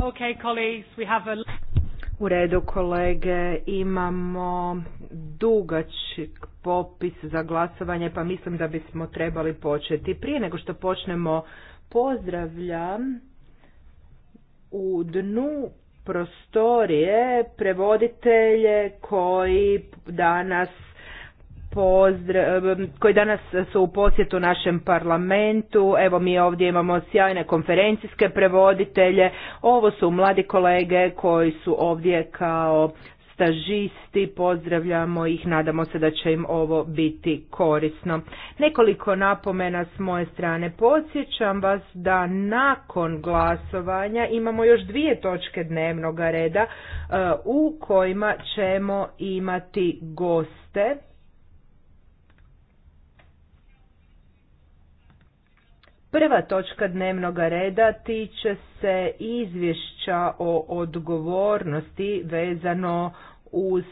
Okay, U redu kolege, imamo dugačik popis za glasovanje, pa mislim da bismo trebali početi. Prije nego što počnemo, pozdravljam u dnu prostorije prevoditelje koji danas koji danas su u posjetu našem parlamentu. Evo mi ovdje imamo sjajne konferencijske prevoditelje. Ovo su mladi kolege koji su ovdje kao stažisti, pozdravljamo ih, nadamo se da će im ovo biti korisno. Nekoliko napomena s moje strane. Podsjećam vas da nakon glasovanja imamo još dvije točke dnevnog reda e, u kojima ćemo imati goste Prva točka dnevnog reda tiče se izvješća o odgovornosti vezano uz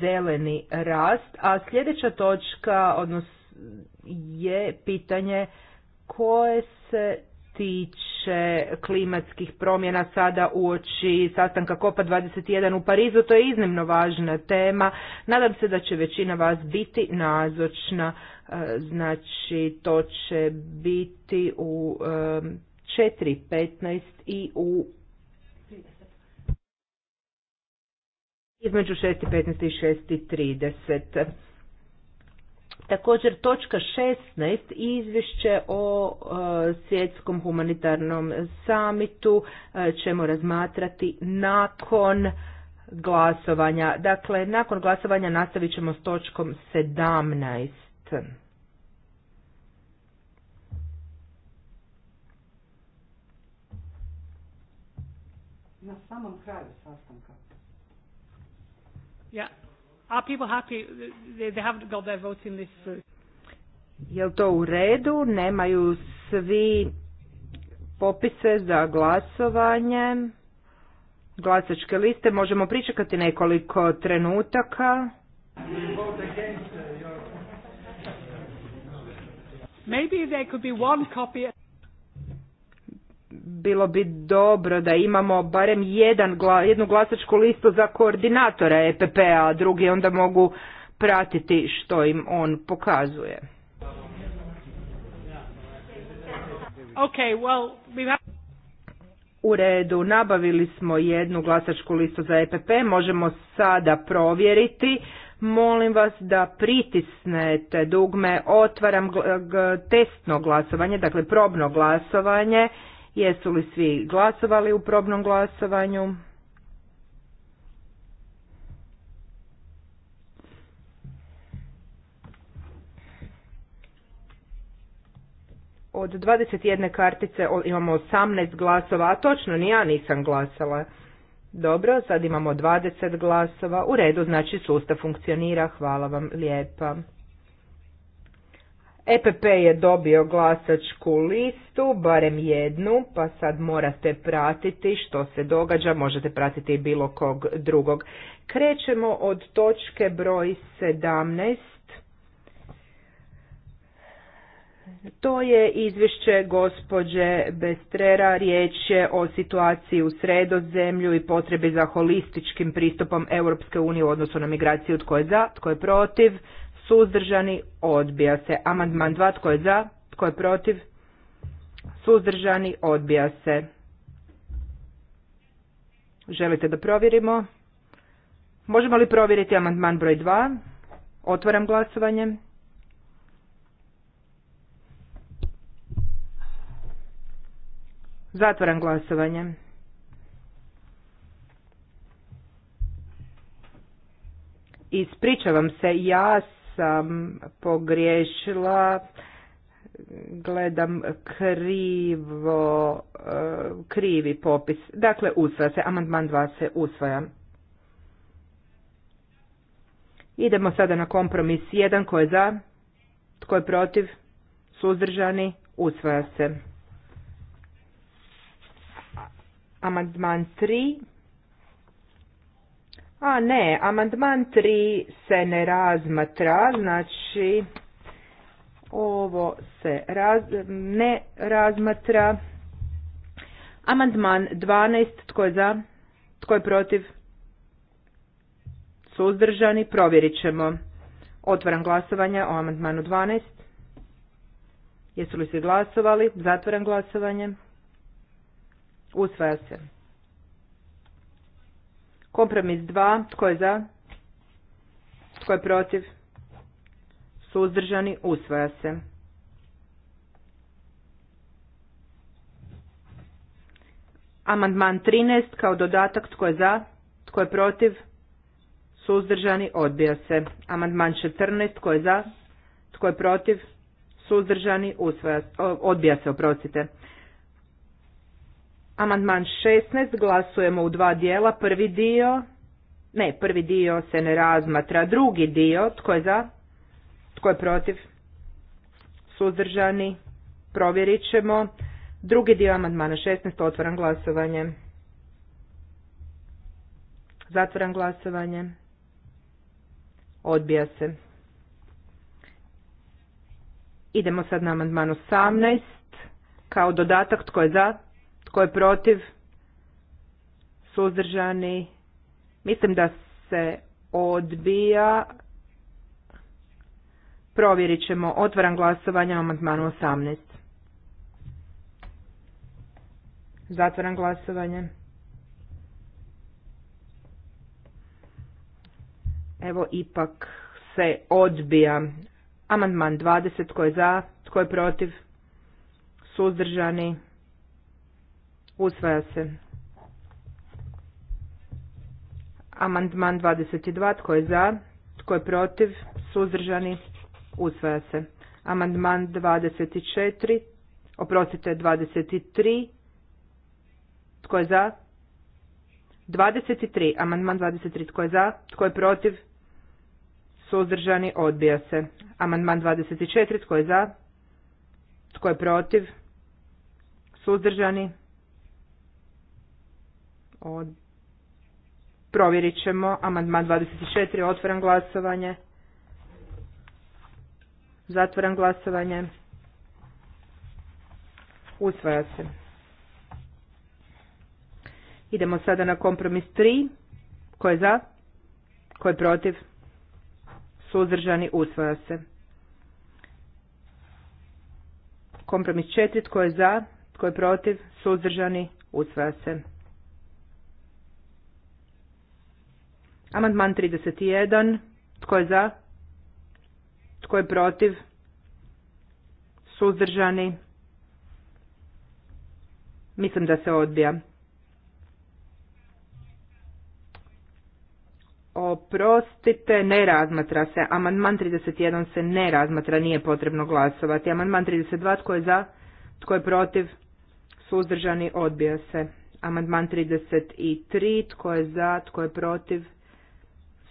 zeleni rast, a sljedeća točka odnos, je pitanje koje se tiče klimatskih promjena sada uoči sastanka Kopa 21 u Parizu. To je iznimno važna tema. Nadam se da će većina vas biti nazočna E, znači, to će biti u 4.15 e, i u između 6.15 i 6.30. Također točka 16 izvješće o e, svjetskom humanitarnom samitu ćemo razmatrati nakon glasovanja. Dakle, nakon glasovanja nastavit ćemo s točkom 17. Minuten. Na samom kraju sastanka. Yeah. Are people happy? They haven't got their votes in this. Uh, li to u redu? Nemaju svi popise za glasovanje. Glasačke liste možemo pričekati nekoliko trenutaka. Maybe there could be one copy bilo bi dobro da imamo barem jedan, jednu glasačku listu za koordinatora EPP-a, a drugi onda mogu pratiti što im on pokazuje. Okay, well, we have... U redu, nabavili smo jednu glasačku listu za EPP, možemo sada provjeriti Molim vas da pritisnete dugme otvaram testno glasovanje, dakle probno glasovanje. Jesu li svi glasovali u probnom glasovanju? Od 21 kartice imamo 18 glasova, a točno ni ja nisam glasala. Dobro, sad imamo 20 glasova. U redu, znači sustav funkcionira. Hvala vam lijepa. EPP je dobio glasačku listu, barem jednu, pa sad morate pratiti što se događa, možete pratiti i bilo kog drugog. Krećemo od točke broj 17. To je izvješće gospođe Bestrera, riječ je o situaciji u sredozemlju i potrebi za holističkim pristupom Europske unije u odnosu na migraciju. Tko je za, tko je protiv, suzdržani, odbija se. Amandman 2, tko je za, tko je protiv, suzdržani, odbija se. Želite da provjerimo? Možemo li provjeriti amandman broj 2? Otvaram glasovanje. Zatvaram glasovanje. Ispričavam se, ja sam pogriješila, gledam krivo, eh, krivi popis. Dakle, usvaja se, amandman 2 se usvaja. Idemo sada na kompromis 1, ko je za, tko je protiv, suzdržani, usvaja se. Amandman 3. A ne, amandman 3 se ne razmatra, znači ovo se ne razmatra. Amandman 12, tko je za, tko je protiv, suzdržani, provjerit ćemo. Otvaram glasovanje o amandmanu 12. Jesu li se glasovali? Zatvaram glasovanje. Usvaja se. Kompromis 2. Tko je za? Tko je protiv? Suzdržani. Usvaja se. Amandman 13 kao dodatak tko je za, tko je protiv, suzdržani, odbija se. Amandman 14 tko je za, tko je protiv, suzdržani, usvaja, odbija se, oprostite. Amandman 16 glasujemo u dva dijela. Prvi dio, ne, prvi dio se ne razmatra. Drugi dio, tko je za? Tko je protiv? Suzdržani? Provjerit ćemo. Drugi dio amandmana 16, otvaram glasovanje. Zatvaram glasovanje. Odbija se. Idemo sad na amandman 18. Kao dodatak, tko je za? Tko je protiv? Suzdržani? Mislim da se odbija. Provjerit ćemo. Otvaram glasovanje o amandmanu 18. Zatvaram glasovanje. Evo ipak se odbija. Amandman 20. Tko je za? Tko je protiv? Suzdržani? Usvaja se. Amandman 22. Tko je za? Tko je protiv? Suzdržani? Usvaja se. Amandman 24. Oprostite, 23. Tko je za? 23. Amandman 23. Tko je za? Tko je protiv? Suzdržani? Odbija se. Amandman 24. Tko je za? Tko je protiv? Suzdržani? Provjerit ćemo. Amandman 24. Otvoram glasovanje. zatvoran glasovanje. Usvaja se. Idemo sada na kompromis 3. Ko je za? Ko je protiv? Suzdržani usvaja se. Kompromis 4. Tko je za? Tko je protiv? Suzdržani usvaja se. Amandman 31. Tko je za? Tko je protiv? Suzdržani? Mislim da se odbija. Oprostite, ne razmatra se. Amandman 31 se ne razmatra, nije potrebno glasovati. Amandman 32, tko je za? Tko je protiv? Suzdržani odbija se. Amandman 33, tko je za? Tko je protiv?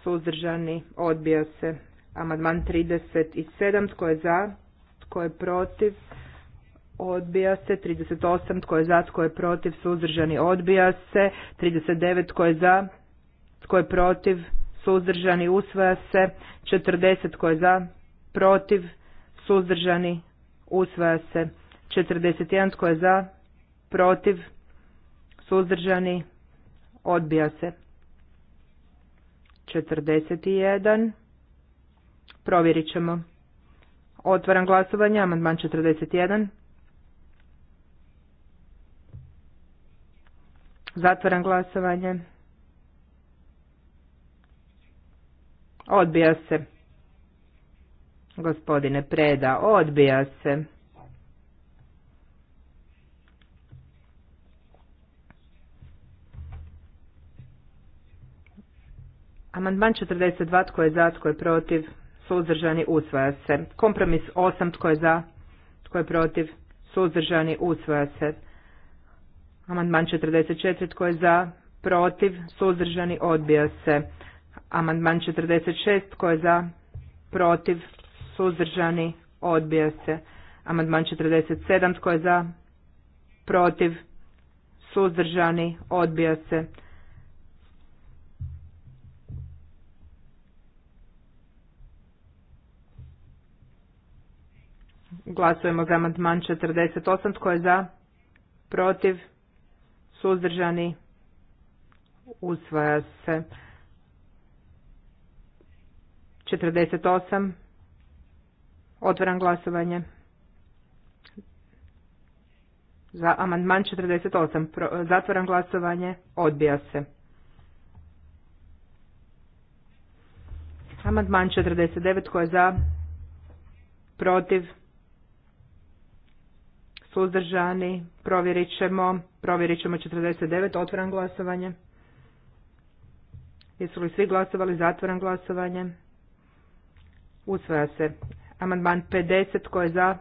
suzdržani, odbija se. Amandman 37, tko je za, tko je protiv, odbija se. 38, tko je za, tko je protiv, suzdržani, odbija se. 39, tko je za, tko je protiv, suzdržani, usvaja se. 40, tko je za, protiv, suzdržani, usvaja se. 41, tko je za, protiv, suzdržani, odbija se. 41. Provjerit ćemo. Otvaram glasovanje, amandman 41. Zatvaram glasovanje. Odbija se. Gospodine Preda, odbija se. Amandman 42. Tko je za? Tko je protiv? Suzdržani usvaja se. Kompromis 8. Tko je za? Tko je protiv? Suzdržani usvaja se. Amandman 44. Tko je za? Protiv? Suzdržani odbija se. Amandman 46. Tko je za? Protiv? Suzdržani odbija se. Amandman 47. Tko je za? Protiv? Suzdržani odbija se. Glasujemo za amandman 48. Tko je za? Protiv? Suzdržani? Usvaja se. 48. Otvaram glasovanje. Za amandman 48. Pro, zatvaram glasovanje. Odbija se. Amandman 49. Tko je za? Protiv? suzdržani, provjerit ćemo, provjerit ćemo 49, otvoran glasovanje. Jesu li svi glasovali, zatvoran glasovanje? Usvaja se. Amandman 50, tko je za?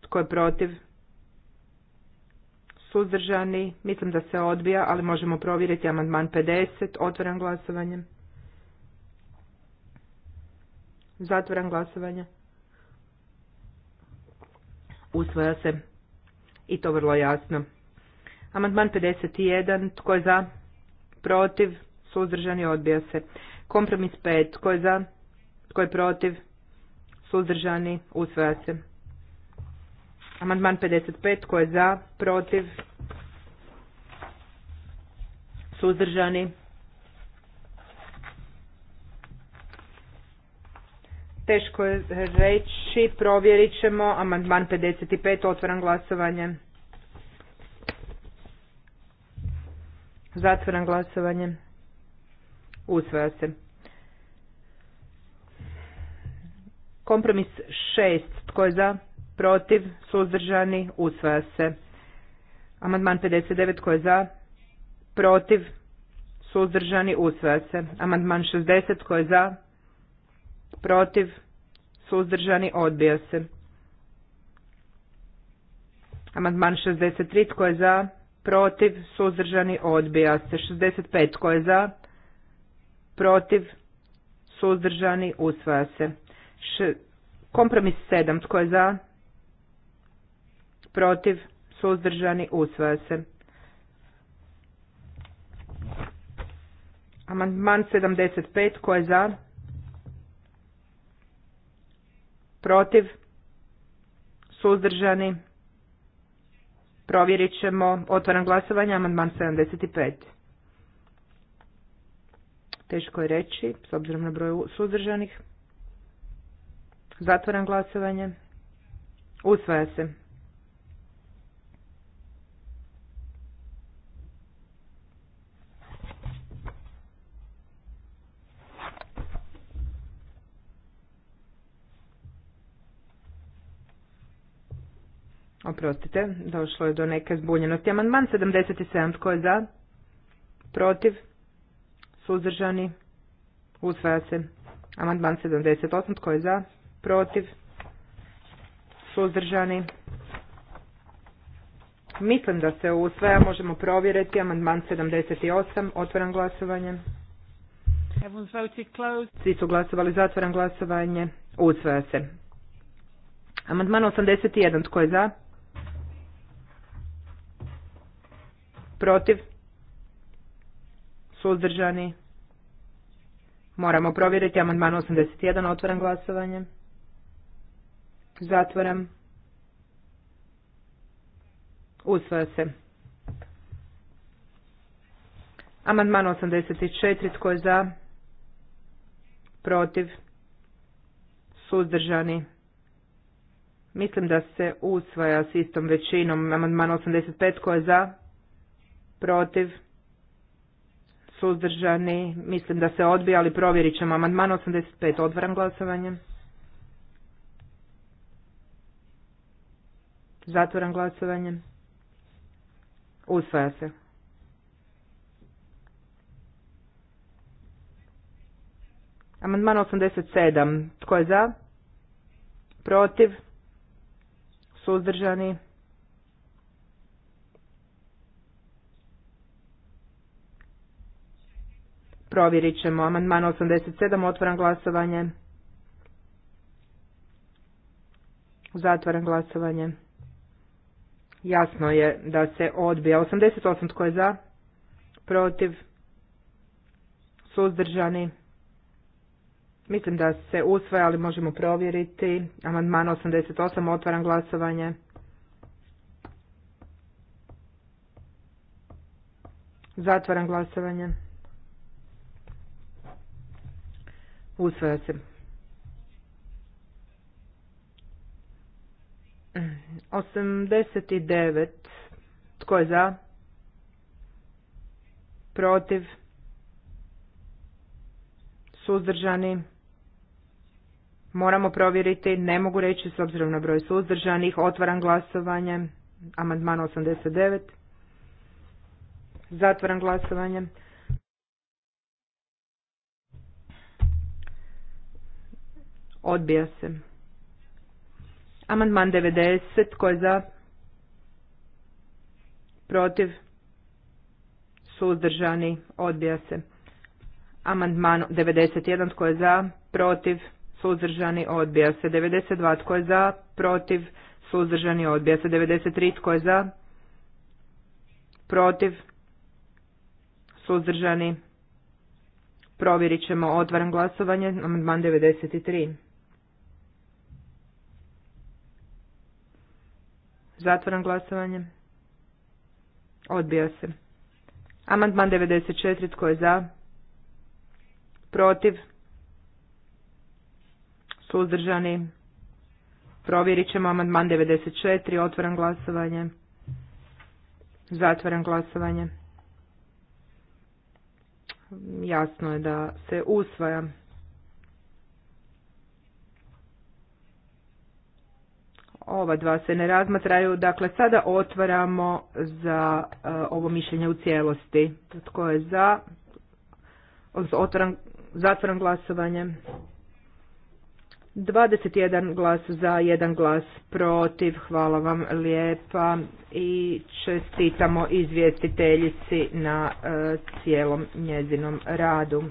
Tko je protiv? Suzdržani, mislim da se odbija, ali možemo provjeriti amandman 50, otvoran glasovanje. Zatvoran glasovanje. Usvaja se. I to vrlo jasno. Amandman 51. Tko je za? Protiv? Suzdržani odbija se. Kompromis 5. Tko je za? Tko je protiv? Suzdržani usvaja se. Amandman 55. Tko je za? Protiv? Suzdržani Teško je reći, provjerit ćemo. Amandman 55, otvoram glasovanje. Zatvoram glasovanje. Usvaja se. Kompromis 6. Tko je za? Protiv? Suzdržani? Usvaja se. Amandman 59. Tko je za? Protiv? Suzdržani? Usvaja se. Amandman 60. Tko je za? protiv, suzdržani, odbija se. Amandman 63, tko je za, protiv, suzdržani, odbija se. 65, tko je za, protiv, suzdržani, usvaja se. Kompromis 7, tko je za, protiv, suzdržani, usvaja se. Amandman 75, tko je za, protiv, suzdržani, provjerit ćemo, otvaram glasovanje, amandman 75. Teško je reći, s obzirom na broj suzdržanih. Zatvaram glasovanje. Usvaja se. Oprostite, došlo je do neke zbunjenosti. Amandman 77, tko je za? Protiv? Suzdržani? Usvaja se. Amandman 78, tko je za? Protiv? Suzdržani? Mislim da se usvaja, možemo provjeriti. Amandman 78, otvoran glasovanje. Svi su glasovali, Zatvoran glasovanje. Usvaja se. Amandman 81, tko je za? protiv, suzdržani. Moramo provjeriti amandman 81, otvoram glasovanje. Zatvoram. Usvaja se. Amandman 84, tko je za? Protiv? Suzdržani? Mislim da se usvaja s istom većinom. Amandman 85, tko je za? protiv, suzdržani, mislim da se odbija, ali provjerit ćemo. Amandman 85, otvaram glasovanjem. Zatvoram glasovanje. Usvaja se. Amandman 87. Tko je za? Protiv? Suzdržani? Provjerit ćemo. Amandman 87. Otvaram glasovanje. Zatvaram glasovanje. Jasno je da se odbija. 88. Tko je za? Protiv? Suzdržani? Mislim da se usvoja, ali možemo provjeriti. Amandman 88. Otvaram glasovanje. Zatvaram glasovanje. Usvaja se. devet Tko je za? Protiv? Suzdržani? Moramo provjeriti, ne mogu reći s obzirom na broj suzdržanih. Otvaram glasovanje. Amandman 89. Zatvaram glasovanje. Odbija se. Amandman 90. Tko je za? Protiv? Suzdržani? Odbija se. Amandman 91. Tko je za? Protiv? Suzdržani? Odbija se. 92. Tko je za? Protiv? Suzdržani? Odbija se. 93. Tko je za? Protiv? Suzdržani? Provjerit ćemo. Otvaram glasovanje. Amandman 93. Zatvoram glasovanje. Odbija se. Amandman 94. Tko je za? Protiv? Suzdržani? Provjerit ćemo amandman 94. Otvoram glasovanje. Zatvoram glasovanje. Jasno je da se usvaja. Ova dva se ne razmatraju. Dakle, sada otvaramo za e, ovo mišljenje u cijelosti. Tko je za? Otvaram, zatvaram glasovanje. 21 glas za, 1 glas protiv. Hvala vam lijepa i čestitamo izvjestiteljici na e, cijelom njezinom radu.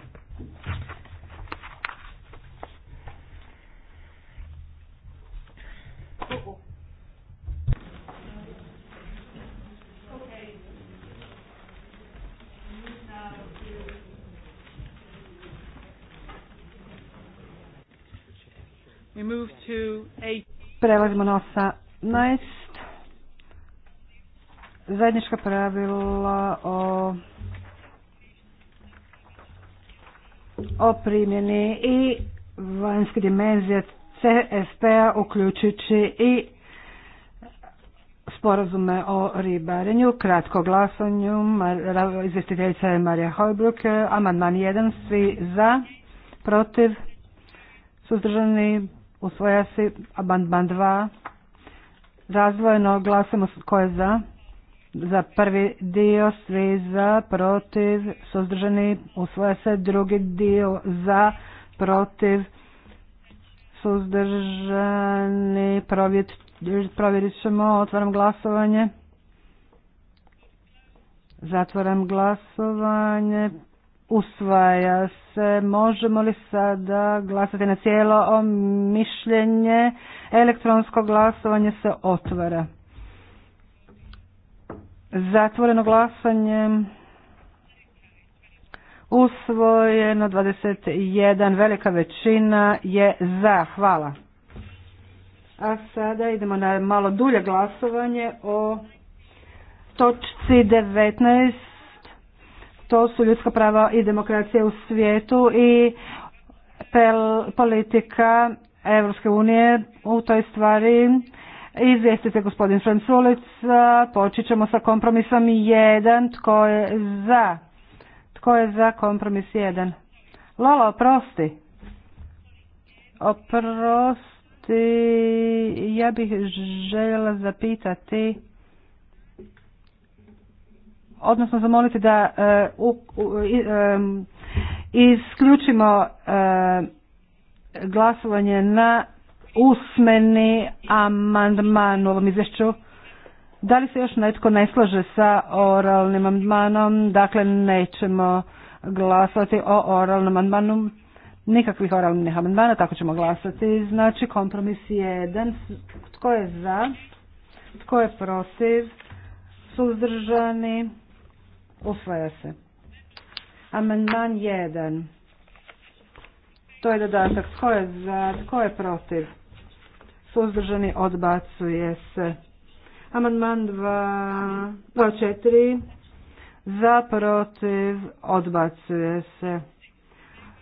Prelazimo na 18. Zajednička pravila o o primjeni i vanjske dimenzije CSP-a uključujući i sporazume o ribarenju, kratko glasanju, izvjestiteljica je Marija Hojbruk, amandman 1, svi za, protiv, suzdržani, Usvaja se abandman 2. Razvojno glasamo ko je za. Za prvi dio svi za, protiv, suzdržani. Usvaja se drugi dio za, protiv, suzdržani. provjerit ćemo. Otvaram glasovanje. Zatvaram glasovanje usvaja se. Možemo li sada glasati na cijelo o mišljenje? Elektronsko glasovanje se otvara. Zatvoreno glasanje. Usvojeno 21. Velika većina je za. Hvala. A sada idemo na malo dulje glasovanje o točci 19 to su ljudska prava i demokracija u svijetu i politika Europske unije u toj stvari izvijestite gospodin Franculic počet ćemo sa kompromisom 1. tko je za tko je za kompromis 1? Lolo oprosti oprosti ja bih željela zapitati odnosno zamoliti da e, e, isključimo e, glasovanje na usmeni amandman u ovom izvješću. Da li se još netko ne slaže sa oralnim amandmanom? Dakle, nećemo glasati o oralnom amandmanu. Nikakvih oralnih amandmana, tako ćemo glasati. Znači, kompromis jedan. Tko je za? Tko je protiv? Suzdržani? Usvaja se. Amandman 1. To je dodatak. Tko je za? Tko je protiv? Suzdržani odbacuje se. Amandman 2. 4. Za, protiv, odbacuje se.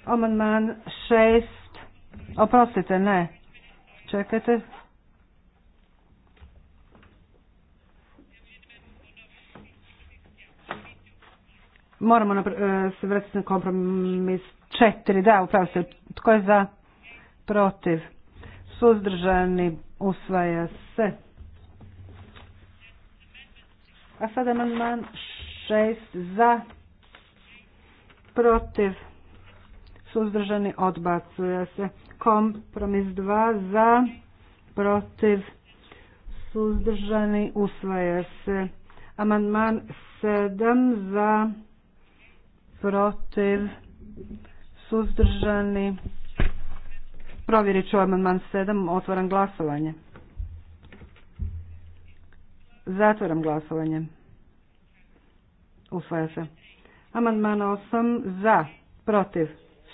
Amandman 6. Oprostite, ne. Čekajte, Moramo e, se vratiti na kompromis četiri. Da, upravo se. Tko je za? Protiv. Suzdržani. Usvaja se. A sada amandman šest za. Protiv. Suzdržani. Odbacuje se. Kompromis dva za. Protiv. Suzdržani. Usvaja se. Amandman sedam za protiv, suzdržani. Provjerit ću amandman 7. otvoram glasovanje. Zatvoram glasovanje. Usvaja se. Amandman 8. Za, protiv,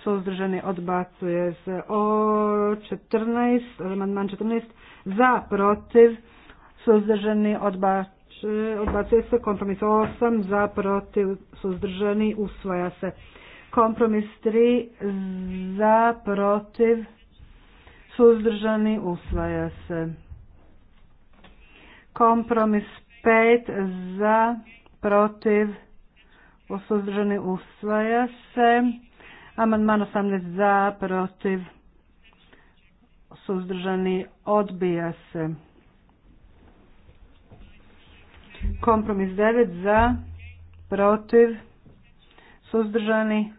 suzdržani odbacuje se o 14, amandman 14, za, protiv, suzdržani odbacuje odbacuje se kompromis 8 za protiv suzdržani usvaja se kompromis 3 za protiv suzdržani usvaja se kompromis 5 za protiv suzdržani usvaja se amandman 18 za protiv suzdržani odbija se Kompromis 9 za, protiv, suzdržani,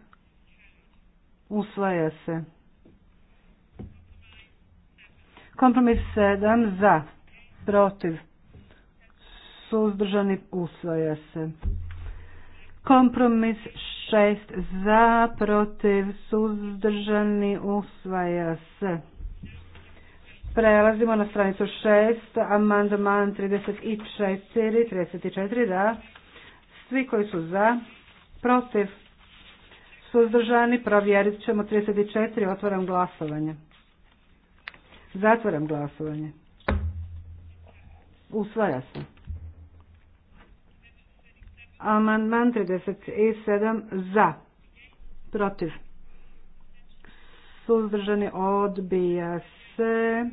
usvaja se. Kompromis 7 za, protiv, suzdržani, usvaja se. Kompromis 6 za, protiv, suzdržani, usvaja se. Prelazimo na stranicu 6, amandman 34, 34, da. Svi koji su za, protiv, suzdržani, provjerit ćemo 34, otvaram glasovanje. Zatvaram glasovanje. Usvaja se. Amandman 37 za. Protiv. Suzdržani odbija se.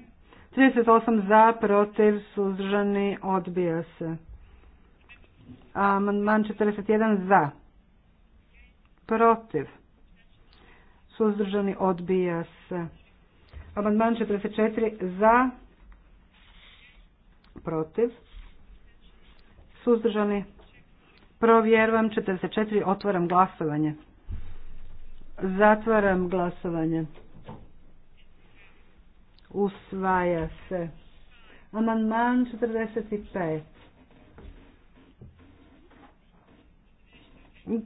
38 za, protiv, suzdržani, odbija se. Amandman 41 za, protiv, suzdržani, odbija se. Amandman 44 za, protiv, suzdržani, provjerujem 44, otvaram glasovanje. Zatvaram glasovanje usvaja se. Amandman 45.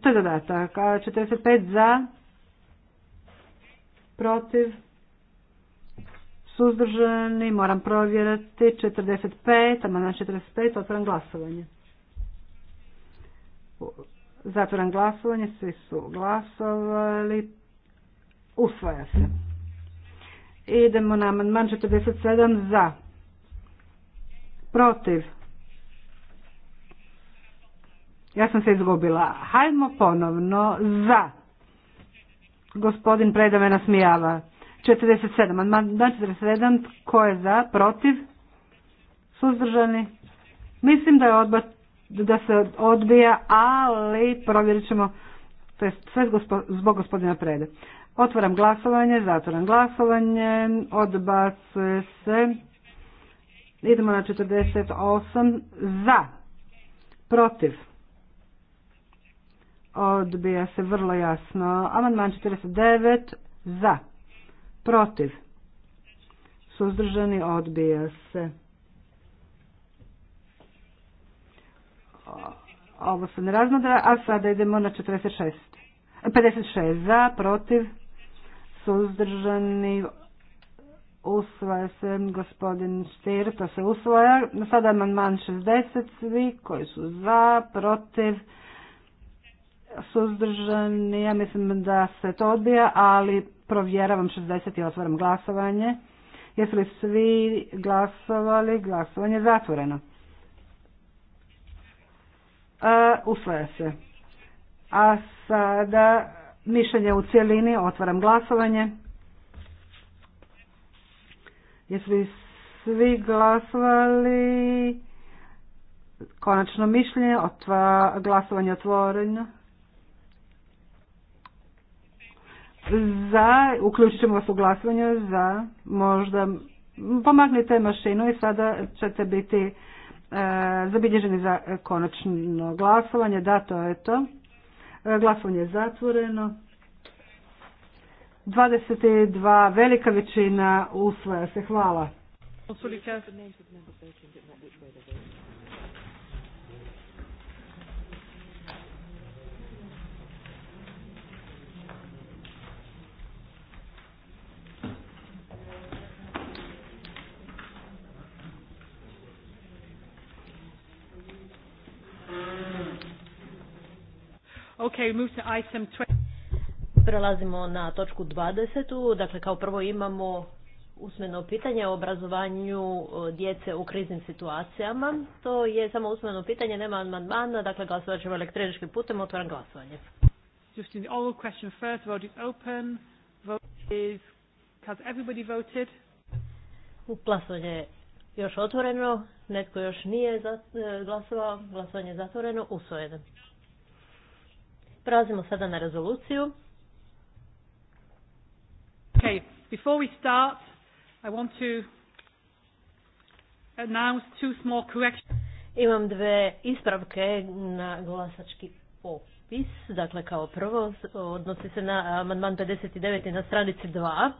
To je dodatak. 45 za, protiv, suzdržani, moram provjerati. 45, amandman 45, otvoram glasovanje. Zatvoram glasovanje, svi su glasovali. Usvaja se. Idemo na amandman 47 za. Protiv. Ja sam se izgubila. hajdemo ponovno za. Gospodin Preda me nasmijava. 47. Amandman 47. Ko je za? Protiv? Suzdržani? Mislim da je odba, da se odbija, ali provjerit ćemo. To je sve zbog gospodina Prede. Otvaram glasovanje, zatvoram glasovanje, odbacuje se. Idemo na 48 za, protiv. Odbija se vrlo jasno. Amandman 49 za, protiv. Suzdržani odbija se. Ovo se ne razmatra, a sada idemo na 46. 56 za, protiv suzdržani, usvaja se gospodin Štir, to se usvaja. Sada amandman 60, svi koji su za, protiv, suzdržani, ja mislim da se to odbija, ali provjeravam 60 i otvaram glasovanje. Jesu li svi glasovali? Glasovanje je zatvoreno. Uh, usvaja se. A sada Mišljenje u cijelini, otvaram glasovanje. Jesu li svi glasovali? Konačno mišljenje, otva, glasovanje otvoreno. Za, uključit ćemo vas u glasovanje. za, možda pomagnite mašinu i sada ćete biti e, zabilježeni za konačno glasovanje, da, to je to. Glasovanje je zatvoreno. 22 velika većina usvaja se. Hvala. Okay, move to item 20. Prelazimo na točku 20. Dakle, kao prvo imamo usmeno pitanje o obrazovanju e, djece u kriznim situacijama. To je samo usmeno pitanje, nema amandmana, dakle glasovat ćemo elektroničkim putem, otvaram glasovanje. Just in još otvoreno, netko još nije e, glasovao, glasovanje je zatvoreno, usvojeno. Prelazimo sada na rezoluciju. Okay, before we start, I want to announce two small corrections. Imam dve ispravke na glasački popis. Dakle, kao prvo odnosi se na amandman 59. na stranici 2.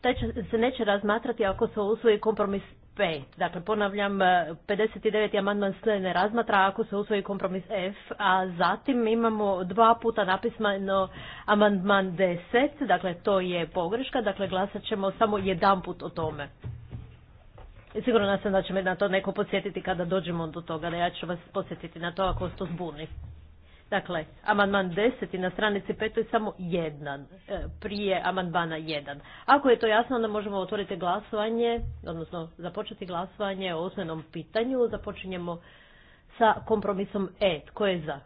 Taj će, se neće razmatrati ako se usvoji kompromis 5. Dakle, ponavljam, 59. E, amandman se ne razmatra ako se usvoji kompromis F, a zatim imamo dva puta napisano amandman 10, dakle to je pogreška, dakle glasat ćemo samo jedan put o tome. I sigurno sam da će me na to neko podsjetiti kada dođemo do toga, da ja ću vas podsjetiti na to ako se to zbuni. Dakle, amandman 10 na stranici 5 je samo jedan, e, prije amandmana 1. Ako je to jasno, onda možemo otvoriti glasovanje, odnosno započeti glasovanje o osnovnom pitanju. Započinjemo sa kompromisom E. Tko je za?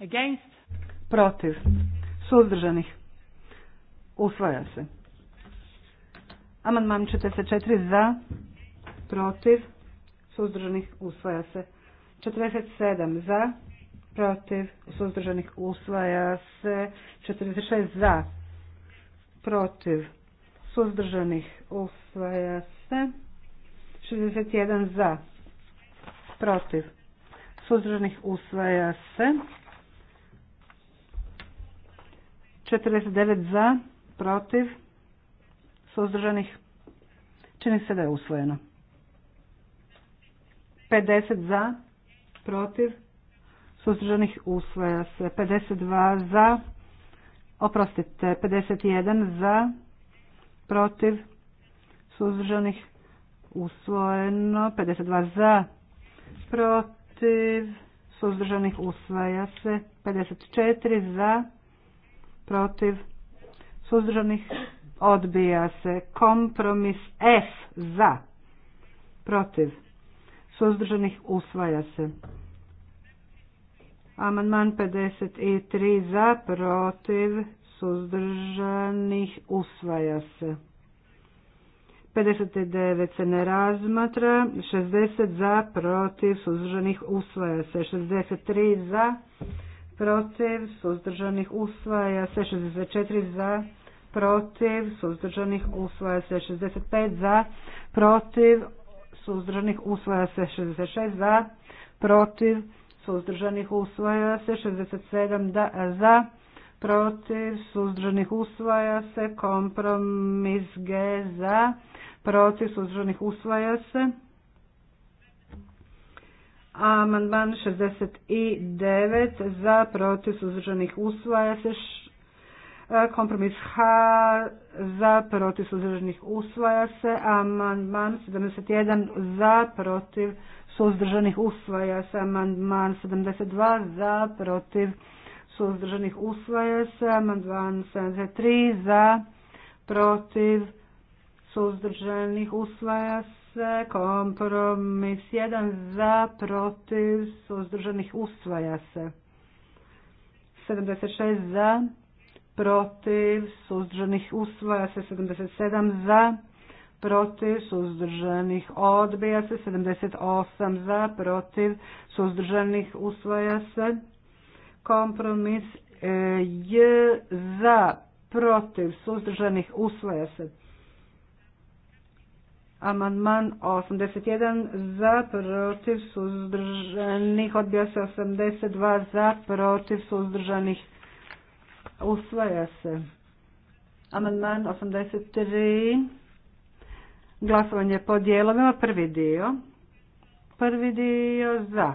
Against? Protiv. Suzdržanih. Usvaja se. Amandman 44 za, protiv, suzdržanih, usvaja se. 47 za, protiv, suzdržanih usvaja se 46 za, protiv, suzdržanih usvaja se 61 za, protiv, suzdržanih usvaja se 49 za, protiv, suzdržanih čini se da je usvojeno. 50 za, protiv, suzdržanih usvaja se. 52 za, oprostite, 51 za, protiv, suzdržanih usvojeno. 52 za, protiv, suzdržanih usvaja se. 54 za, protiv, suzdržanih odbija se. Kompromis F za, protiv, suzdržanih usvaja se. Amandman 53 za, protiv, suzdržanih, usvaja se. 59 se ne razmatra, 60 za, protiv, suzdržanih, usvaja se. 63 za, protiv, suzdržanih, usvaja se. 64 za, protiv, suzdržanih, usvaja se. 65 za, protiv, suzdržanih, usvaja se. 66 za, protiv, suzdržanih usvaja se 67 da, za protiv suzdržanih usvaja se kompromis G za protiv suzdržanih usvaja se amandman 69 za protiv suzdržanih usvaja se e, kompromis H za protiv suzdržanih usvaja se amandman 71 za protiv suzdržanih usvaja se amandman 72 za, protiv suzdržanih usvaja se amandman 73 za, protiv suzdržanih usvaja se kompromis 1 za, protiv suzdržanih usvaja se 76 za, protiv suzdržanih usvaja se 77 za, protiv, suzdržanih, odbija se, 78 za, protiv, suzdržanih, usvaja se, kompromis e, J za, protiv, suzdržanih, usvaja se. Amandman 81 za, protiv, suzdržanih, odbija se 82 za, protiv, suzdržanih, usvaja se. Amandman 83 Glasovanje po dijelovima, prvi dio. Prvi dio za.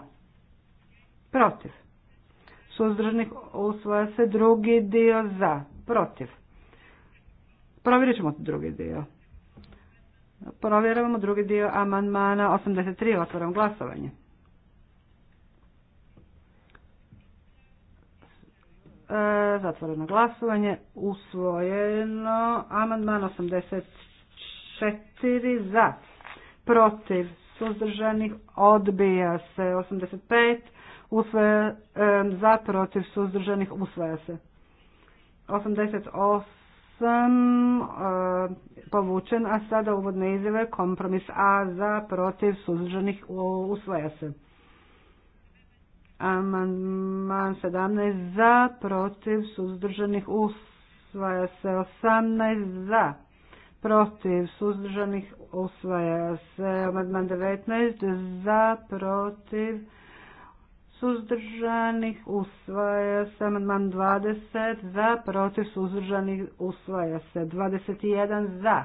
Protiv. Suzdržnik usvoja se drugi dio za. Protiv. Provjerit ćemo drugi dio. Provjeravamo drugi dio amandmana 83. Otvaram glasovanje. E, zatvoreno glasovanje. Usvojeno. Amandman 84 četiri za, protiv, suzdržanih, odbija se 85, usvaja, za, protiv, suzdržanih, usvaja se. 88 povučen, a sada uvodne izjave, kompromis A za, protiv, suzdržanih, usvaja se. Amandman 17 za, protiv, suzdržanih, usvaja se 18 za, protiv, suzdržanih usvaja se. Amandman 19 za, protiv, suzdržanih usvaja se. Amandman 20 za, protiv, suzdržanih usvaja se. 21 za,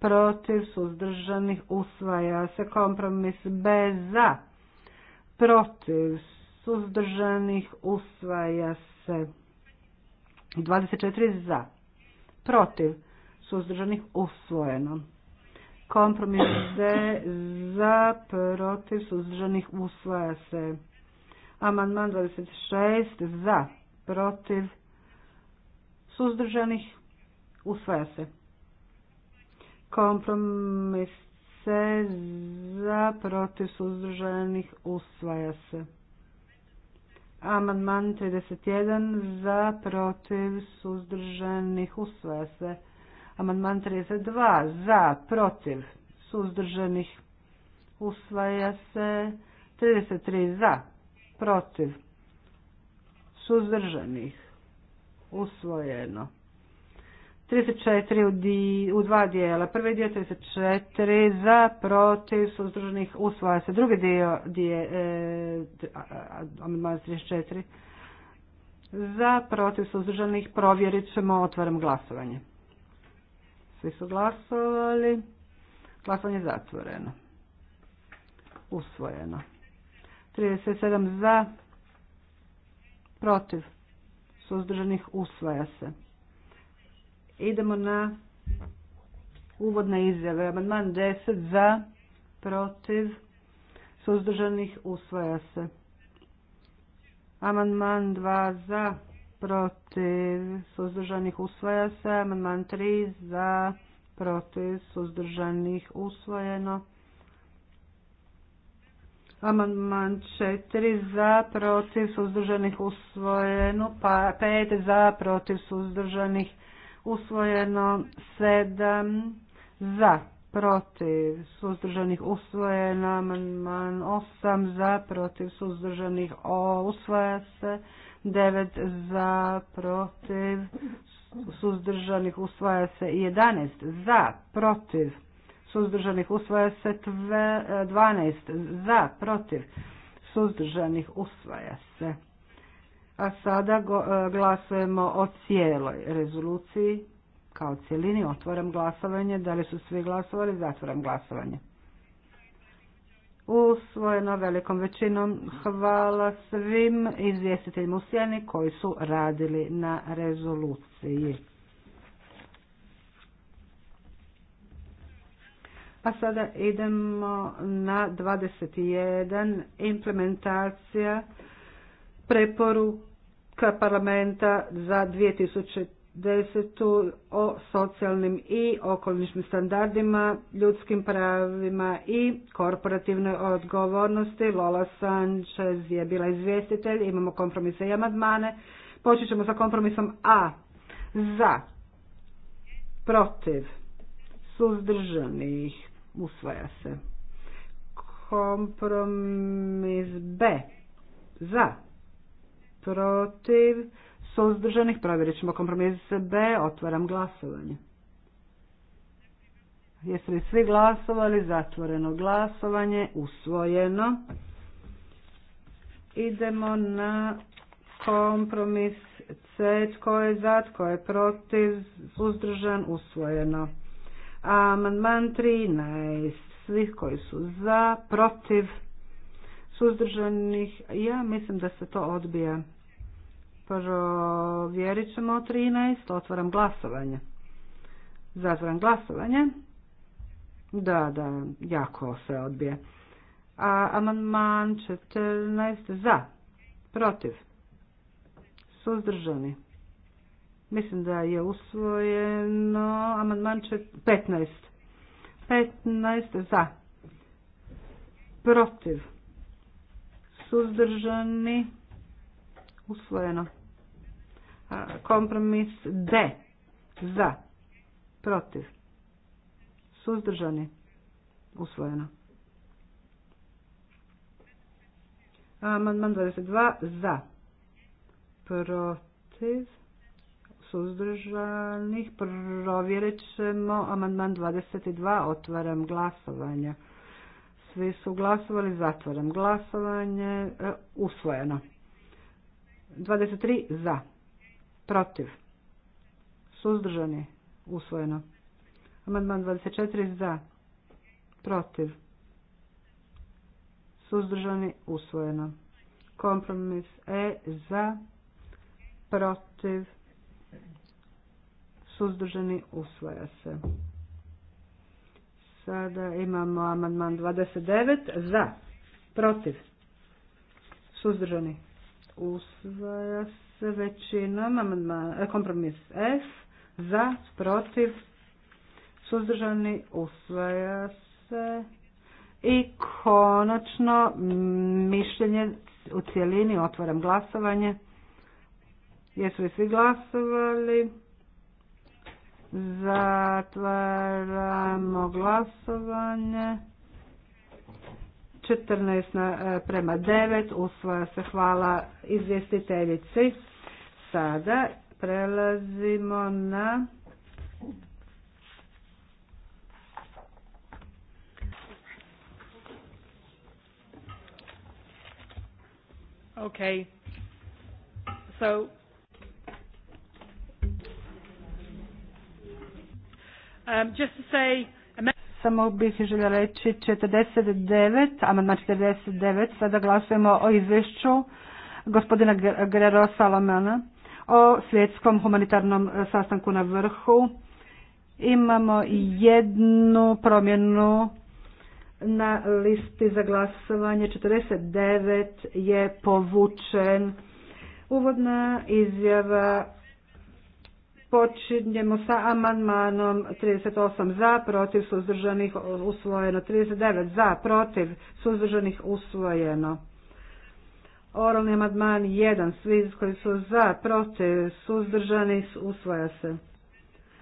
protiv, suzdržanih usvaja se. Kompromis B za, protiv, suzdržanih usvaja se. 24 za, protiv, suzdržanih usvojeno. Kompromis D za protiv suzdržanih usvaja se. Amandman 26 za protiv suzdržanih usvaja se. Kompromis C za protiv suzdržanih usvaja se. Amandman 31 za protiv suzdržanih usvaja se. Amandman 32 za, protiv, suzdržanih, usvaja se. 33 za, protiv, suzdržanih, usvojeno. 34 u dva dijela. Prvi dio 34 za, protiv, suzdržanih, usvaja se. Drugi dio, dio e, amandman 34 za, protiv, suzdržanih, provjerit ćemo, otvaram glasovanje. Svi su glasovali. Glasovanje je zatvoreno. Usvojeno. 37 za, protiv, suzdržanih usvaja se. Idemo na uvodne izjave. Amandman 10 za, protiv, suzdržanih usvaja se. Amandman 2 za, protiv suzdržanih usvaja se. Amandman 3 za protiv suzdržanih usvojeno. Amandman 4 za protiv suzdržanih usvojeno. Pa 5 za protiv suzdržanih usvojeno. 7 za protiv suzdržanih usvojeno. Amandman 8 za protiv suzdržanih usvaja se. 9 za, protiv, suzdržanih usvaja se 11 za, protiv, suzdržanih usvaja se 12 za, protiv, suzdržanih usvaja se. A sada e, glasujemo o cijeloj rezoluciji kao cijelini. Otvaram glasovanje. Da li su svi glasovali? Zatvaram glasovanje usvojeno velikom većinom. Hvala svim izvjestiteljima u Sjeni koji su radili na rezoluciji. A sada idemo na 21. implementacija preporuka parlamenta za 2014. Desetu o socijalnim i okolišnim standardima, ljudskim pravima i korporativnoj odgovornosti. Lola Sanchez je bila izvjestitelj, imamo kompromise i amadmane. Počet ćemo sa kompromisom A. Za, protiv, suzdržanih, usvaja se. Kompromis B. Za, protiv, suzdržanih, provjerit ćemo kompromis B, otvaram glasovanje. Jesu li svi glasovali? Zatvoreno glasovanje, usvojeno. Idemo na kompromis C, tko je za, tko je protiv, suzdržan, usvojeno. Amandman 13, svih koji su za, protiv, suzdržanih, ja mislim da se to odbija. Provjerit ćemo 13. Otvaram glasovanje. Zatvaram glasovanje. Da, da, jako se odbije. A amandman 14 za, protiv, suzdržani. Mislim da je usvojeno amandman 15. 15 za, protiv, suzdržani, usvojeno. Kompromis D. Za. Protiv. Suzdržani. Usvojeno. Amandman 22. Za. Protiv. Suzdržanih. Provjerit ćemo. Amandman 22. Otvaram glasovanje. Svi su glasovali. Zatvaram glasovanje. E, usvojeno. 23. Za protiv, suzdržani, usvojeno. Amandman 24 za, protiv, suzdržani, usvojeno. Kompromis E za, protiv, suzdržani, usvoja se. Sada imamo amandman 29 za, protiv, suzdržani, usvaja s većinom e, kompromis F za protiv suzdržani usvaja se i konačno mm, mišljenje u cijelini otvaram glasovanje jesu li svi glasovali zatvaramo glasovanje 14 e, prema 9 usvaja se hvala izvjestiteljici. Sada prelazimo na Okay. So um, just to say samo bih željela reći 49, amandman 49, sada glasujemo o izvješću gospodina Grero Salomana o svjetskom humanitarnom e, sastanku na vrhu. Imamo jednu promjenu na listi za glasovanje. 49 je povučen. Uvodna izjava Počinjemo sa amandmanom 38 za, protiv suzdržanih usvojeno. 39 za, protiv suzdržanih usvojeno. Oralni amandman 1, svi koji su za, protiv suzdržani usvoja se.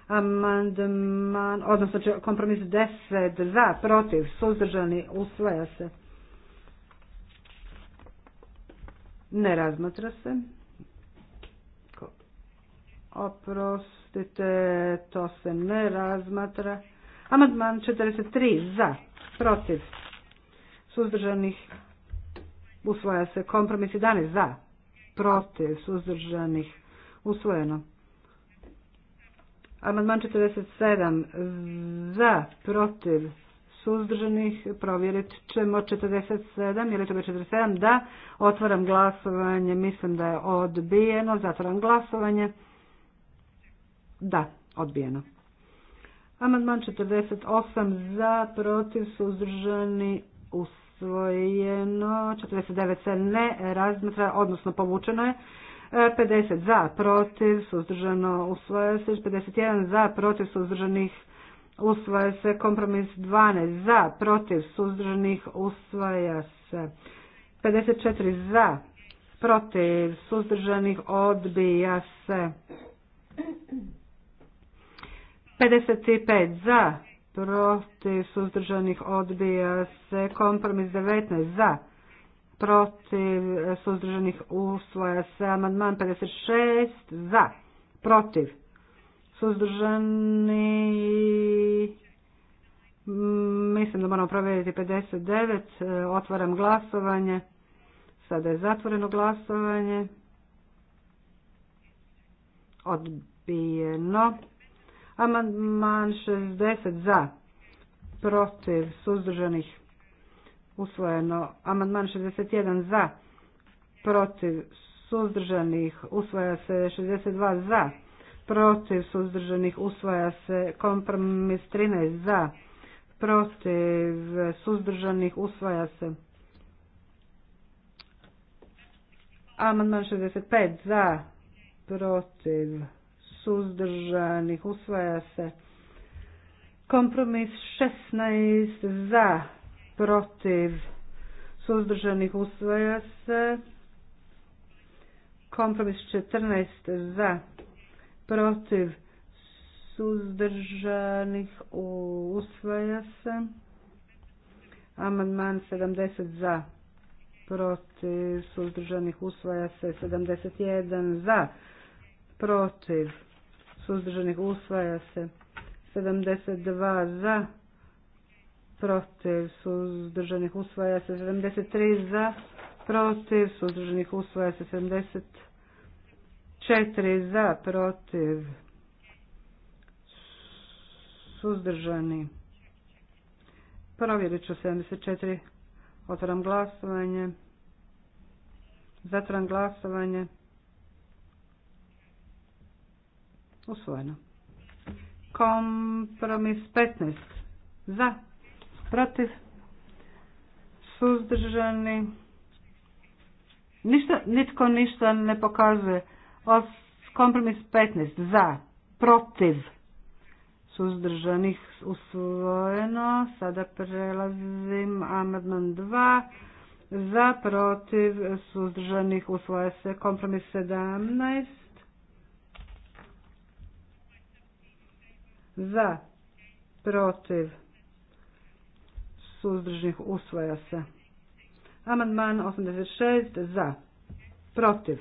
Amandman, odnosno kompromis 10 za, protiv suzdržani usvoja se. Ne razmatra se. Oprostite, to se ne razmatra. Amandman 43 za, protiv, suzdržanih, usvoja se. Kompromis 11 za, protiv, suzdržanih, usvojeno. Amandman 47 za, protiv, suzdržanih, provjerit ćemo 47, je li to bi 47, da, otvaram glasovanje, mislim da je odbijeno, zatvaram glasovanje. Da, odbijeno. Amandman 48 za, protiv, suzdržani, usvojeno. 49 se ne razmatra, odnosno povučeno je. 50 e, za, protiv, suzdržano, usvoja se. 51 za, protiv, suzdržanih, usvoje se. Kompromis 12 za, protiv, suzdržanih, usvoja se. 54 za, protiv, suzdržanih, odbija se. 55 za, protiv suzdržanih odbija se kompromis 19 za, protiv suzdržanih usvoja se amandman 56 za, protiv suzdržani mislim da moramo provjeriti 59 e, otvaram glasovanje sada je zatvoreno glasovanje odbijeno Amandman 60 za, protiv, suzdržanih, usvojeno. Amandman 61 za, protiv, suzdržanih, usvaja se 62 za, protiv, suzdržanih, usvaja se kompromis 13 za, protiv, suzdržanih, usvaja se. Amandman 65 za, protiv, suzdržanih usvaja se. Kompromis 16 za, protiv suzdržanih usvaja se. Kompromis 14 za, protiv suzdržanih usvaja se. Amandman 70 za, protiv suzdržanih usvaja se. 71 za, protiv suzdržanih usvaja se 72 za protiv suzdržanih usvaja se 73 za protiv suzdržanih usvaja se 74 za protiv suzdržani provjerit ću 74 otvaram glasovanje zatvaram glasovanje Usvojeno. Kompromis 15. Za. Protiv. Suzdržani. Ništa, nitko ništa ne pokazuje. Os, kompromis 15. Za. Protiv. Suzdržanih usvojeno. Sada prelazim amandman 2. Za, protiv, suzdržanih usvoje se kompromis 17 za, protiv, suzdržnih usvoja se. Amandman 86 za, protiv,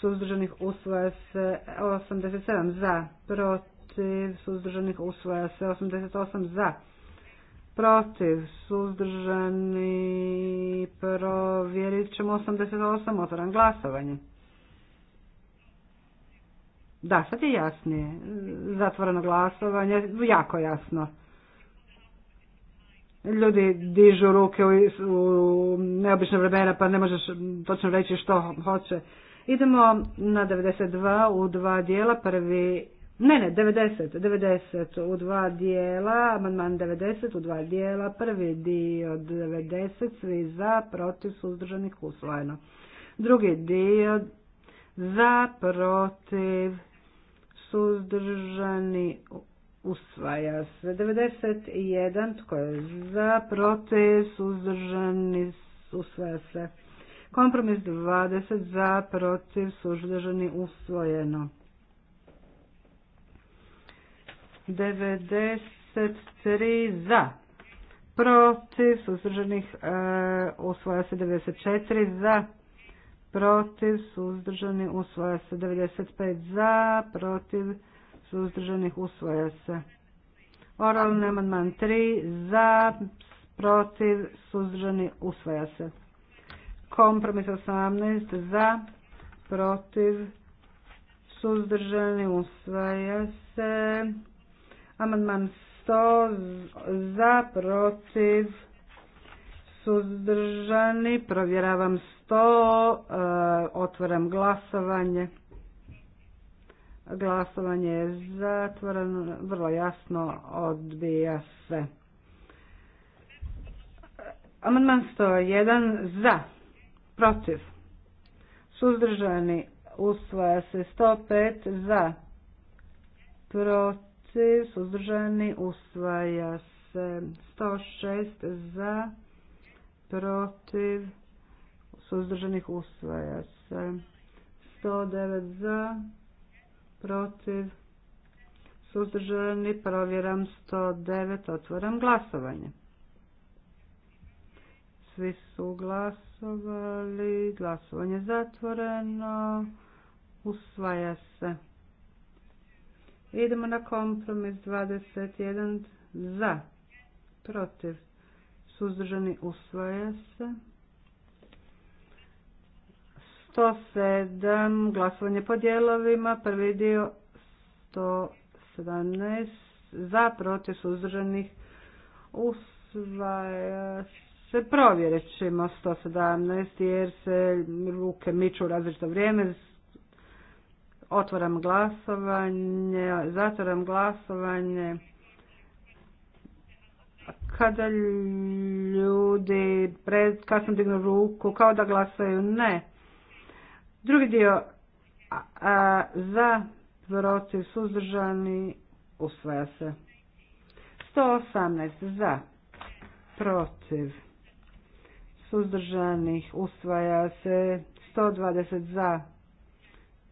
suzdržanih usvoja se 87 za, protiv, suzdržanih usvoja se 88 za, protiv, suzdržani, provjerit ćemo 88, otvoran glasovanje. Da, sad je jasnije. Zatvoreno glasovanje, jako jasno. Ljudi dižu ruke u neobične vremena pa ne možeš točno reći što hoće. Idemo na 92 u dva dijela, prvi... Ne, ne, 90, 90 u dva dijela, amandman 90 u dva dijela, prvi dio 90, svi za, protiv, suzdržanih, usvojeno. Drugi dio za, protiv, suzdržani usvaja se. 91 tko je za, protiv, suzdržani usvaja se. Kompromis 20 za, protiv, suzdržani usvojeno. 93 za, protiv, suzdržanih e, usvaja se 94 za, protiv, suzdržani, usvoja se. 95 za, protiv, suzdržanih, usvoja se. Oralni amandman 3 za, protiv, suzdržani, usvoja se. Kompromis 18 za, protiv, suzdržani, usvaja se. Amandman 100 za, protiv, suzdržani, provjeravam 100, e, otvaram glasovanje. Glasovanje je zatvoreno, vrlo jasno odbija se. Amandman 101 za, protiv, suzdržani, usvaja se 105 za, protiv, suzdržani, usvaja se 106 za, protiv, suzdržanih usvaja se. 109 za, protiv, suzdržani, provjeram 109, otvoram glasovanje. Svi su glasovali, glasovanje zatvoreno, usvaja se. Idemo na kompromis 21 za, protiv, suzdržani, usvaja se. 107, glasovanje po dijelovima, prvi dio 117, za, protiv, suzdržanih, usvaja se. Provjerit ćemo 117 jer se ruke miču u različito vrijeme. Otvaram glasovanje, zatvaram glasovanje kada ljudi pred, kasno dignu ruku kao da glasaju ne. Drugi dio za protiv suzdržani usvaja se. 118 za protiv suzdržanih usvaja se. 120 za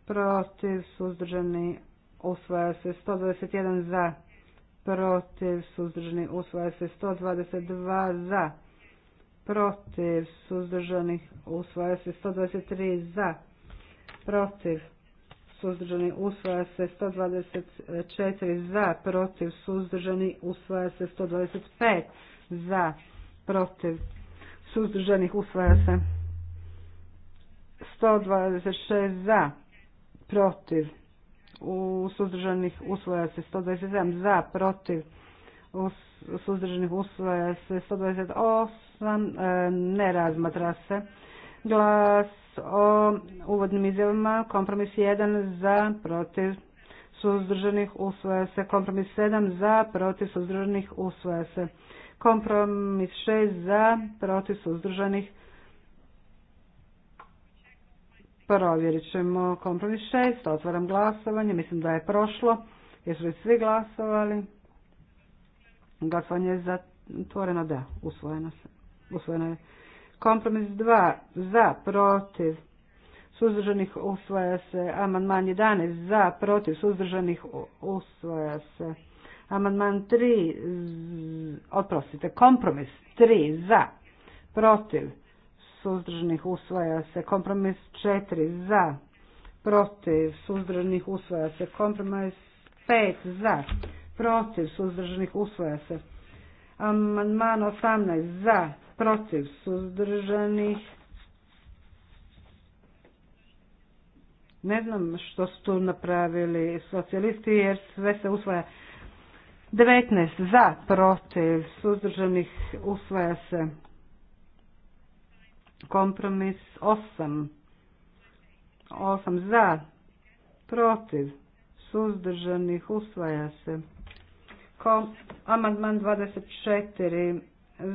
protiv suzdržani usvaja se. 121 za protiv suzdržani usvaja se 122 za protiv suzdržanih usvaja se 123 za protiv suzdržani usvaja se 124 za protiv suzdržani usvaja se 125 za protiv suzdržanih usvaja se 126 za protiv u suzdržanih usvoja se 127 za, protiv suzdržanih usvoja se 128 e, ne razmatra se. Glas o uvodnim izjavama kompromis 1 za, protiv suzdržanih usvoja se. Kompromis 7 za, protiv suzdržanih usvoja se. Kompromis 6 za, protiv suzdržanih Provjerit ćemo kompromis 6. Otvaram glasovanje. Mislim da je prošlo. Jesu li svi glasovali? Glasovanje je zatvoreno. Da, usvojeno, se. usvojeno je. Kompromis 2. Za, protiv, suzdržanih usvaja se. Amandman 11. Za, protiv, suzdržanih usvaja se. Amandman 3. Otprostite. kompromis 3. Za, protiv, suzdržanih usvaja se. Kompromis 4 za, protiv suzdržanih usvaja se. Kompromis 5 za, protiv suzdržanih usvaja se. Amandman 18 za, protiv suzdržanih Ne znam što su tu napravili socijalisti jer sve se usvaja. 19 za, protiv, suzdržanih usvaja se. Kompromis 8. 8 za, protiv, suzdržanih, usvaja se. Kom, amandman 24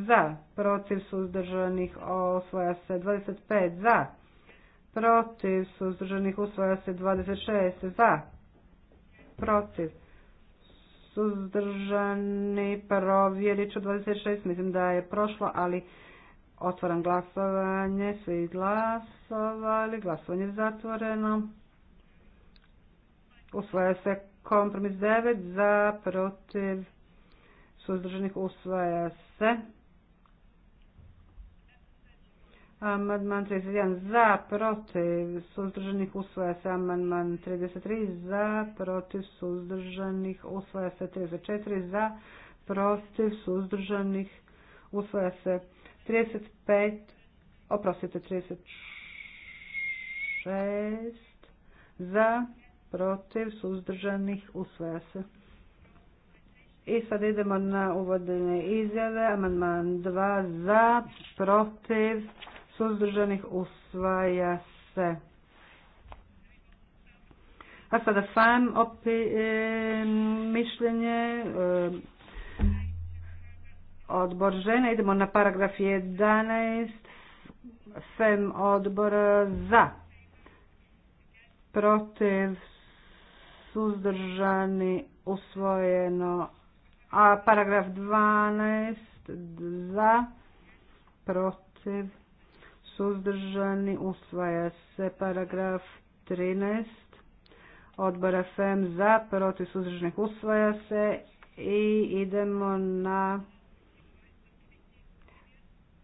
za, protiv, suzdržanih, usvaja se. 25 za, protiv, suzdržanih, usvaja se. 26 za, protiv, suzdržani, provjerit ću 26, mislim da je prošlo, ali Otvoram glasovanje, svi glasovali, glasovanje je zatvoreno. Usvaja se kompromis 9 za, protiv, suzdržanih usvaja se. Amandman 31 za, protiv, suzdržanih usvaja se. Amandman 33 za, protiv, suzdržanih usvaja se. 34 za, protiv, suzdržanih usvaja se. 35, oprostite, 36 za, protiv, suzdržanih, usvaja se. I sad idemo na uvodene izjave. Amandman 2 za, protiv, suzdržanih, usvaja se. A sada FAM, e, mišljenje, e, odbor žene. Idemo na paragraf 11. Fem odbor za. Protiv suzdržani usvojeno. A paragraf 12 za. Protiv suzdržani usvaja se paragraf 13 odbora FEM za protiv suzdržanih usvaja se i idemo na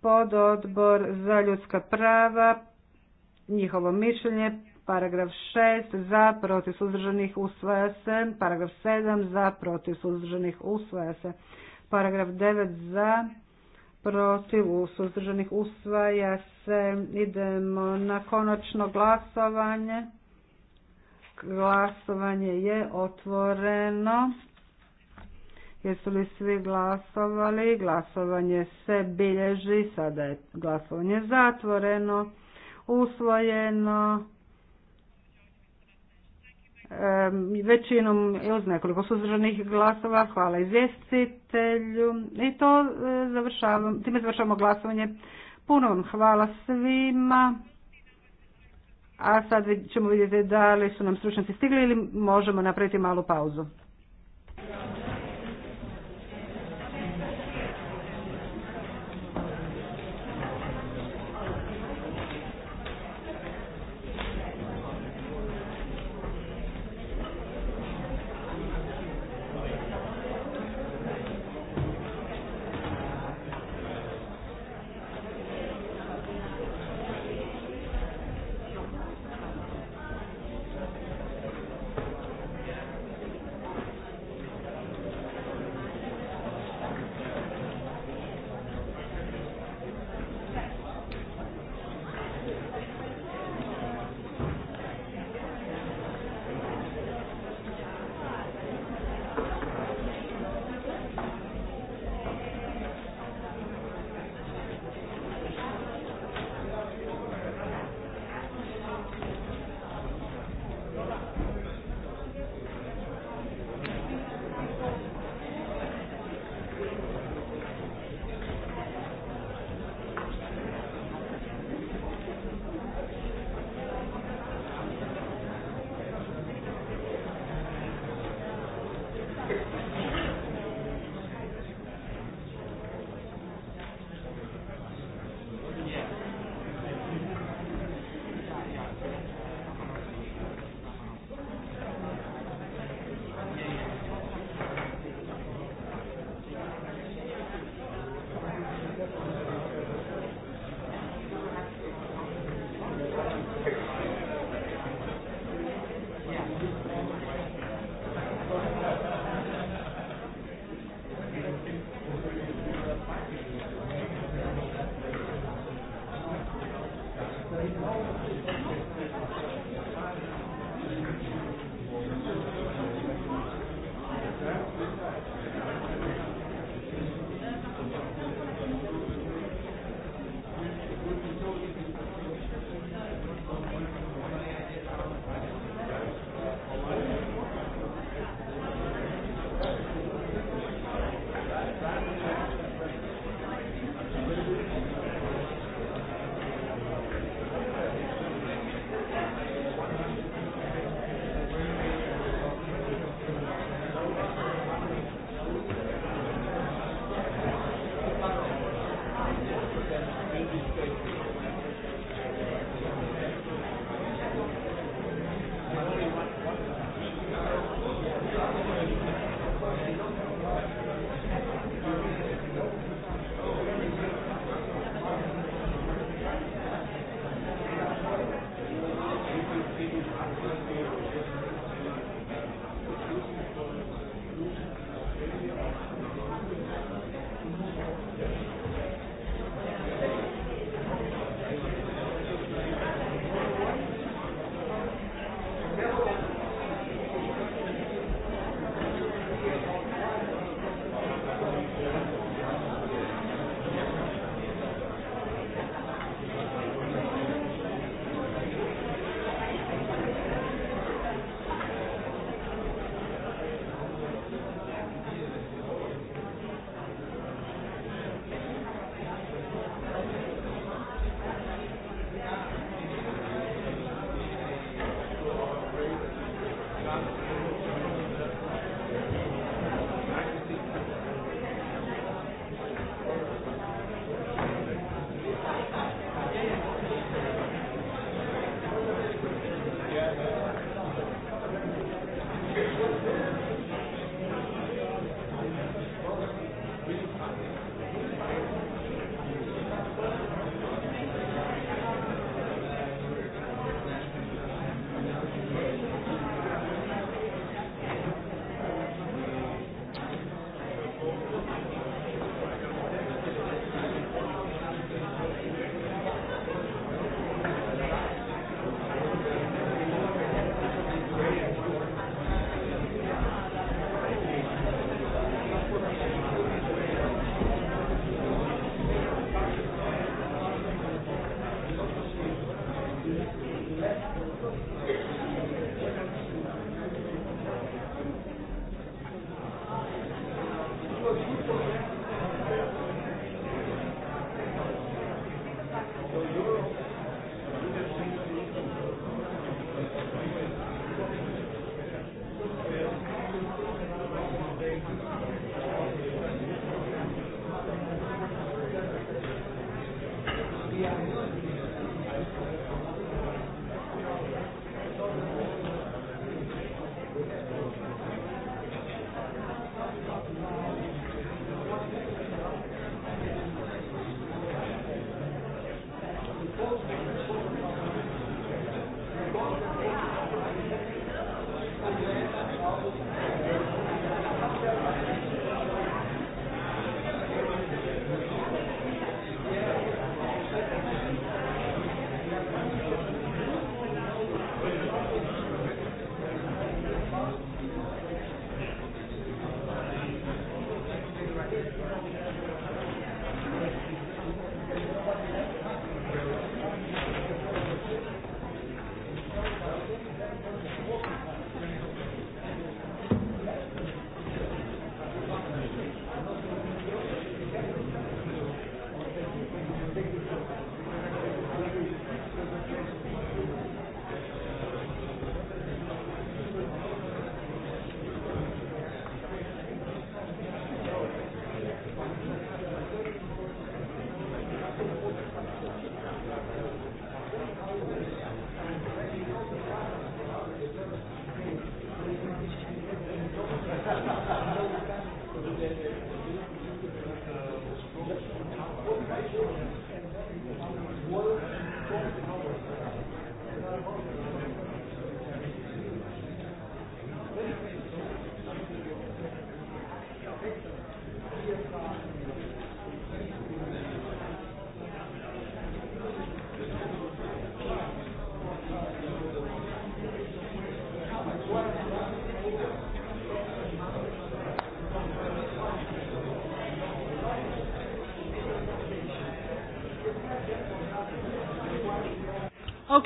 pododbor za ljudska prava, njihovo mišljenje, paragraf 6 za protiv suzdržanih usvaja se, paragraf 7 za protiv suzdržanih usvaja se, paragraf 9 za protiv suzdržanih usvaja se. Idemo na konačno glasovanje. Glasovanje je otvoreno. Jesu li svi glasovali? Glasovanje se bilježi. Sada je glasovanje zatvoreno, usvojeno. većinom uz nekoliko suzdržanih glasova hvala izvjestitelju i to e, završavamo. time završavamo glasovanje. Puno vam hvala svima. A sad ćemo vidjeti da li su nam stručnici stigli ili možemo napraviti malu pauzu.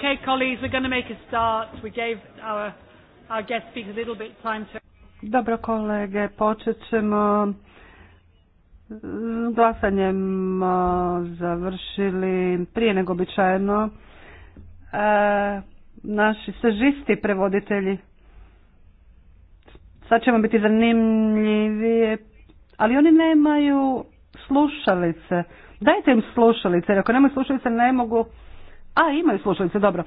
Okay, colleagues, we're going to make a start. We gave our, our guest speakers a little bit time to... Dobro kolege, počet ćemo glasanjem završili prije nego običajno e, naši sežisti prevoditelji. Sad ćemo biti zanimljivi, ali oni nemaju slušalice. Dajte im slušalice, jer ako nemaju slušalice ne mogu a, imaju slušalice, dobro.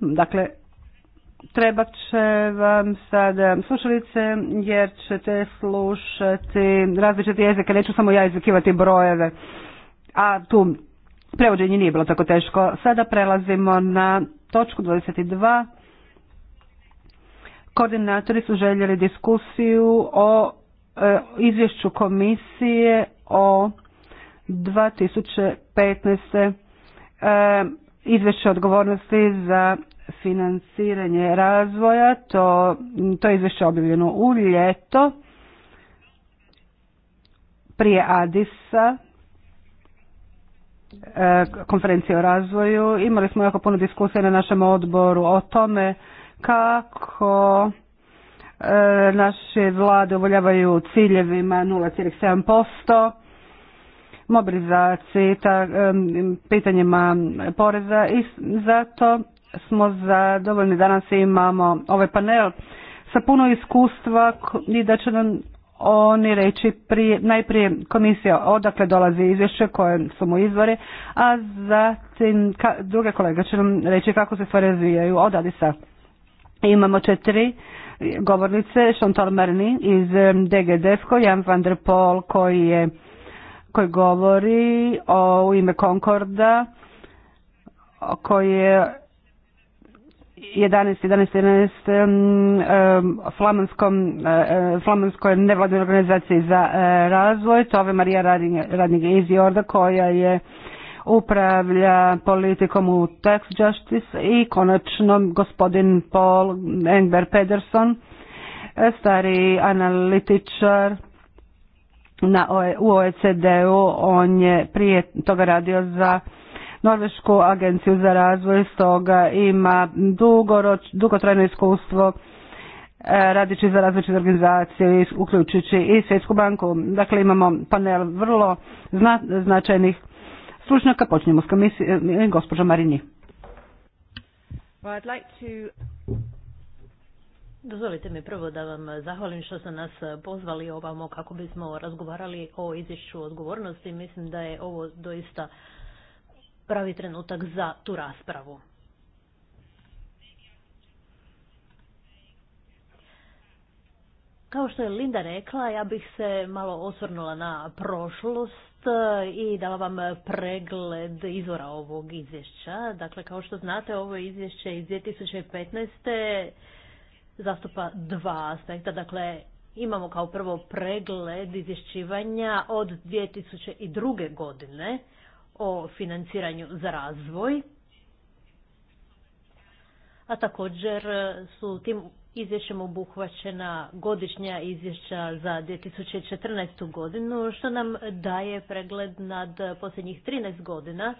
Dakle, treba će vam sada slušalice jer ćete slušati različite jezike, neću samo ja izvikivati brojeve. A tu prevođenje nije bilo tako teško. Sada prelazimo na točku 22. Koordinatori su željeli diskusiju o e, izvješću komisije o 2015. E, izvješće odgovornosti za financiranje razvoja. To, to je izvješće objavljeno u ljeto prije Adisa e, konferencije o razvoju. Imali smo jako puno diskusije na našem odboru o tome kako e, naše vlade uvoljavaju ciljevima 0,7% mobilizaciji, ta, pitanjima poreza i zato smo zadovoljni. Danas imamo ovaj panel sa puno iskustva i da će nam oni reći prije, najprije komisija odakle dolazi izvješće koje su mu izvori, a zatim ka, druge kolega će nam reći kako se stvari razvijaju od Adisa. Imamo četiri govornice, Chantal Merni iz DG Defko, Jan van der Pol koji je koji govori o, u ime Konkorda koji je 11.11.11 flamanskom, e, e, flamanskoj nevladnoj organizaciji za e, razvoj. To je Marija Radnjeg iz koja je upravlja politikom u Tax Justice i konačno gospodin Paul Engber Pedersen stari analitičar na, e, u OECD-u, on je prije toga radio za Norvešku agenciju za razvoj, stoga ima dugoroč, dugotrajno iskustvo e, radići za različite organizacije, uključujući i Svjetsku banku. Dakle, imamo panel vrlo značajnih stručnjaka. Počnemo s komisijom, e, gospođa Marini. I'd like to... Dozvolite mi prvo da vam zahvalim što ste nas pozvali ovamo kako bismo razgovarali o izvješću odgovornosti. Mislim da je ovo doista pravi trenutak za tu raspravu. Kao što je Linda rekla, ja bih se malo osvrnula na prošlost i dala vam pregled izvora ovog izvješća. Dakle, kao što znate, ovo izvješće iz 2015 zastupa dva aspekta. Dakle, imamo kao prvo pregled izvješćivanja od 2002. godine o financiranju za razvoj. A također su tim izvješćem obuhvaćena godišnja izvješća za 2014. godinu, što nam daje pregled nad posljednjih 13 godina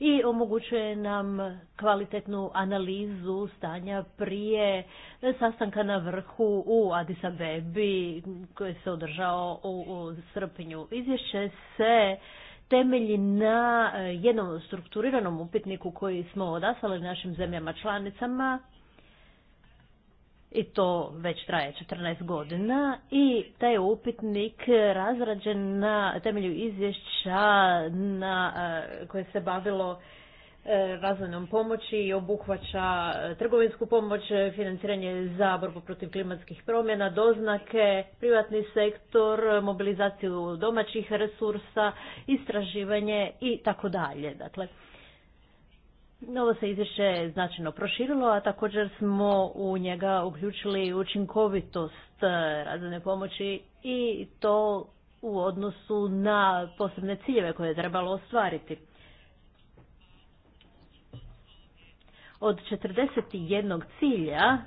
i omogućuje nam kvalitetnu analizu stanja prije sastanka na vrhu u Addis Abebi koji se održao u srpnju. Izvješće se temelji na eh, jednom strukturiranom upitniku koji smo odaslali našim zemljama članicama i to već traje 14 godina i taj upitnik razrađen na temelju izvješća na, e, koje se bavilo e, razvojnom pomoći i obuhvaća e, trgovinsku pomoć, financiranje za borbu protiv klimatskih promjena, doznake, privatni sektor, mobilizaciju domaćih resursa, istraživanje i tako dalje. Dakle, Novo se izvješće značajno proširilo, a također smo u njega uključili učinkovitost e, razvojne pomoći i to u odnosu na posebne ciljeve koje je trebalo ostvariti. Od 41 cilja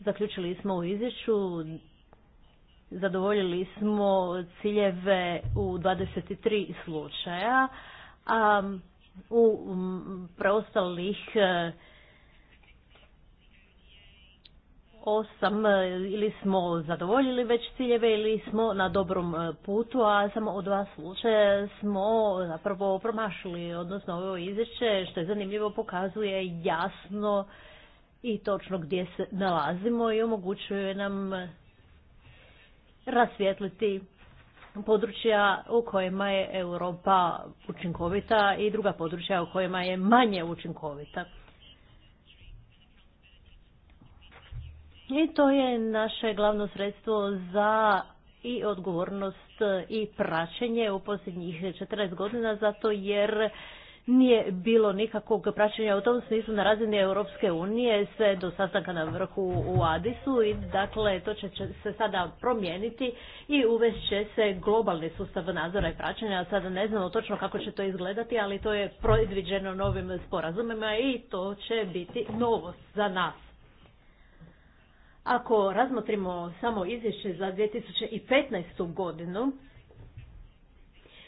zaključili smo u izvješću zadovoljili smo ciljeve u 23 slučaja, a u preostalih e, osam e, ili smo zadovoljili već ciljeve ili smo na dobrom e, putu, a samo od dva slučaja smo zapravo promašili, odnosno ovo izvješće što je zanimljivo pokazuje jasno i točno gdje se nalazimo i omogućuje nam rasvijetliti područja u kojima je Europa učinkovita i druga područja u kojima je manje učinkovita. I to je naše glavno sredstvo za i odgovornost i praćenje u posljednjih 14 godina zato jer nije bilo nikakvog praćenja u tom smislu na razini Europske unije sve do sastanka na vrhu u Adisu i dakle to će se sada promijeniti i uvest će se globalni sustav nadzora i praćenja. Sada ne znamo točno kako će to izgledati, ali to je proizviđeno novim sporazumima i to će biti novost za nas. Ako razmotrimo samo izvješće za 2015. godinu,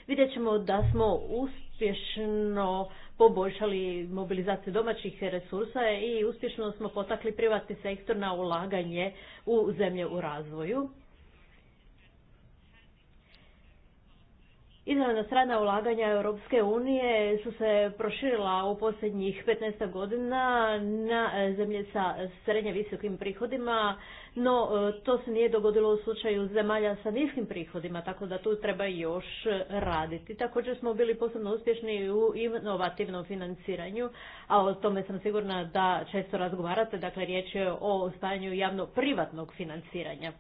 vidjet ćemo da smo uspjeli uspješno poboljšali mobilizaciju domaćih resursa i uspješno smo potakli privatni sektor na ulaganje u zemlje u razvoju. Izravna strana ulaganja Europske unije su se proširila u posljednjih 15 godina na zemlje sa srednje visokim prihodima no e, to se nije dogodilo u slučaju zemalja sa niskim prihodima, tako da tu treba još raditi. Također smo bili posebno uspješni u inovativnom financiranju, a o tome sam sigurna da često razgovarate, dakle riječ je o stanju javno-privatnog financiranja.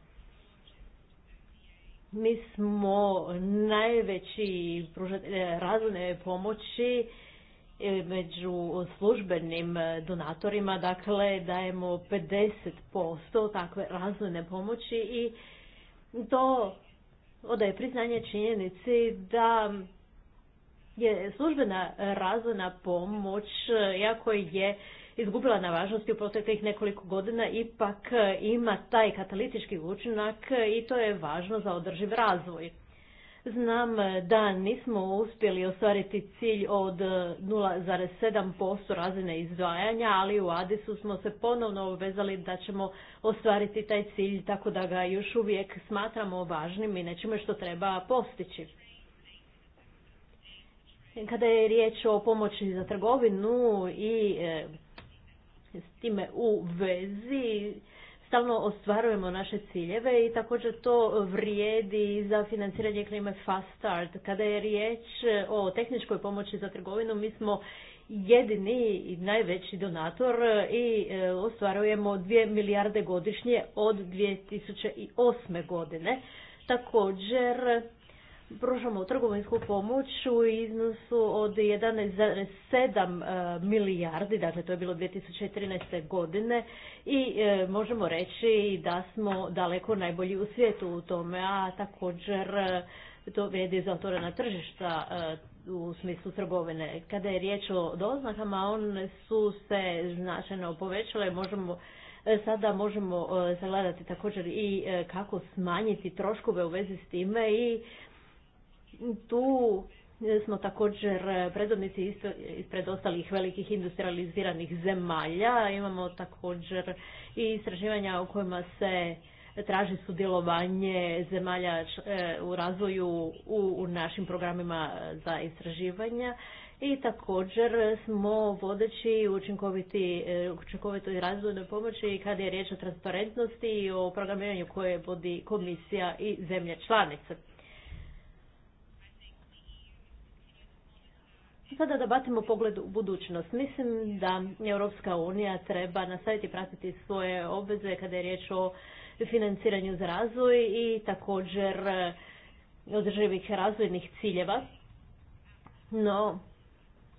Mi smo najveći pružatelj razvojne pomoći E, među službenim e, donatorima, dakle dajemo 50% takve razvojne pomoći i to odaje priznanje činjenici da je službena razvojna pomoć, jako e, je izgubila na važnosti u proteklih nekoliko godina, ipak ima taj katalitički učinak i to je važno za održiv razvoj. Znam e, da nismo uspjeli ostvariti cilj od 0,7% e, razine izdvajanja, ali u Adisu smo se ponovno obvezali da ćemo ostvariti taj cilj, tako da ga još uvijek smatramo važnim i nečime što treba postići. Kada je riječ o pomoći za trgovinu i e, s time u vezi, stalno ostvarujemo naše ciljeve i također to vrijedi za financiranje klime Fast Start. Kada je riječ o tehničkoj pomoći za trgovinu, mi smo jedini i najveći donator i e, ostvarujemo 2 milijarde godišnje od 2008. godine. Također pružamo trgovinsku pomoć u iznosu od 11,7 e, milijardi, dakle to je bilo 2013. godine i e, možemo reći da smo daleko najbolji u svijetu u tome, a također e, to vrijedi za otvorena tržišta u smislu trgovine. Kada je riječ o doznakama, one su se značajno povećale, možemo sada možemo sagledati također i kako smanjiti troškove u vezi s time i tu e, smo također e, predvodnici ispred ostalih velikih industrializiranih zemalja. Imamo također i istraživanja u kojima se traži sudjelovanje zemalja e, u razvoju u našim programima za istraživanja i također smo vodeći učinkoviti, učinkovitoj razvojnoj pomoći kada je riječ o transparentnosti i o programiranju koje vodi komisija i zemlje članice. Sada da batimo pogled u budućnost. Mislim da Europska unija treba nastaviti pratiti svoje obveze kada je riječ o financiranju za razvoj i također e, održivih razvojnih ciljeva. No,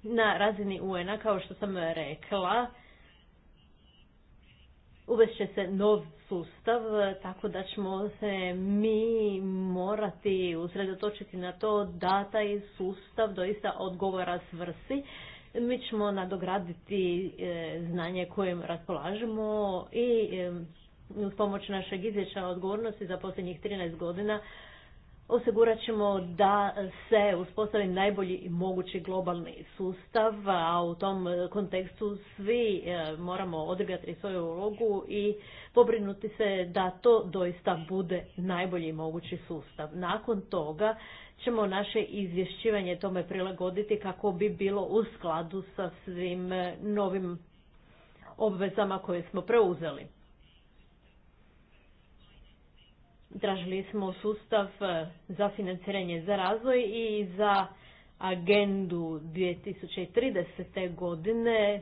na razini UN-a, kao što sam rekla, uvest će se nov sustav, tako da ćemo se mi morati usredotočiti na to da taj sustav doista odgovara svrsi. Mi ćemo nadograditi e, znanje kojim raspolažemo i e, uz pomoć našeg izvješća odgovornosti za posljednjih 13 godina osigurat ćemo da se uspostavi najbolji mogući globalni sustav, a u tom e, kontekstu svi e, moramo odigrati svoju ulogu i pobrinuti se da to doista bude najbolji mogući sustav. Nakon toga ćemo naše izvješćivanje tome prilagoditi kako bi bilo u skladu sa svim e, novim obvezama koje smo preuzeli. Tražili smo sustav e, za financiranje za razvoj i za agendu 2030. godine.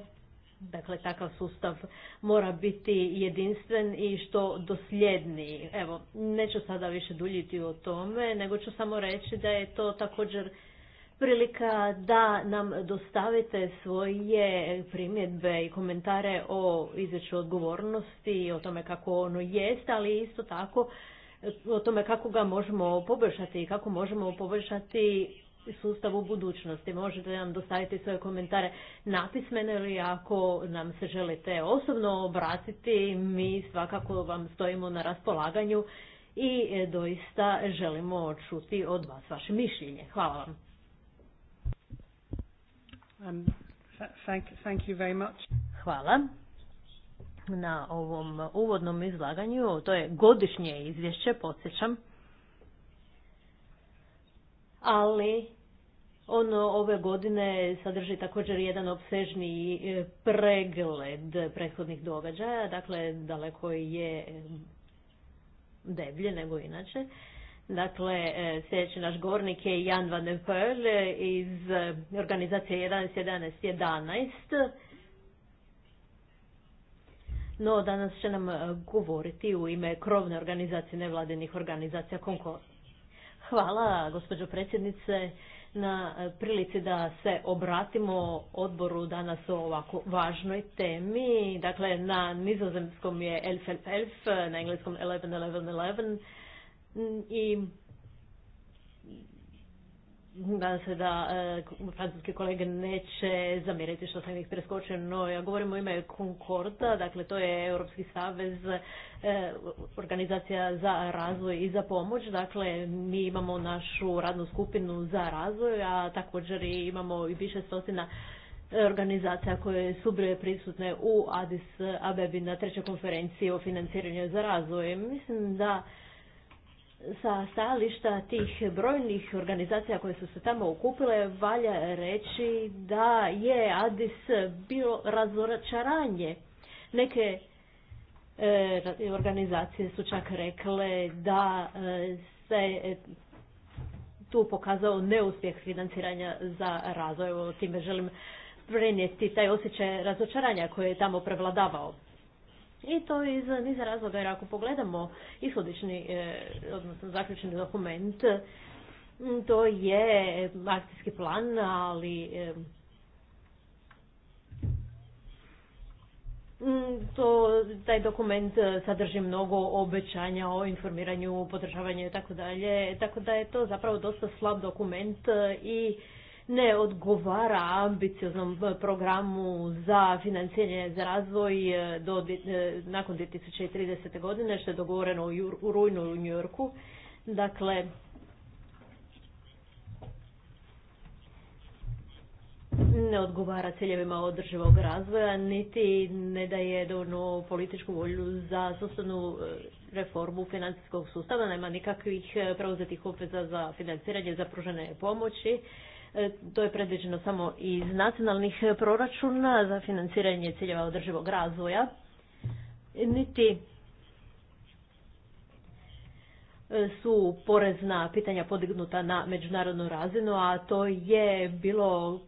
Dakle, takav sustav mora biti jedinstven i što dosljedniji. Evo, neću sada više duljiti o tome, nego ću samo reći da je to također prilika da nam dostavite svoje primjedbe i komentare o izveću odgovornosti i o tome kako ono jest, ali isto tako o tome kako ga možemo poboljšati i kako možemo poboljšati sustav u budućnosti. Možete nam dostaviti svoje komentare napismeno ili ako nam se želite osobno obratiti, mi svakako vam stojimo na raspolaganju i e, doista želimo čuti od vas vaše mišljenje. Hvala vam. Um, much. Hvala na ovom uvodnom izlaganju. To je godišnje izvješće, podsjećam. Ali ono ove godine sadrži također jedan obsežni e, pregled prethodnih događaja, dakle daleko je deblje nego inače. Dakle, e, sljedeći naš govornik je Jan van den Perl iz organizacije 11.11.11. 11. 11. No, danas će nam e, govoriti u ime krovne organizacije nevladinih organizacija Konkord. Hvala, gospođo predsjednice, na e, prilici da se obratimo odboru danas o ovako važnoj temi. Dakle, na nizozemskom je elf, na engleskom 111111. i Nadam se da e, francuske kolege neće zamjeriti što sam ih preskočio, no ja govorim o ime Concorda, dakle to je Europski savez, e, organizacija za razvoj i za pomoć. Dakle, mi imamo našu radnu skupinu za razvoj, a također imamo i više stotina organizacija koje su bile prisutne u Addis Abebi na trećoj konferenciji o financiranju za razvoj. Mislim da sa stajališta tih brojnih organizacija koje su se tamo ukupile, valja reći da je Adis bio razočaranje. Neke e, organizacije su čak rekle da e, se e, tu pokazao neuspjeh financiranja za razvoj. O time želim prenijeti taj osjećaj razočaranja koji je tamo prevladavao. I to iz niza razloga, jer ako pogledamo ishodični, e, odnosno zaključeni dokument, to je akcijski plan, ali e, to, taj dokument sadrži mnogo obećanja o informiranju, podržavanju i tako dalje, tako da je to zapravo dosta slab dokument i ne odgovara ambicioznom programu za financiranje za razvoj eh, do, eh, nakon 2030. godine, što je dogovoreno u rujnu u Yorku. Dakle, ne odgovara ciljevima održivog razvoja, niti ne daje dovoljnu političku volju za sustavnu eh, reformu financijskog sustava, nema nikakvih preuzetih obveza za financiranje za pružene pomoći E, to je predviđeno samo iz nacionalnih proračuna za financiranje ciljeva održivog razvoja. Niti e, su porezna pitanja podignuta na međunarodnu razinu, a to je bilo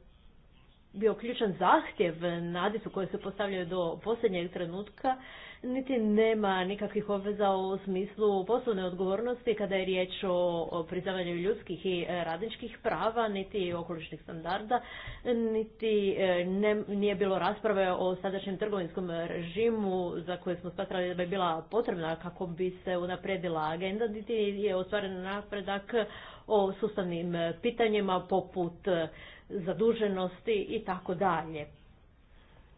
bio ključan zahtjev nadisu koje se postavljaju do posljednjeg trenutka niti nema nikakvih obveza u smislu poslovne odgovornosti kada je riječ o priznavanju ljudskih i e, radničkih prava, niti okolišnih standarda, niti e, nije bilo rasprave o sadašnjem trgovinskom režimu za koje smo smatrali da bi bila potrebna kako bi se unaprijedila agenda, niti je ostvaren napredak o sustavnim pitanjima poput zaduženosti i tako dalje.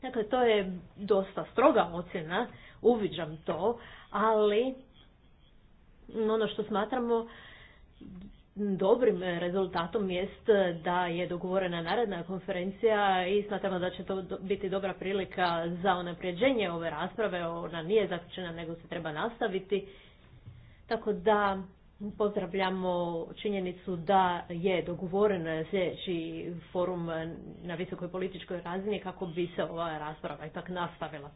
Dakle, to je dosta stroga ocjena uviđam to, ali ono što smatramo dobrim rezultatom jest da je dogovorena naredna konferencija i smatramo da će to biti dobra prilika za unapređenje ove rasprave. Ona nije zaključena nego se treba nastaviti. Tako da pozdravljamo činjenicu da je dogovoren sljedeći forum na visokoj političkoj razini kako bi se ova rasprava ipak nastavila.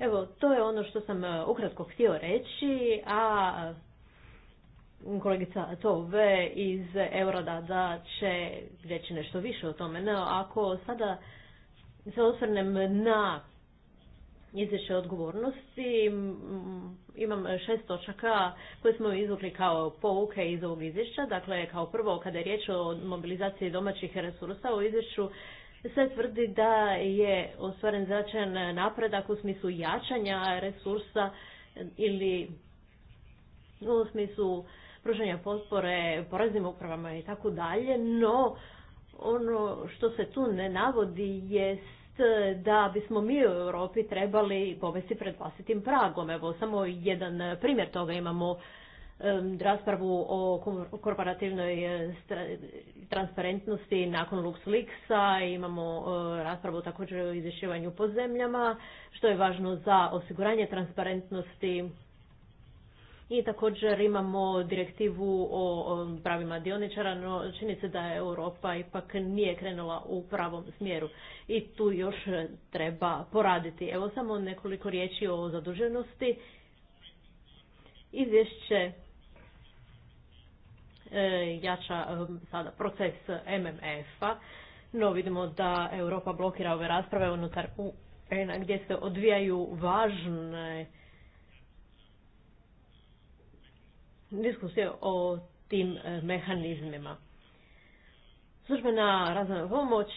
Evo, to je ono što sam e, ukratko htio reći, a e, kolegica Tove iz da će reći nešto više o tome. No, ako sada se osvrnem na izvješće odgovornosti, imam šest točaka koje smo izvukli kao pouke iz ovog izvješća. Dakle, kao prvo, kada je riječ o mobilizaciji domaćih resursa, u izvješću se tvrdi da je ostvaren značajan napredak u smislu jačanja resursa ili u smislu pružanja potpore poreznim upravama i tako dalje, no ono što se tu ne navodi jest da bismo mi u Europi trebali povesti pred vlastitim pragom. Evo samo jedan primjer toga imamo raspravu o korporativnoj e, transparentnosti nakon LuxLeaksa, imamo e, raspravu također o izvješćivanju po zemljama, što je važno za osiguranje transparentnosti i također imamo direktivu o pravima dioničara, no čini se da Europa ipak nije krenula u pravom smjeru i tu još treba poraditi. Evo samo nekoliko riječi o zaduženosti. Izvješće E, jača e, sada proces MMF-a, no vidimo da Europa blokira ove rasprave unutar UN-a gdje se odvijaju važne diskusije o tim e, mehanizmima. Službena razvojna pomoć,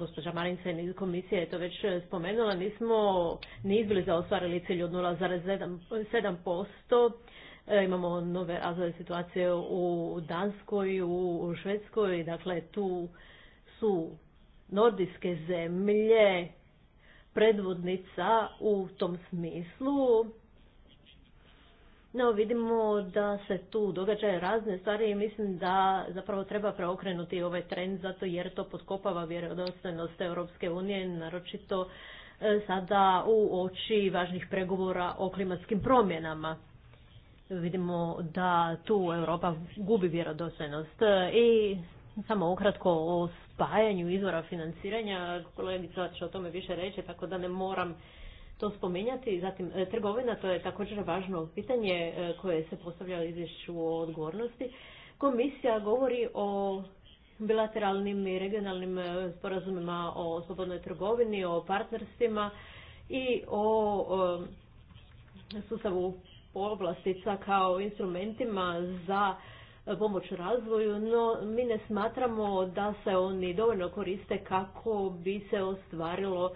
gospođa Marince iz komisije je to već spomenula, nismo ni izbili za ostvarili cilj od 0,7%, E, imamo nove razvoje situacije u Danskoj, u Švedskoj, dakle tu su nordijske zemlje predvodnica u tom smislu. No, vidimo da se tu događaju razne stvari i mislim da zapravo treba preokrenuti ovaj trend zato jer to poskopava vjerodostojnost Europske unije, naročito e, sada u oči važnih pregovora o klimatskim promjenama vidimo da tu Europa gubi vjerodostojnost. I samo ukratko o spajanju izvora financiranja, kolegica će o tome više reći, tako da ne moram to spominjati. Zatim, e, trgovina, to je također važno pitanje e, koje se postavlja u izvješću o odgovornosti. Komisija govori o bilateralnim i regionalnim e, sporazumima o slobodnoj trgovini, o partnerstvima i o sustavu povlastica kao instrumentima za e, pomoć razvoju, no mi ne smatramo da se oni dovoljno koriste kako bi se ostvarilo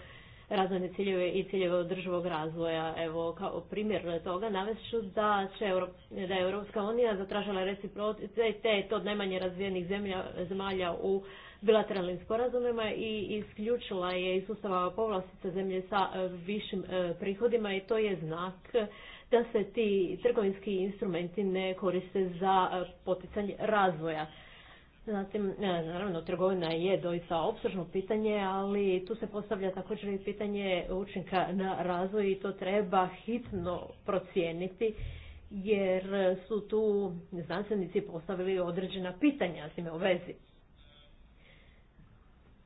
razvojne ciljeve i ciljeve održivog razvoja. Evo, kao primjer toga navest ću da, će, da je Europska unija zatražila reciprocitet od najmanje razvijenih zemlja, zemalja u bilateralnim sporazumima i isključila je iz sustava povlastica zemlje sa e, višim e, prihodima i to je znak da se ti trgovinski instrumenti ne koriste za e, poticanje razvoja. Zatim, e, naravno, trgovina je doista opsežno pitanje, ali tu se postavlja također i pitanje učinka na razvoj i to treba hitno procijeniti jer su tu znanstvenici postavili određena pitanja s time u vezi.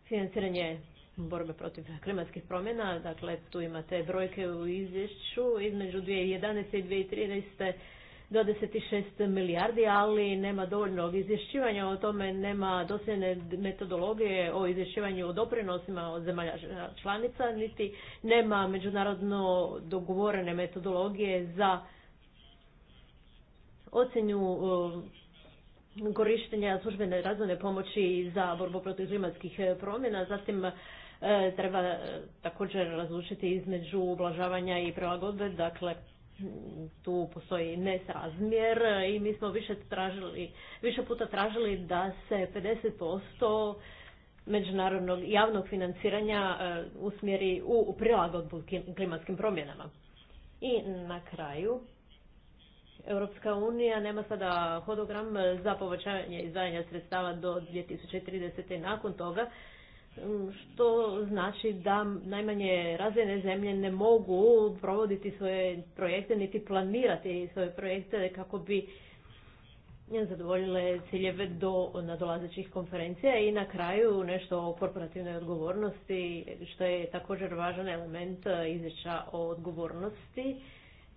Financiranje borbe protiv klimatskih promjena. Dakle, tu imate brojke u izvješću između 2011. i 2013. 26 milijardi, ali nema dovoljnog izvješćivanja o tome, nema dosljedne metodologije o izvješćivanju o doprinosima od zemalja članica, niti nema međunarodno dogovorene metodologije za ocjenju um, korištenja službene razvojne pomoći za borbu protiv klimatskih uh, promjena, zatim E, treba e, također razlučiti između ublažavanja i prilagodbe, dakle tu postoji nesrazmjer e, i mi smo više, tražili, više puta tražili da se 50% međunarodnog javnog financiranja usmjeri u prilagodbu klimatskim promjenama. I na kraju, Europska unija nema sada hodogram za povećanje izdajanja sredstava do 2030. nakon toga Mm, što znači da najmanje razvijene zemlje ne mogu provoditi svoje projekte niti planirati svoje projekte kako bi zadovoljile ciljeve do nadolazećih konferencija i na kraju nešto o korporativnoj odgovornosti što je također važan element izvješća o odgovornosti.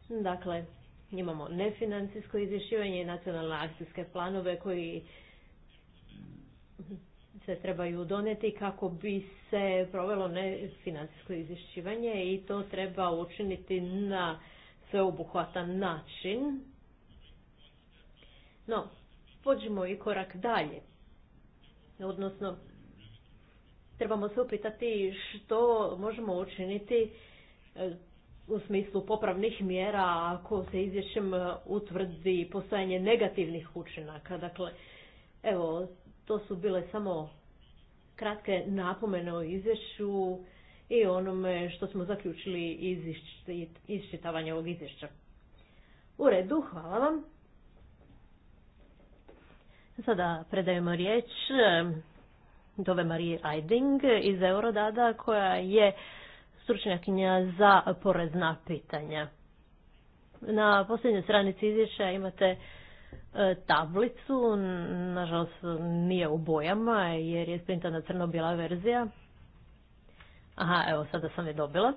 Dakle, imamo nefinancijsko izvješćivanje i nacionalne akcijske planove koji se trebaju doneti kako bi se provelo financijsko izvješćivanje i to treba učiniti na sveobuhvatan način. No, pođimo i korak dalje. Odnosno, trebamo se upitati što možemo učiniti e, u smislu popravnih mjera ako se izvješćem utvrdi postojanje negativnih učinaka. Dakle, evo, to su bile samo kratke napomene o izvješću i onome što smo zaključili iz iščitavanja ovog izvješća. U redu, hvala vam. Sada predajemo riječ Dove Marije Aiding iz Eurodada koja je stručnjakinja za porezna pitanja. Na posljednjoj stranici izvješća imate E, tablicu, nažalost nije u bojama jer je sprintana crno bila verzija. Aha, evo sada sam je dobila.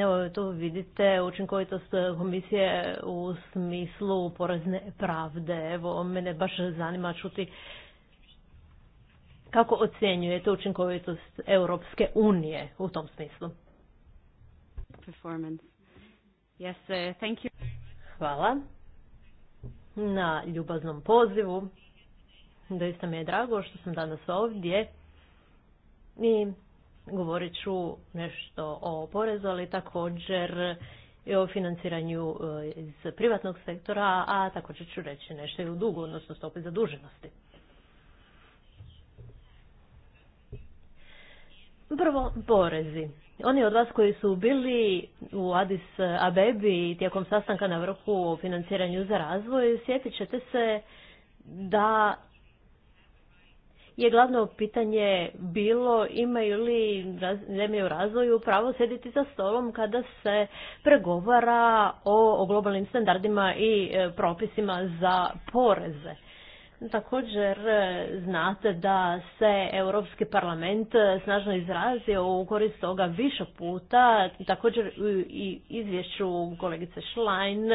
Evo tu vidite učinkovitost komisije u smislu porezne pravde. Evo, mene baš zanima čuti kako ocjenjujete učinkovitost Europske unije u tom smislu. Performance. Yes, thank you. Hvala na ljubaznom pozivu. Doista mi je drago što sam danas ovdje i govorit ću nešto o porezu, ali također i o financiranju e, iz privatnog sektora, a također ću reći nešto i u dugu, odnosno stopi zaduženosti. Prvo, porezi. Oni od vas koji su bili u Addis Abebi tijekom sastanka na vrhu o financiranju za razvoj, sjetit ćete se da je glavno pitanje bilo imaju li zemlje u razvoju pravo sjediti za stolom kada se pregovara o globalnim standardima i e, propisima za poreze. Također e, znate da se Europski parlament e, snažno izrazio u korist toga više puta, također i izvješću kolegice Schlein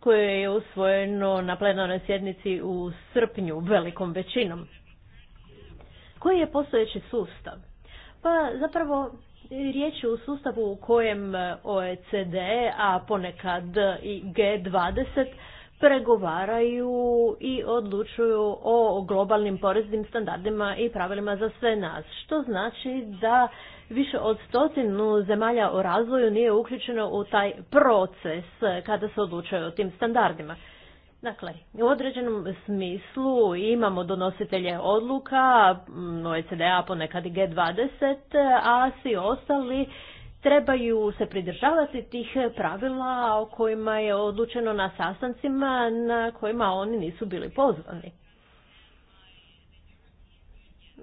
koje je usvojeno na plenarnoj sjednici u srpnju velikom većinom. Koji je postojeći sustav? Pa zapravo riječ je o sustavu u kojem e, OECD, a ponekad i G20 pregovaraju i odlučuju o globalnim poreznim standardima i pravilima za sve nas. Što znači da više od stotinu zemalja o razvoju nije uključeno u taj proces kada se odlučuje o tim standardima. Dakle, u određenom smislu imamo donositelje odluka, mm, OECD-a ponekad i G20, a svi ostali trebaju se pridržavati tih pravila o kojima je odlučeno na sastancima na kojima oni nisu bili pozvani.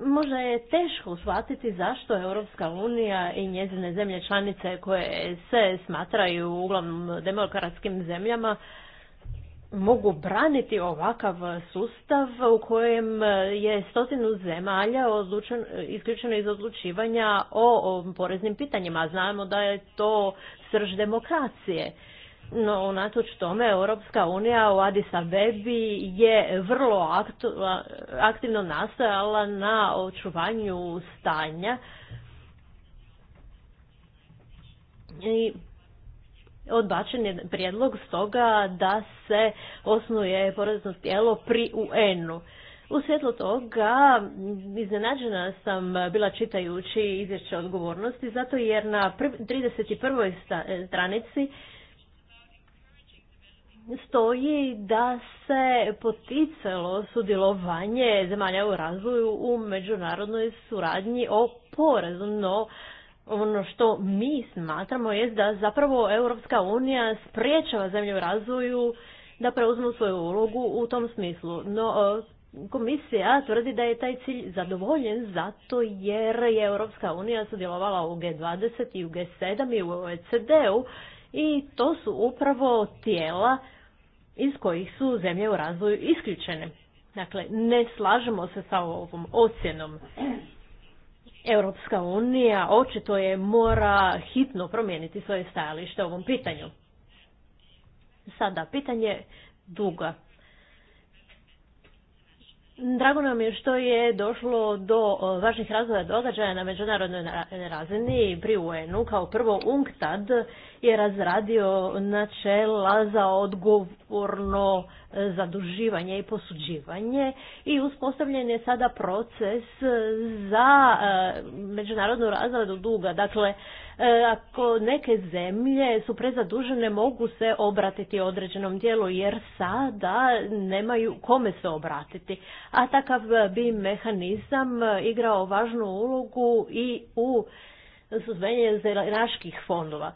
Možda je teško shvatiti zašto Europska unija i njezine zemlje članice koje se smatraju uglavnom demokratskim zemljama mogu braniti ovakav sustav u kojem je stotinu zemalja isključeno iz odlučivanja o, poreznim pitanjima. Znamo da je to srž demokracije. No, unatoč tome, Europska unija u Addis Abebi je vrlo aktivno nastojala na očuvanju stanja i odbačen je prijedlog stoga da se osnuje porezno tijelo pri UN-u. U svjetlu toga iznenađena sam bila čitajući izvješće odgovornosti, zato jer na 31. E, stranici stoji da se poticalo sudjelovanje zemalja u razvoju u međunarodnoj suradnji o porezu, no ono što mi smatramo je da zapravo Europska unija spriječava zemlje u razvoju da preuzmu svoju ulogu u tom smislu. No, e, komisija tvrdi da je taj cilj zadovoljen zato jer je Europska unija sudjelovala u G20 i u G7 i u OECD-u i to su upravo tijela iz kojih su zemlje u razvoju isključene. Dakle, ne slažemo se sa ovom ocjenom. Europska unija očito je mora hitno promijeniti svoje stajalište o ovom pitanju. Sada, pitanje duga. Drago nam je što je došlo do važnih razvoja događaja na međunarodnoj razini pri UN-u. Kao prvo UNCTAD je razradio načela za odgovorno e, zaduživanje i posuđivanje i uspostavljen je sada proces za e, međunarodnu razradu duga. Dakle, e, ako neke zemlje su prezadužene mogu se obratiti određenom dijelu jer sada nemaju kome se obratiti. A takav bi mehanizam igrao važnu ulogu i u suzbenje zelenaških fondova.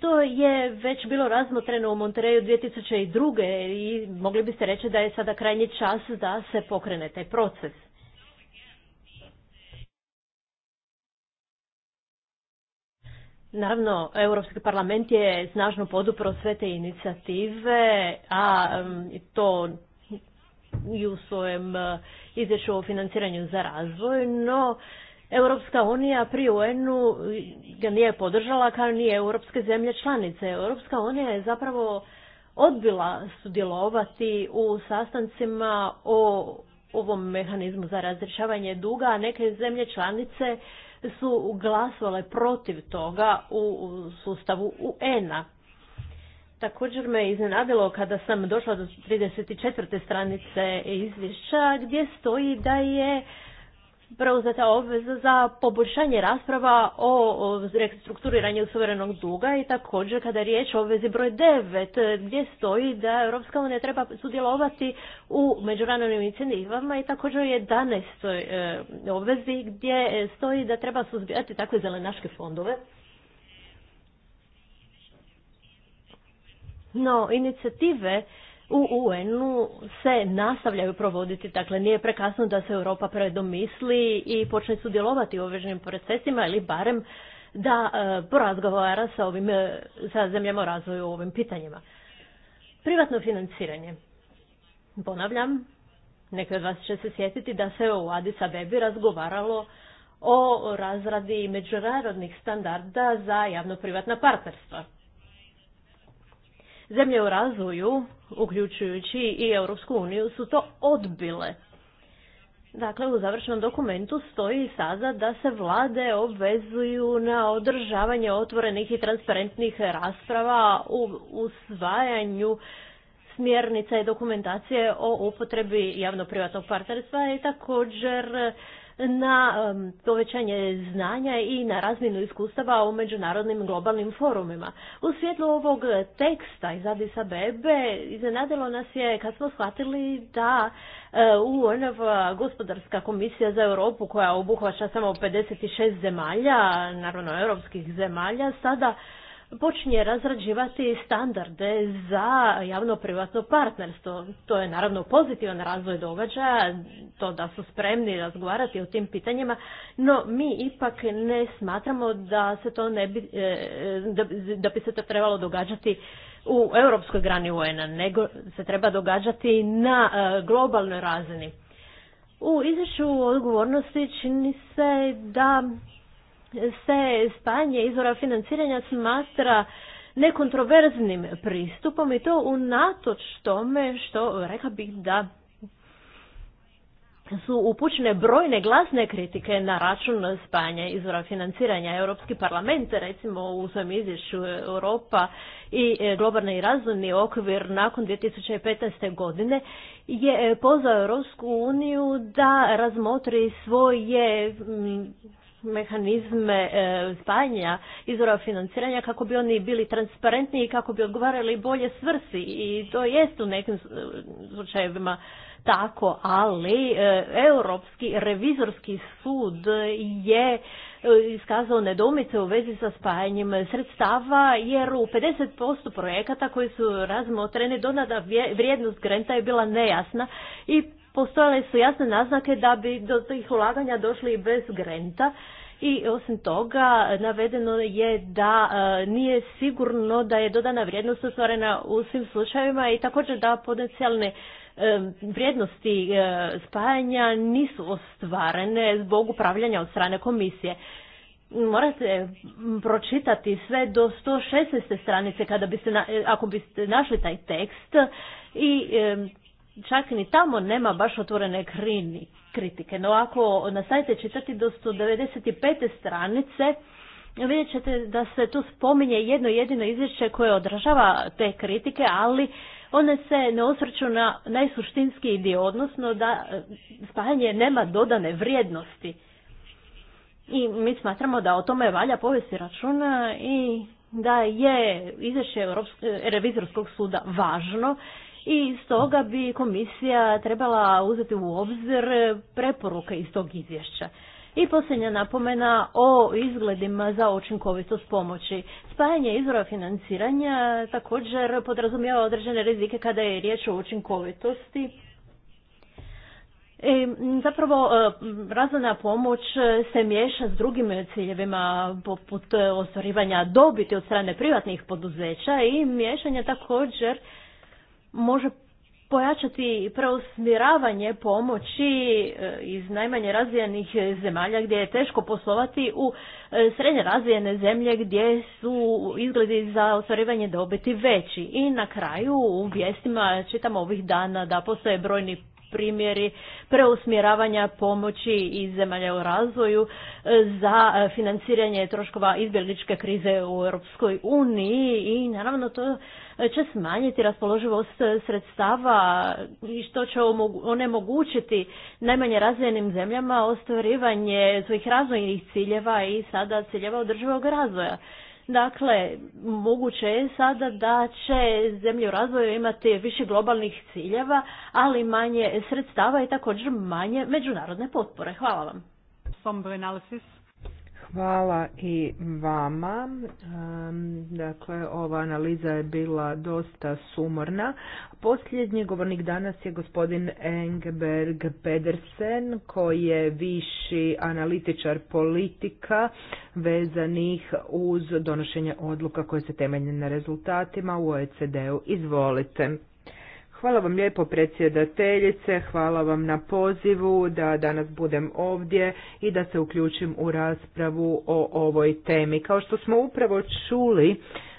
To je već bilo razmotreno u Montereju 2002. i mogli biste reći da je sada krajnji čas da se pokrene taj proces. Naravno, Europski parlament je snažno podupro sve te inicijative, a um, to i u svojem uh, izvješću o financiranju za razvoj, no Europska unija pri UN-u ga nije podržala kao ni europske zemlje članice. Europska unija je zapravo odbila sudjelovati u sastancima o ovom mehanizmu za razrješavanje duga, a neke zemlje članice su glasovale protiv toga u sustavu UN-a. Također me iznenadilo kada sam došla do 34. stranice izvješća gdje stoji da je preuzeta obveza za poboljšanje rasprava o restrukturiranju suverenog duga i također kada je riječ o obvezi broj 9 gdje stoji da Europska unija treba sudjelovati u međunarodnim inicijativama i također je 11. E, obvezi gdje stoji da treba suzbijati takve zelenaške fondove. No, inicijative u UN-u se nastavljaju provoditi, dakle nije prekasno da se Europa predomisli i počne sudjelovati u određenim procesima ili barem da e, porazgovara sa, ovim, e, sa zemljama razvoju o ovim pitanjima. Privatno financiranje. Ponavljam, neki od vas će se sjetiti da se u sa Abebi razgovaralo o razradi međunarodnih standarda za javno-privatna partnerstva. Zemlje u razvoju, uključujući i Europsku uniju, su to odbile. Dakle, u završnom dokumentu stoji sada da se vlade obvezuju na održavanje otvorenih i transparentnih rasprava u usvajanju smjernica i dokumentacije o upotrebi javno-privatnog partnerstva i također na povećanje znanja i na razmjenu iskustava u međunarodnim globalnim forumima. U svjetlu ovog teksta iz Adisa Bebe iznenadilo nas je kad smo shvatili da e, UNF gospodarska komisija za Europu koja obuhvaća samo 56 zemalja, naravno europskih zemalja, sada počinje razrađivati standarde za javno-privatno partnerstvo. To je naravno pozitivan razvoj događaja, to da su spremni razgovarati o tim pitanjima, no mi ipak ne smatramo da se to ne bi, e, da, bi se to trebalo događati u europskoj grani UN-a, nego se treba događati na e, globalnoj razini. U izvješću odgovornosti čini se da se stanje izvora financiranja smatra nekontroverznim pristupom i to unatoč tome što rekla bih da su upućene brojne glasne kritike na račun spajanja izvora financiranja. Europski parlament, recimo u svojem izvješću Europa i e, globalni razumni okvir nakon 2015. godine je e, pozvao Europsku uniju da razmotri svoje mehanizme e, spajanja izvora financiranja kako bi oni bili transparentniji i kako bi odgovarali bolje svrsi i to jest u nekim slučajevima tako, ali e, Europski revizorski sud je e, iskazao nedomice u vezi sa spajanjem sredstava jer u 50% projekata koji su razmotreni donada vrijednost grenta je bila nejasna i postojale su jasne naznake da bi do tih ulaganja došli i bez grenta i osim toga navedeno je da e, nije sigurno da je dodana vrijednost ostvarena u svim slučajevima i također da potencijalne e, vrijednosti e, spajanja nisu ostvarene zbog upravljanja od strane komisije. Morate pročitati sve do 116. stranice kada biste, ako biste našli taj tekst i čak ni tamo nema baš otvorene krini, kritike. No ako nastavite čitati do 195. stranice, vidjet ćete da se tu spominje jedno jedino izvješće koje odražava te kritike, ali one se ne osvrću na najsuštinski dio, odnosno da e, spajanje nema dodane vrijednosti. I mi smatramo da o tome valja povesti računa i da je izvješće e, revizorskog suda važno i stoga bi komisija trebala uzeti u obzir preporuke iz tog izvješća. I posljednja napomena o izgledima za učinkovitost pomoći. Spajanje izvora financiranja također podrazumijeva određene rizike kada je riječ o učinkovitosti. I e, zapravo e, razvojna pomoć se miješa s drugim ciljevima poput ostvarivanja dobiti od strane privatnih poduzeća i miješanje također može pojačati preusmjeravanje pomoći e, iz najmanje razvijenih zemalja gdje je teško poslovati u e, srednje razvijene zemlje gdje su izgledi za ostvarivanje dobiti veći. I na kraju u vijestima čitamo ovih dana da postoje brojni primjeri preusmjeravanja pomoći iz zemalja u razvoju e, za financiranje troškova izbjegličke krize u Europskoj uniji i naravno to će smanjiti raspoloživost sredstava i što će onemogućiti najmanje razvijenim zemljama ostvarivanje svojih razvojnih ciljeva i sada ciljeva održivog razvoja. Dakle, moguće je sada da će zemlje u razvoju imati više globalnih ciljeva, ali manje sredstava i također manje međunarodne potpore. Hvala vam. Hvala i vama. Dakle, ova analiza je bila dosta sumorna. Posljednji govornik danas je gospodin Engberg Pedersen, koji je viši analitičar politika vezanih uz donošenje odluka koje se temelje na rezultatima u OECD-u. Izvolite. Hvala vam lijepo predsjedateljice, hvala vam na pozivu da danas budem ovdje i da se uključim u raspravu o ovoj temi. Kao što smo upravo čuli,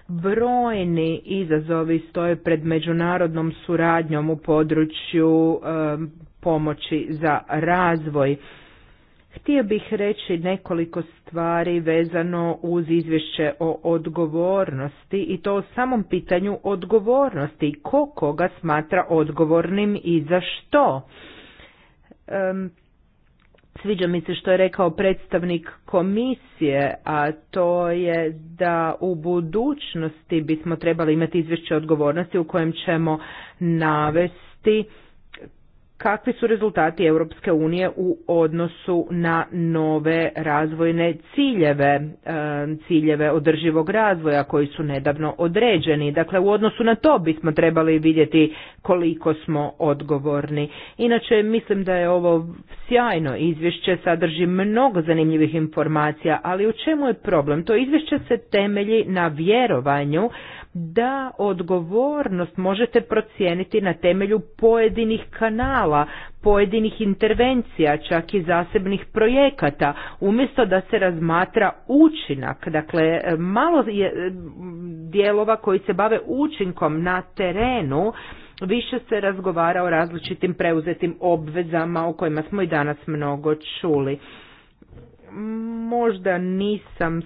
brojni izazovi stoje pred međunarodnom suradnjom u području eh, pomoći za razvoj Htio bih reći nekoliko stvari vezano uz izvješće o odgovornosti i to o samom pitanju odgovornosti. Ko koga smatra odgovornim i za što? Um, Sviđa mi se što je rekao predstavnik komisije, a to je da u budućnosti bismo trebali imati izvješće odgovornosti u kojem ćemo navesti kakvi su rezultati Europske unije u odnosu na nove razvojne ciljeve, e, ciljeve održivog razvoja koji su nedavno određeni. Dakle, u odnosu na to bismo trebali vidjeti koliko smo odgovorni. Inače, mislim da je ovo sjajno izvješće, sadrži mnogo zanimljivih informacija, ali u čemu je problem? To izvješće se temelji na vjerovanju da odgovornost možete procijeniti na temelju pojedinih kanala, pojedinih intervencija, čak i zasebnih projekata, umjesto da se razmatra učinak. Dakle, malo je e, dijelova koji se bave učinkom na terenu, više se razgovara o različitim preuzetim obvezama o kojima smo i danas mnogo čuli možda nisam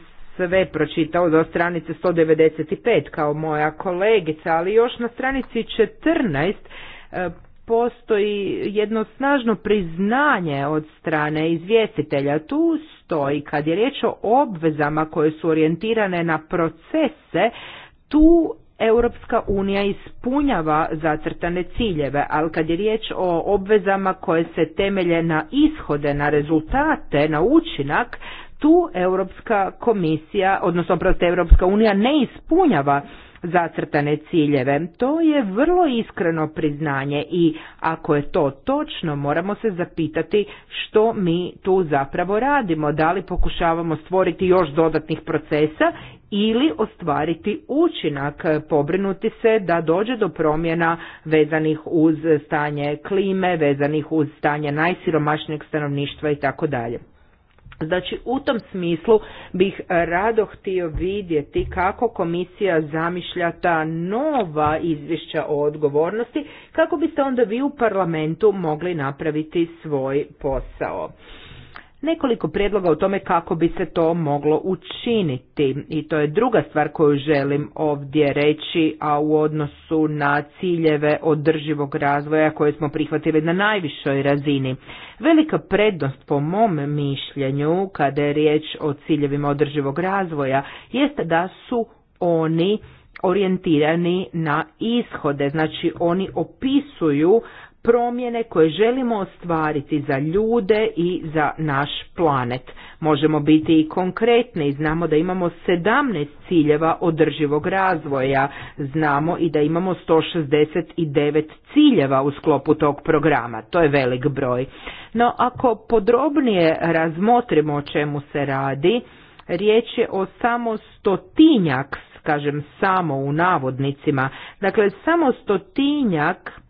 sve pročitao do stranice 195 kao moja kolegica, ali još na stranici 14 e, postoji jedno snažno priznanje od strane izvjestitelja. Tu stoji kad je riječ o obvezama koje su orijentirane na procese, tu Europska unija ispunjava zacrtane ciljeve, ali kad je riječ o obvezama koje se temelje na ishode, na rezultate, na učinak, tu Europska komisija, odnosno prosto Europska unija ne ispunjava zacrtane ciljeve. To je vrlo iskreno priznanje i ako je to točno, moramo se zapitati što mi tu zapravo radimo. Da li pokušavamo stvoriti još dodatnih procesa ili ostvariti učinak, pobrinuti se da dođe do promjena vezanih uz stanje klime, vezanih uz stanje najsiromašnijeg stanovništva i tako dalje. Znači u tom smislu bih rado htio vidjeti kako komisija zamišlja ta nova izvješća o odgovornosti kako biste onda vi u parlamentu mogli napraviti svoj posao nekoliko prijedloga o tome kako bi se to moglo učiniti. I to je druga stvar koju želim ovdje reći, a u odnosu na ciljeve održivog razvoja koje smo prihvatili na najvišoj razini. Velika prednost po mom mišljenju kada je riječ o ciljevima održivog razvoja jest da su oni orijentirani na ishode, znači oni opisuju promjene koje želimo ostvariti za ljude i za naš planet. Možemo biti i konkretni znamo da imamo 17 ciljeva održivog razvoja. Znamo i da imamo 169 ciljeva u sklopu tog programa. To je velik broj. No ako podrobnije razmotrimo o čemu se radi, riječ je o samo stotinjak kažem samo u navodnicima, dakle samo stotinjak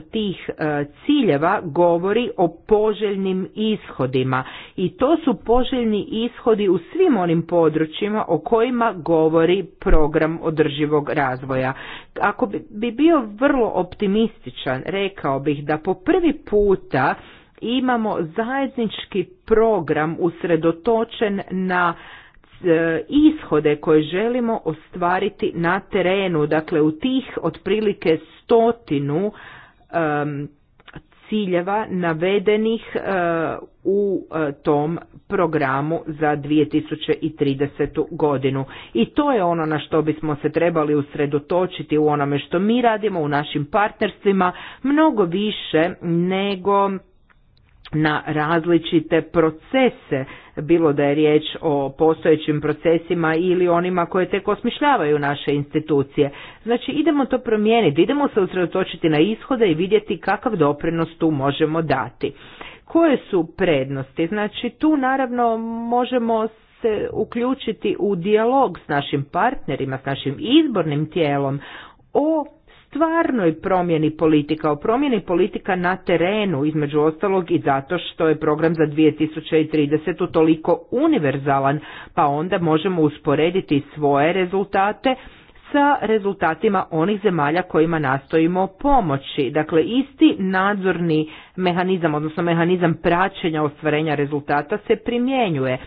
tih e, ciljeva govori o poželjnim ishodima i to su poželjni ishodi u svim onim područjima o kojima govori program održivog razvoja. Ako bi bio vrlo optimističan, rekao bih da po prvi puta imamo zajednički program usredotočen na e, ishode koje želimo ostvariti na terenu, dakle u tih otprilike stotinu ciljeva navedenih eh, u eh, tom programu za 2030. godinu. I to je ono na što bismo se trebali usredotočiti u onome što mi radimo u našim partnerstvima mnogo više nego na različite procese, bilo da je riječ o postojećim procesima ili onima koje tek osmišljavaju naše institucije. Znači idemo to promijeniti, idemo se usredotočiti na ishode i vidjeti kakav doprinos tu možemo dati. Koje su prednosti? Znači tu naravno možemo se uključiti u dijalog s našim partnerima, s našim izbornim tijelom o stvarnoj promjeni politika, o promjeni politika na terenu, između ostalog i zato što je program za 2030. toliko univerzalan, pa onda možemo usporediti svoje rezultate sa rezultatima onih zemalja kojima nastojimo pomoći. Dakle, isti nadzorni mehanizam, odnosno mehanizam praćenja ostvarenja rezultata se primjenjuje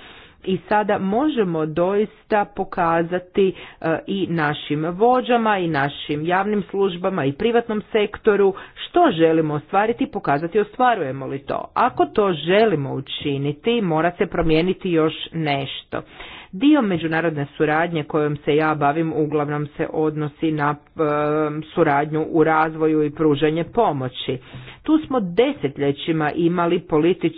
i sada možemo doista pokazati e, i našim vođama i našim javnim službama i privatnom sektoru što želimo ostvariti i pokazati ostvarujemo li to. Ako to želimo učiniti mora se promijeniti još nešto. Dio međunarodne suradnje kojom se ja bavim uglavnom se odnosi na e, suradnju u razvoju i pružanje pomoći. Tu smo desetljećima imali politič,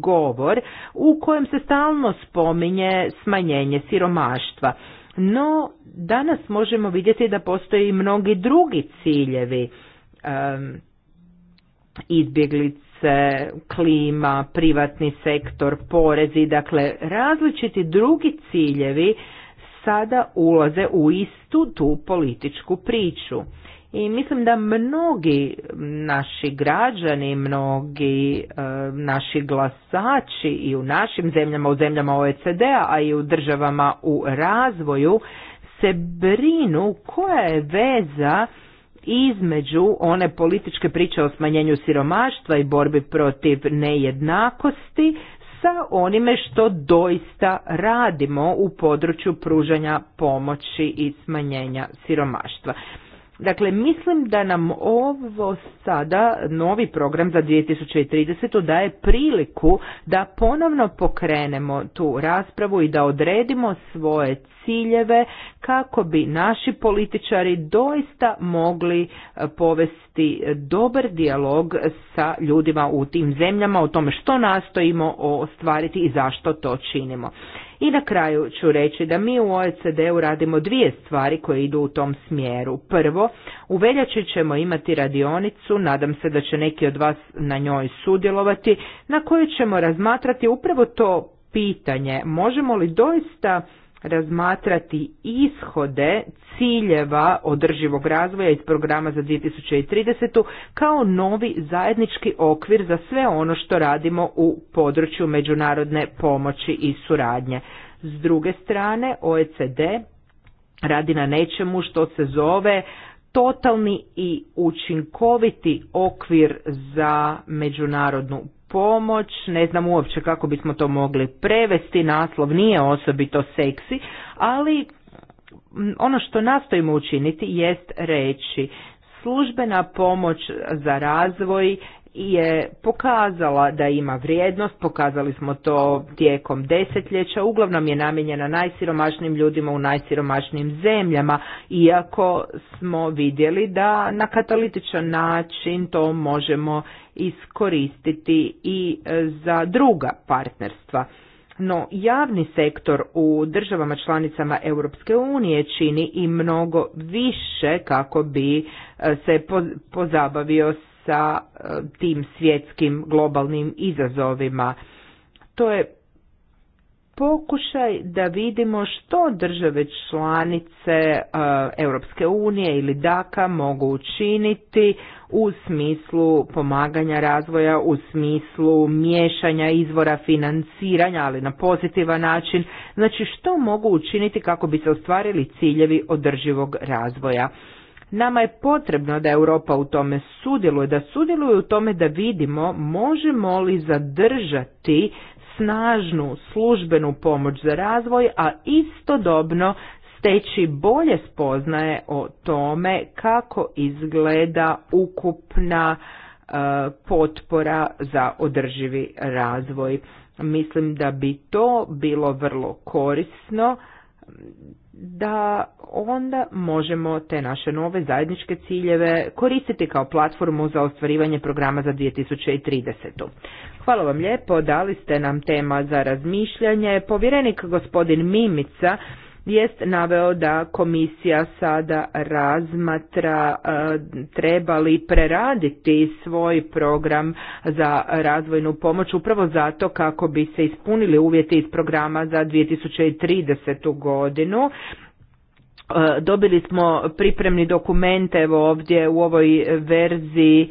govor u kojem se stalno spominje smanjenje siromaštva. No, danas možemo vidjeti da postoji i mnogi drugi ciljevi. izbjeglice, klima, privatni sektor, porezi, dakle različiti drugi ciljevi sada ulaze u istu tu političku priču i mislim da mnogi naši građani, mnogi e, naši glasači i u našim zemljama, u zemljama OECD-a, a i u državama u razvoju se brinu koja je veza između one političke priče o smanjenju siromaštva i borbi protiv nejednakosti sa onime što doista radimo u području pružanja pomoći i smanjenja siromaštva. Dakle, mislim da nam ovo sada, novi program za 2030. daje priliku da ponovno pokrenemo tu raspravu i da odredimo svoje ciljeve kako bi naši političari doista mogli e, povesti dobar dijalog sa ljudima u tim zemljama o tome što nastojimo ostvariti i zašto to činimo. I na kraju ću reći da mi u OECD-u radimo dvije stvari koje idu u tom smjeru. Prvo, u veljači ćemo imati radionicu, nadam se da će neki od vas na njoj sudjelovati, na kojoj ćemo razmatrati upravo to pitanje, možemo li doista razmatrati ishode ciljeva održivog razvoja iz programa za 2030. kao novi zajednički okvir za sve ono što radimo u području međunarodne pomoći i suradnje. S druge strane, OECD radi na nečemu što se zove totalni i učinkoviti okvir za međunarodnu pomoć, ne znam uopće kako bismo to mogli prevesti, naslov nije osobito seksi, ali mm, ono što nastojimo učiniti jest reći službena pomoć za razvoj je pokazala da ima vrijednost, pokazali smo to tijekom desetljeća, uglavnom je namijenjena najsiromašnijim ljudima u najsiromašnijim zemljama, iako smo vidjeli da na katalitičan način to možemo iskoristiti i e, za druga partnerstva. No javni sektor u državama članicama Europske unije čini i mnogo više kako bi e, se pozabavio sa e, tim svjetskim globalnim izazovima. To je pokušaj da vidimo što države članice Europske unije ili DAKA mogu učiniti u smislu pomaganja razvoja, u smislu miješanja izvora financiranja, ali na pozitivan način. Znači što mogu učiniti kako bi se ostvarili ciljevi održivog razvoja. Nama je potrebno da Europa u tome sudjeluje, da sudjeluje u tome da vidimo možemo li zadržati snažnu službenu pomoć za razvoj, a istodobno steći bolje spoznaje o tome kako izgleda ukupna e, potpora za održivi razvoj. Mislim da bi to bilo vrlo korisno da onda možemo te naše nove zajedničke ciljeve koristiti kao platformu za ostvarivanje programa za 2030. Hvala vam lijepo, dali ste nam tema za razmišljanje. Povjerenik gospodin Mimica jest naveo da komisija sada razmatra e, treba li preraditi svoj program za razvojnu pomoć upravo zato kako bi se ispunili uvjeti iz programa za 2030. godinu. E, dobili smo pripremni dokument evo ovdje u ovoj verziji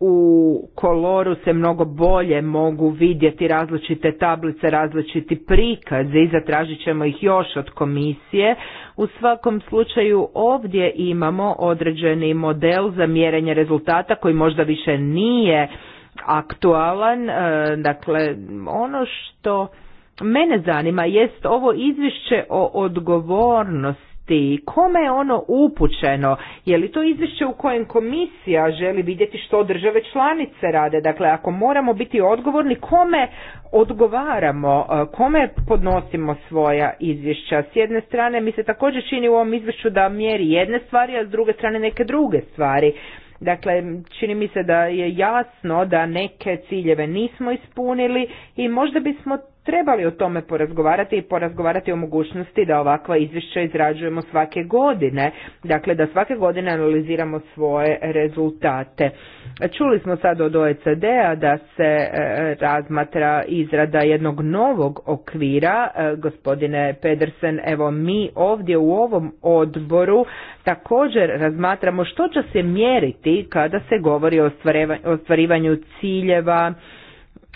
u koloru se mnogo bolje mogu vidjeti različite tablice, različiti prikaze i zatražit ćemo ih još od komisije. U svakom slučaju ovdje imamo određeni model za mjerenje rezultata koji možda više nije aktualan. E, dakle, ono što mene zanima jest ovo izvješće o odgovornosti i kome je ono upućeno, je li to izvješće u kojem komisija želi vidjeti što države članice rade, dakle ako moramo biti odgovorni, kome odgovaramo, e, kome podnosimo svoja izvješća. S jedne strane mi se također čini u ovom izvješću da mjeri jedne stvari, a s druge strane neke druge stvari. Dakle, čini mi se da je jasno da neke ciljeve nismo ispunili i možda bismo trebali o tome porazgovarati i porazgovarati o mogućnosti da ovakva izvješća izrađujemo svake godine, dakle da svake godine analiziramo svoje rezultate. Čuli smo sad od OECD-a da se e, razmatra izrada jednog novog okvira. E, gospodine Pedersen, evo mi ovdje u ovom odboru također razmatramo što će se mjeriti kada se govori o ostvarivanju ciljeva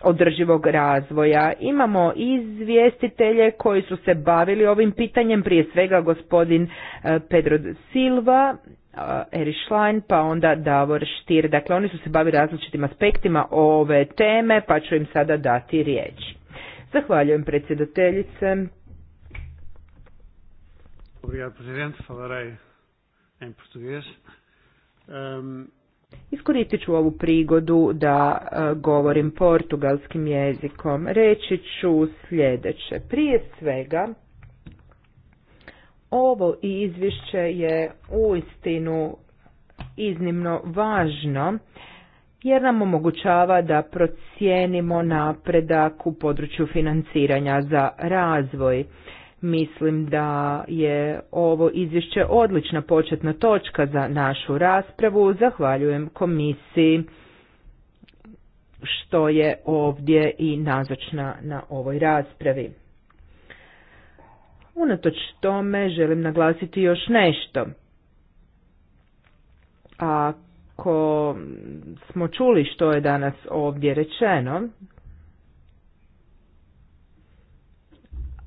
održivog razvoja. Imamo izvjestitelje koji su se bavili ovim pitanjem, prije svega gospodin e, Pedro Silva, e, Erich Schlein, pa onda Davor Štir. Dakle, oni su se bavili različitim aspektima ove teme, pa ću im sada dati riječ. Zahvaljujem predsjedateljice. Obrigado, presidente. Falarei em português. Ehm, Iskoristit ću ovu prigodu da e, govorim portugalskim jezikom. Reći ću sljedeće. Prije svega, ovo izvješće je uistinu iznimno važno jer nam omogućava da procijenimo napredak u području financiranja za razvoj. Mislim da je ovo izvješće odlična početna točka za našu raspravu. Zahvaljujem komisiji što je ovdje i nazočna na ovoj raspravi. Unatoč tome želim naglasiti još nešto. Ako smo čuli što je danas ovdje rečeno,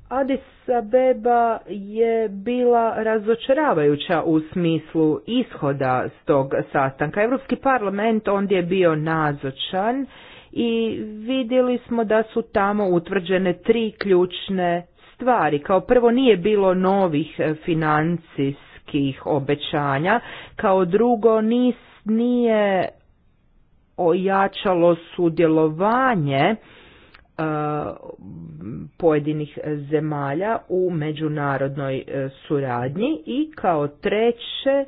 adis Beba je bila razočaravajuća u smislu ishoda s tog sastanka. Europski parlament ondje je bio nazočan i vidjeli smo da su tamo utvrđene tri ključne stvari. Kao prvo nije bilo novih financijskih obećanja, kao drugo nis, nije ojačalo sudjelovanje E, pojedinih zemalja u međunarodnoj e, suradnji i kao treće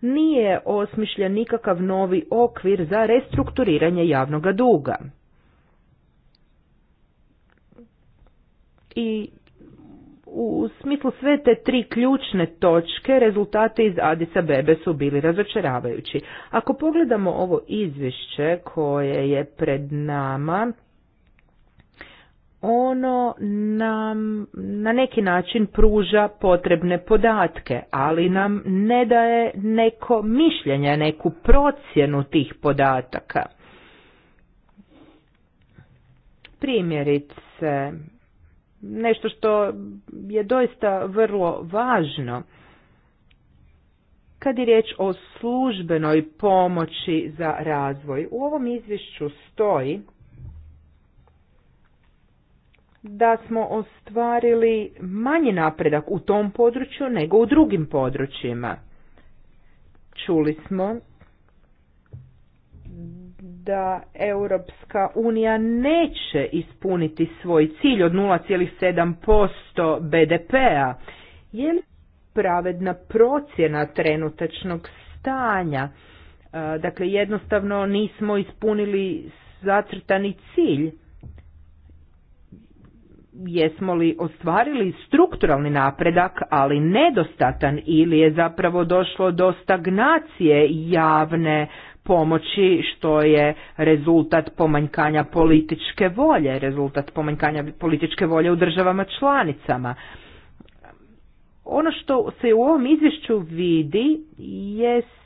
nije osmišljen nikakav novi okvir za restrukturiranje javnog duga. I u smislu sve te tri ključne točke rezultate iz Adisa Bebe su bili razočaravajući. Ako pogledamo ovo izvješće koje je pred nama, ono nam na neki način pruža potrebne podatke, ali nam ne daje neko mišljenje, neku procjenu tih podataka. Primjerice, nešto što je doista vrlo važno, kad je riječ o službenoj pomoći za razvoj, u ovom izvješću stoji da smo ostvarili manji napredak u tom području nego u drugim područjima. Čuli smo da Europska unija neće ispuniti svoj cilj od 0,7% BDP-a. Je li pravedna procjena trenutačnog stanja? Dakle, jednostavno nismo ispunili zacrtani cilj jesmo li ostvarili strukturalni napredak, ali nedostatan ili je zapravo došlo do stagnacije javne pomoći što je rezultat pomanjkanja političke volje, rezultat pomanjkanja političke volje u državama članicama. Ono što se u ovom izvješću vidi jest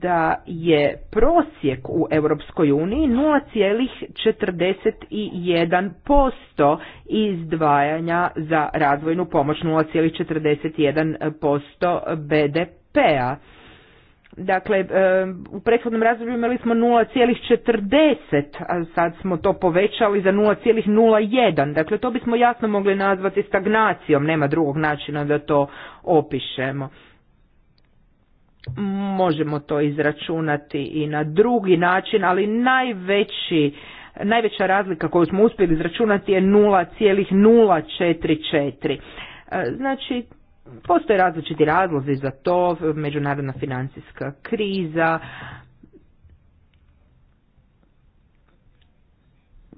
da je prosjek u Europskoj uniji 0,41% izdvajanja za razvojnu pomoć 0,41% BDP-a. Dakle, e, u prethodnom razdoblju imali smo 0,40, a sad smo to povećali za 0,01. Dakle, to bismo jasno mogli nazvati stagnacijom, nema drugog načina da to opišemo. Možemo to izračunati i na drugi način, ali najveći najveća razlika koju smo uspjeli izračunati je 0,044. E, znači, postoje različiti razlozi za to, međunarodna financijska kriza,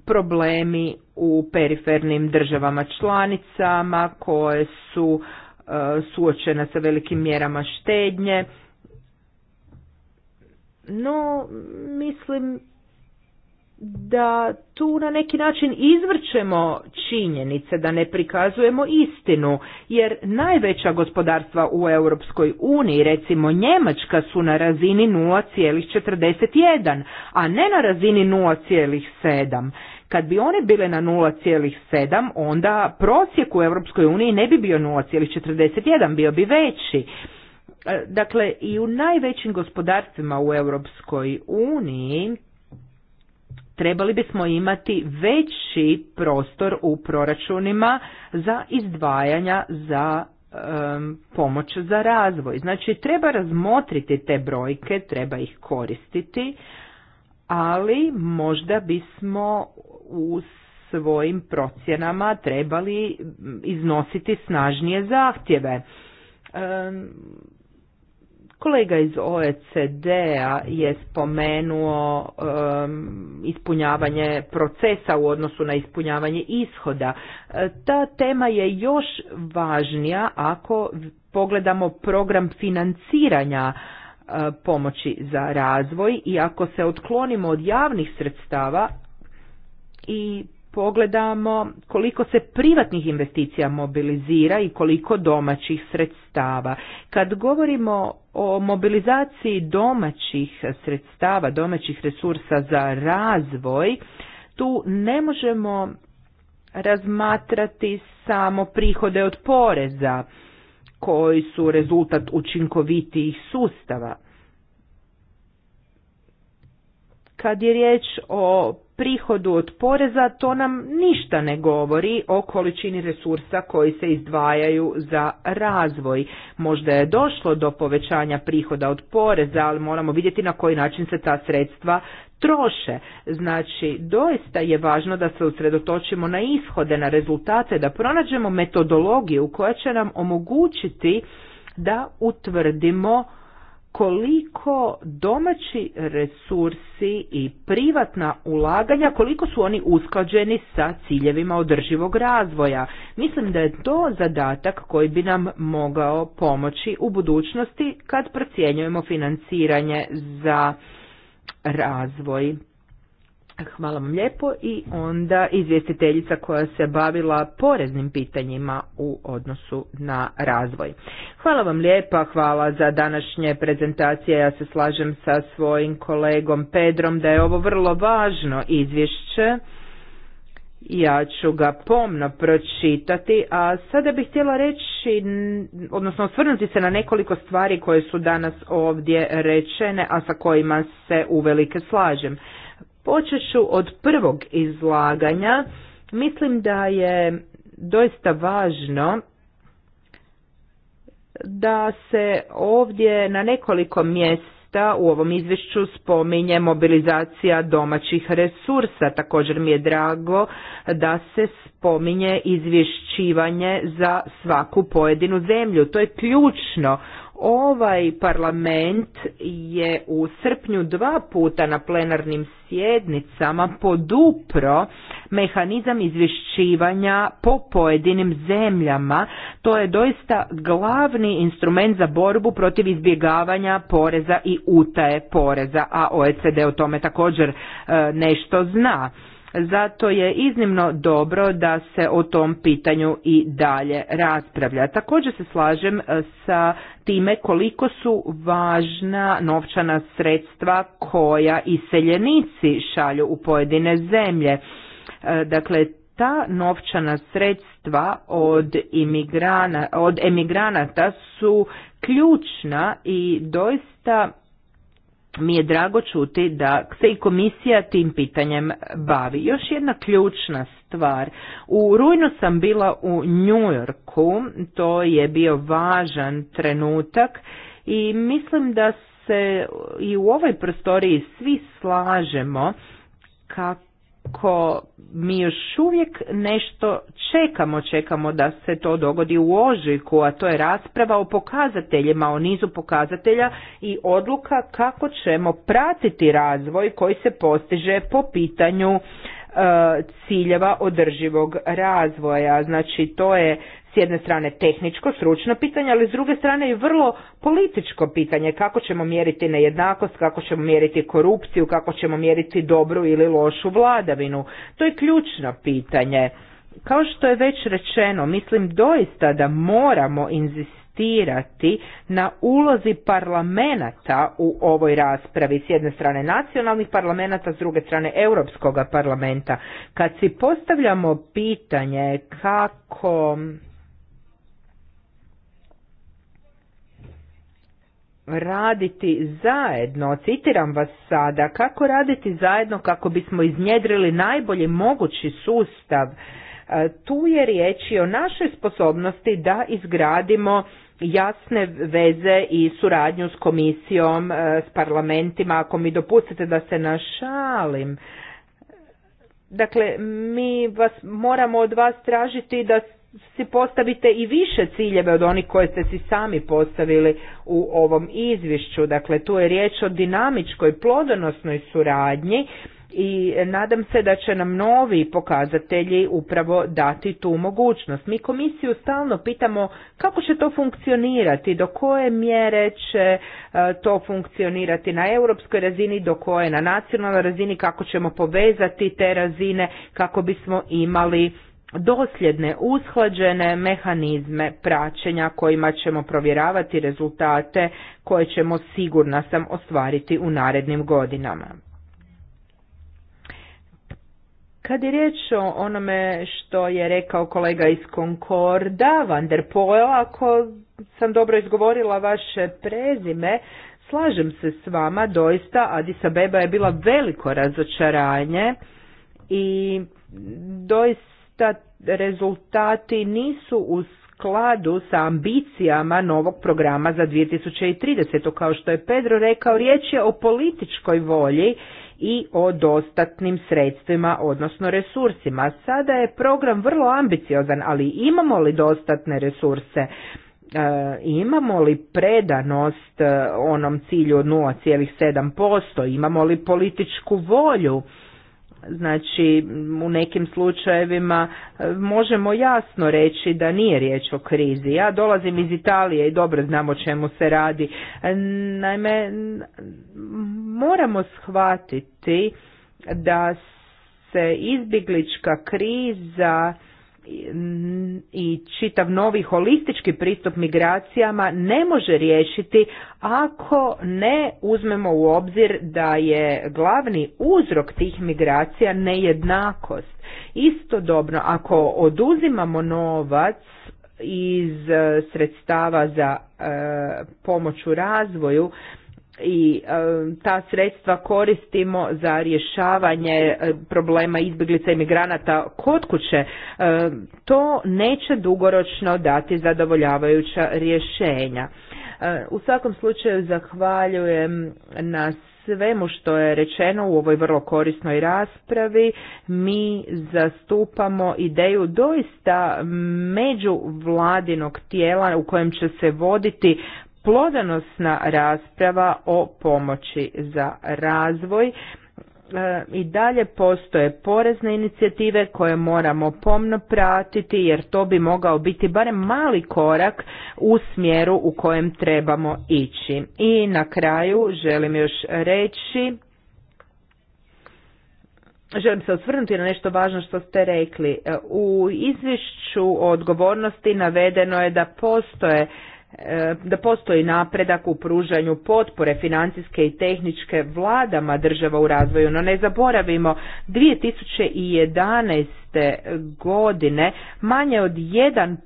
problemi u perifernim državama članicama koje su e, suočena sa velikim mjerama štednje, no, mislim da tu na neki način izvrćemo činjenice da ne prikazujemo istinu, jer najveća gospodarstva u Europskoj uniji, recimo Njemačka, su na razini 0,41, a ne na razini 0,7. Kad bi one bile na 0,7, onda prosjek u Europskoj uniji ne bi bio 0,41, bio bi veći. E, dakle i u najvećim gospodarstvima u Europskoj uniji trebali bismo imati veći prostor u proračunima za izdvajanja za pomoć za razvoj. Znači treba razmotriti te brojke, treba ih koristiti, ali možda bismo u svojim procjenama trebali iznositi snažnije zahtjeve. Kolega iz OECD-a je spomenuo ispunjavanje procesa u odnosu na ispunjavanje ishoda. E, ta tema je još važnija ako pogledamo program financiranja e, pomoći za razvoj i ako se otklonimo od javnih sredstava i pogledamo koliko se privatnih investicija mobilizira i koliko domaćih sredstava. Kad govorimo o mobilizaciji domaćih sredstava, domaćih resursa za razvoj, tu ne možemo razmatrati samo prihode od poreza koji su rezultat učinkovitijih sustava. Kad je riječ o prihodu od poreza to nam ništa ne govori o količini resursa koji se izdvajaju za razvoj. Možda je došlo do povećanja prihoda od poreza, ali moramo vidjeti na koji način se ta sredstva troše. Znači, doista je važno da se usredotočimo na ishode, na rezultate, da pronađemo metodologiju koja će nam omogućiti da utvrdimo koliko domaći resursi i privatna ulaganja, koliko su oni usklađeni sa ciljevima održivog razvoja. Mislim da je to zadatak koji bi nam mogao pomoći u budućnosti kad procjenjujemo financiranje za razvoj. Hvala vam lijepo i onda izvjestiteljica koja se bavila poreznim pitanjima u odnosu na razvoj. Hvala vam lijepa, hvala za današnje prezentacije. Ja se slažem sa svojim kolegom Pedrom da je ovo vrlo važno izvješće. Ja ću ga pomno pročitati, a sada bih htjela reći, odnosno osvrnuti se na nekoliko stvari koje su danas ovdje rečene, a sa kojima se uvelike slažem. Počet od prvog izlaganja. Mislim da je doista važno da se ovdje na nekoliko mjesta u ovom izvješću spominje mobilizacija domaćih resursa. Također mi je drago da se spominje izvješćivanje za svaku pojedinu zemlju. To je ključno. Ovaj parlament je u srpnju dva puta na plenarnim sjednicama podupro mehanizam izvješćivanja po pojedinim zemljama. To je doista glavni instrument za borbu protiv izbjegavanja poreza i utaje poreza, a OECD o tome također e, nešto zna. Zato je iznimno dobro da se o tom pitanju i dalje raspravlja. Također se slažem e, sa time koliko su važna novčana sredstva koja iseljenici šalju u pojedine zemlje. E, dakle, ta novčana sredstva od, od emigranata su ključna i doista mi je drago čuti da se i komisija tim pitanjem bavi. Još jedna ključna stvar. U rujnu sam bila u Njujorku, to je bio važan trenutak i mislim da se i u ovoj prostoriji svi slažemo kako ako mi još uvijek nešto čekamo, čekamo da se to dogodi u ožujku, a to je rasprava o pokazateljima, o nizu pokazatelja i odluka kako ćemo pratiti razvoj koji se postiže po pitanju e, ciljeva održivog razvoja. Znači to je s jedne strane tehničko, stručno pitanje, ali s druge strane i vrlo političko pitanje kako ćemo mjeriti nejednakost, kako ćemo mjeriti korupciju, kako ćemo mjeriti dobru ili lošu vladavinu. To je ključno pitanje. Kao što je već rečeno, mislim doista da moramo inzistirati na ulozi parlamenata u ovoj raspravi, s jedne strane nacionalnih parlamenata, s druge strane Europskog parlamenta. Kad si postavljamo pitanje kako raditi zajedno, citiram vas sada, kako raditi zajedno kako bismo iznjedrili najbolji mogući sustav. E, tu je riječ i o našoj sposobnosti da izgradimo jasne veze i suradnju s komisijom, e, s parlamentima, ako mi dopustite da se našalim. Dakle, mi vas moramo od vas tražiti da si postavite i više ciljeve od onih koje ste si sami postavili u ovom izvješću. Dakle, tu je riječ o dinamičkoj, plodonosnoj suradnji i nadam se da će nam novi pokazatelji upravo dati tu mogućnost. Mi komisiju stalno pitamo kako će to funkcionirati, do koje mjere će e, to funkcionirati na europskoj razini, do koje na nacionalnoj razini, kako ćemo povezati te razine kako bismo imali dosljedne, usklađene mehanizme praćenja kojima ćemo provjeravati rezultate koje ćemo sigurna sam ostvariti u narednim godinama. Kad je riječ o onome što je rekao kolega iz Concorda, Van der Poel, ako sam dobro izgovorila vaše prezime, slažem se s vama, doista Adisa Beba je bila veliko razočaranje i doista da rezultati nisu u skladu sa ambicijama novog programa za 2030. Kao što je Pedro rekao, riječ je o političkoj volji i o dostatnim sredstvima, odnosno resursima. Sada je program vrlo ambiciozan, ali imamo li dostatne resurse? E, imamo li predanost e, onom cilju od 0,7%? Imamo li političku volju? Znači, u nekim slučajevima e, možemo jasno reći da nije riječ o krizi. Ja dolazim iz Italije i dobro znamo o čemu se radi. E, naime, moramo shvatiti da se izbjeglička kriza i čitav novi holistički pristup migracijama ne može riješiti ako ne uzmemo u obzir da je glavni uzrok tih migracija nejednakost. Istodobno, ako oduzimamo novac iz e, sredstava za e, pomoć u razvoju, i e, ta sredstva koristimo za rješavanje e, problema izbjeglica imigranata kod kuće, e, to neće dugoročno dati zadovoljavajuća rješenja. U svakom slučaju zahvaljujem na svemu što je rečeno u ovoj vrlo korisnoj raspravi. Mi zastupamo ideju doista međuvladinog tijela u kojem će se voditi plodonosna rasprava o pomoći za razvoj e, i dalje postoje porezne inicijative koje moramo pomno pratiti jer to bi mogao biti barem mali korak u smjeru u kojem trebamo ići. I na kraju želim još reći Želim se osvrnuti na nešto važno što ste rekli. E, u izvješću o odgovornosti navedeno je da postoje E, da postoji napredak u pružanju potpore financijske i tehničke vladama država u razvoju, no ne zaboravimo 2011 godine manje od 1%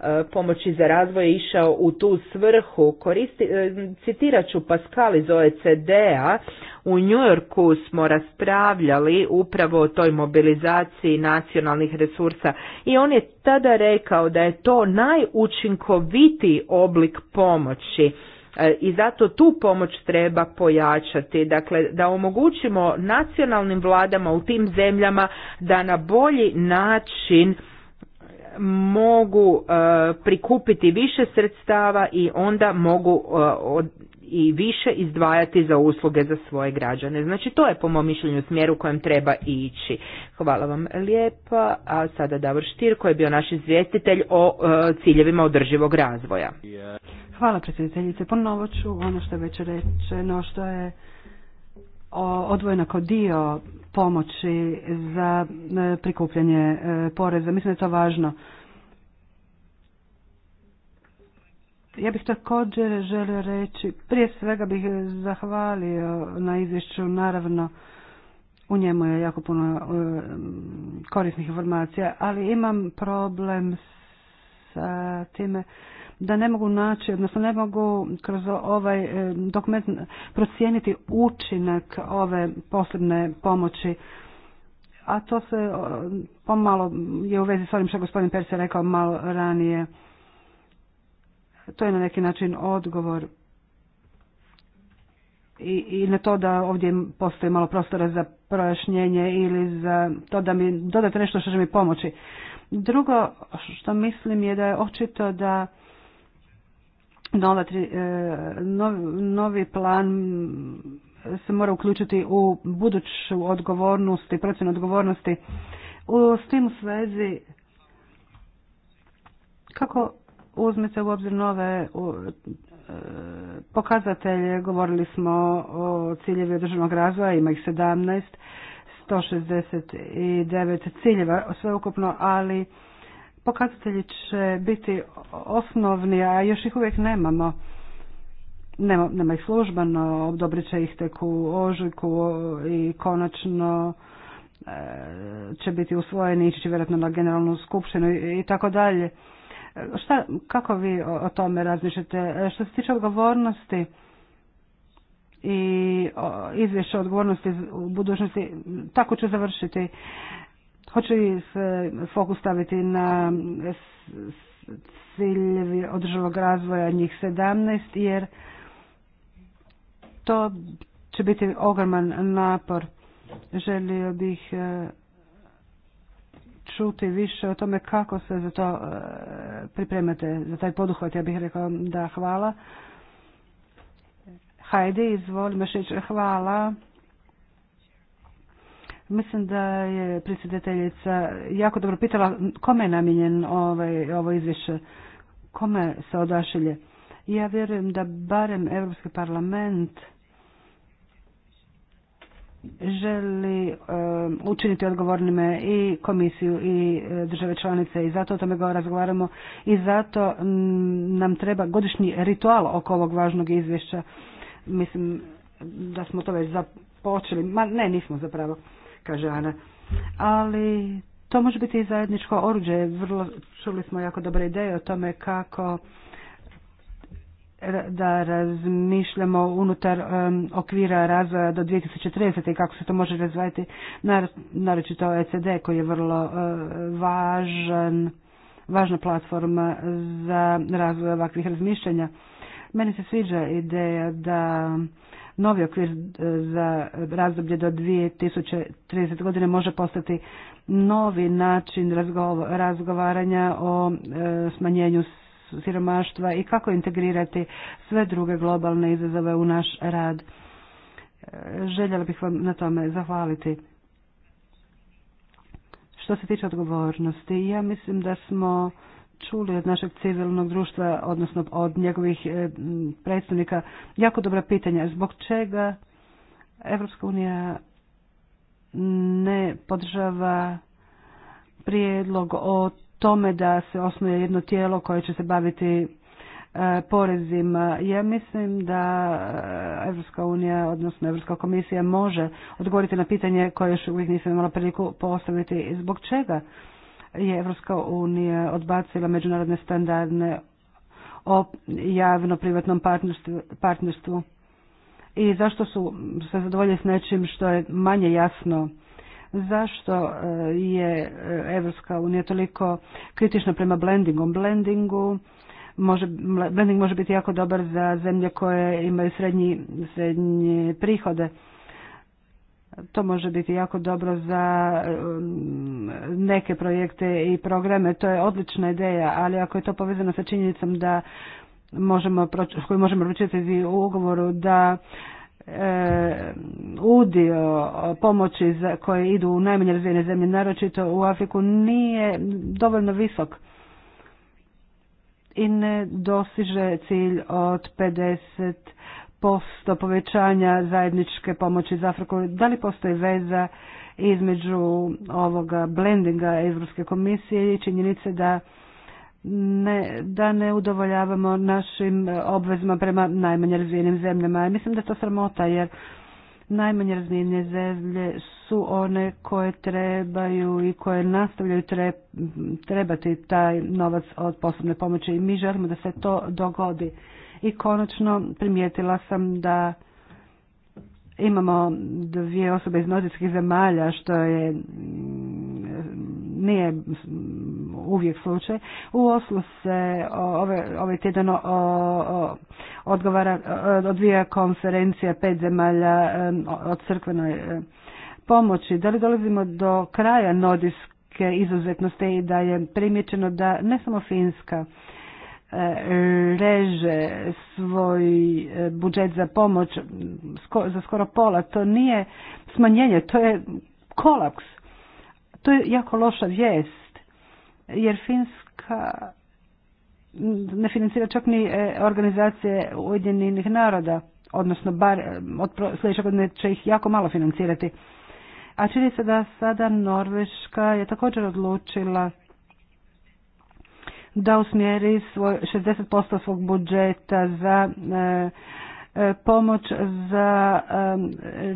e, pomoći za razvoj je išao u tu svrhu. Koristi, e, citirat ću Pascal iz OECD-a, u Yorku smo raspravljali upravo o toj mobilizaciji nacionalnih resursa i on je tada rekao da je to najučinkovitiji oblik pomoći E, I zato tu pomoć treba pojačati, dakle da omogućimo nacionalnim vladama u tim zemljama da na bolji način mogu e, prikupiti više sredstava i onda mogu e, i više izdvajati za usluge za svoje građane. Znači to je po mom mišljenju smjer u kojem treba ići. Hvala vam lijepa, a sada Davor Štir koji je bio naš izvjestitelj o e, ciljevima održivog razvoja. Hvala predsjediteljice, ponovo ću ono što je već rečeno, što je odvojena kao dio pomoći za e, prikupljanje e, poreza. Mislim da je to važno. Ja bih također želio reći, prije svega bih zahvalio na izvješću, naravno u njemu je jako puno e, korisnih informacija, ali imam problem sa time da ne mogu naći, odnosno ne mogu kroz ovaj e, dokument procijeniti učinak ove posebne pomoći a to se pomalo je u vezi s onim što gospodin Perse rekao malo ranije to je na neki način odgovor i, i na to da ovdje postoji malo prostora za projašnjenje ili za to da mi dodate nešto što će mi pomoći. Drugo što mislim je da je očito da nova e, novi plan se mora uključiti u buduću odgovornost i procjenu odgovornosti. U, s tim u svezi kako uzme u obzir nove e, pokazatelje. Govorili smo o ciljevi održavnog razvoja, ima ih 17, 169 ciljeva sveukupno, ali pokazatelji će biti osnovni, a još ih uvijek nemamo. Nema, nema ih službano, odobrit će ih tek u ožujku i konačno e, će biti usvojeni, ići će vjerojatno na generalnu skupštinu i tako dalje. Šta, kako vi o, tome razmišljate? E, što se tiče odgovornosti i izvješća odgovornosti u budućnosti, tako ću završiti. Hoću li se fokus staviti na ciljevi održivog razvoja njih 17, jer to će biti ogroman napor. Želio bih e, čuti više o tome kako se za to e, pripremate, za taj poduhvat. Ja bih rekao da hvala. Hajde, izvoli, Mešić, hvala. Mislim da je predsjedateljica jako dobro pitala kome je namijenjen ovaj, ovo izvješće, kome se odašilje. Ja vjerujem da barem Europski parlament želi učiniti odgovornime i komisiju i e, države članice i zato o tome ga razgovaramo i zato nam treba godišnji ritual oko ovog važnog izvješća. Mislim da smo to već započeli, ma ne nismo zapravo, kaže Ana, ali to može biti i zajedničko oruđe. Vrlo, čuli smo jako dobre ideje o tome kako da razmišljamo unutar okvira razvoja do 2030. i kako se to može razvajati, naročito ECD koji je vrlo e, važan, važna platforma za razvoj ovakvih razmišljanja. Meni se sviđa ideja da novi okvir e, za razdoblje do 2030. godine može postati novi način razgovaranja o e, smanjenju siromaštva i kako integrirati sve druge globalne izazove u naš rad. Željela bih vam na tome zahvaliti. Što se tiče odgovornosti, ja mislim da smo čuli od našeg civilnog društva, odnosno od njegovih e, predstavnika, jako dobra pitanja. Zbog čega Evropska unija ne podržava prijedlog od tome da se osnuje jedno tijelo koje će se baviti e, porezima. Ja mislim da e, Evropska unija, odnosno Evropska komisija može odgovoriti na pitanje koje još uvijek nisam imala priliku postaviti. Zbog čega je Evropska unija odbacila međunarodne standardne o javno-privatnom partnerstvu i zašto su se zadovoljili s nečim što je manje jasno Zašto e, je e, Evropska unija toliko kritična prema blendingu? Blendingu može, blending može biti jako dobar za zemlje koje imaju srednji, srednje prihode. To može biti jako dobro za e, neke projekte i programe. To je odlična ideja, ali ako je to povezano sa činjenicom da možemo, koju možemo pročitati u ugovoru da E, udio pomoći za koje idu u najmanje razvijene zemlje, naročito u Afriku, nije dovoljno visok i ne dosiže cilj od 50% povećanja zajedničke pomoći za Afriku. Da li postoji veza između ovoga blendinga Europske komisije i činjenice da ne, da ne udovoljavamo našim e, obvezama prema najmanje razvijenim zemljama. Ja mislim da je to sramota jer najmanje razvijenije zemlje su one koje trebaju i koje nastavljaju trebati taj novac od posebne pomoći i mi želimo da se to dogodi. I konačno primijetila sam da imamo dvije osobe iz nordijskih zemalja što je mm, nije uvijek slučaj. U Oslu se ove, ovaj tjedan odgovara, odvija konferencija pet zemalja o crkvenoj e, pomoći. Da li dolazimo do kraja nodiske izuzetnosti i da je primjećeno da ne samo Finska, e, reže svoj e, budžet za pomoć za skoro pola. To nije smanjenje, to je kolaps. To je jako loša vijest jer Finska ne financira čak ni e, organizacije Ujedinjenih naroda, odnosno bar e, od sljedećeg godine će ih jako malo financirati. A čini se da sada Norveška je također odlučila da usmjeri svoj 60% svog budžeta za e, pomoć za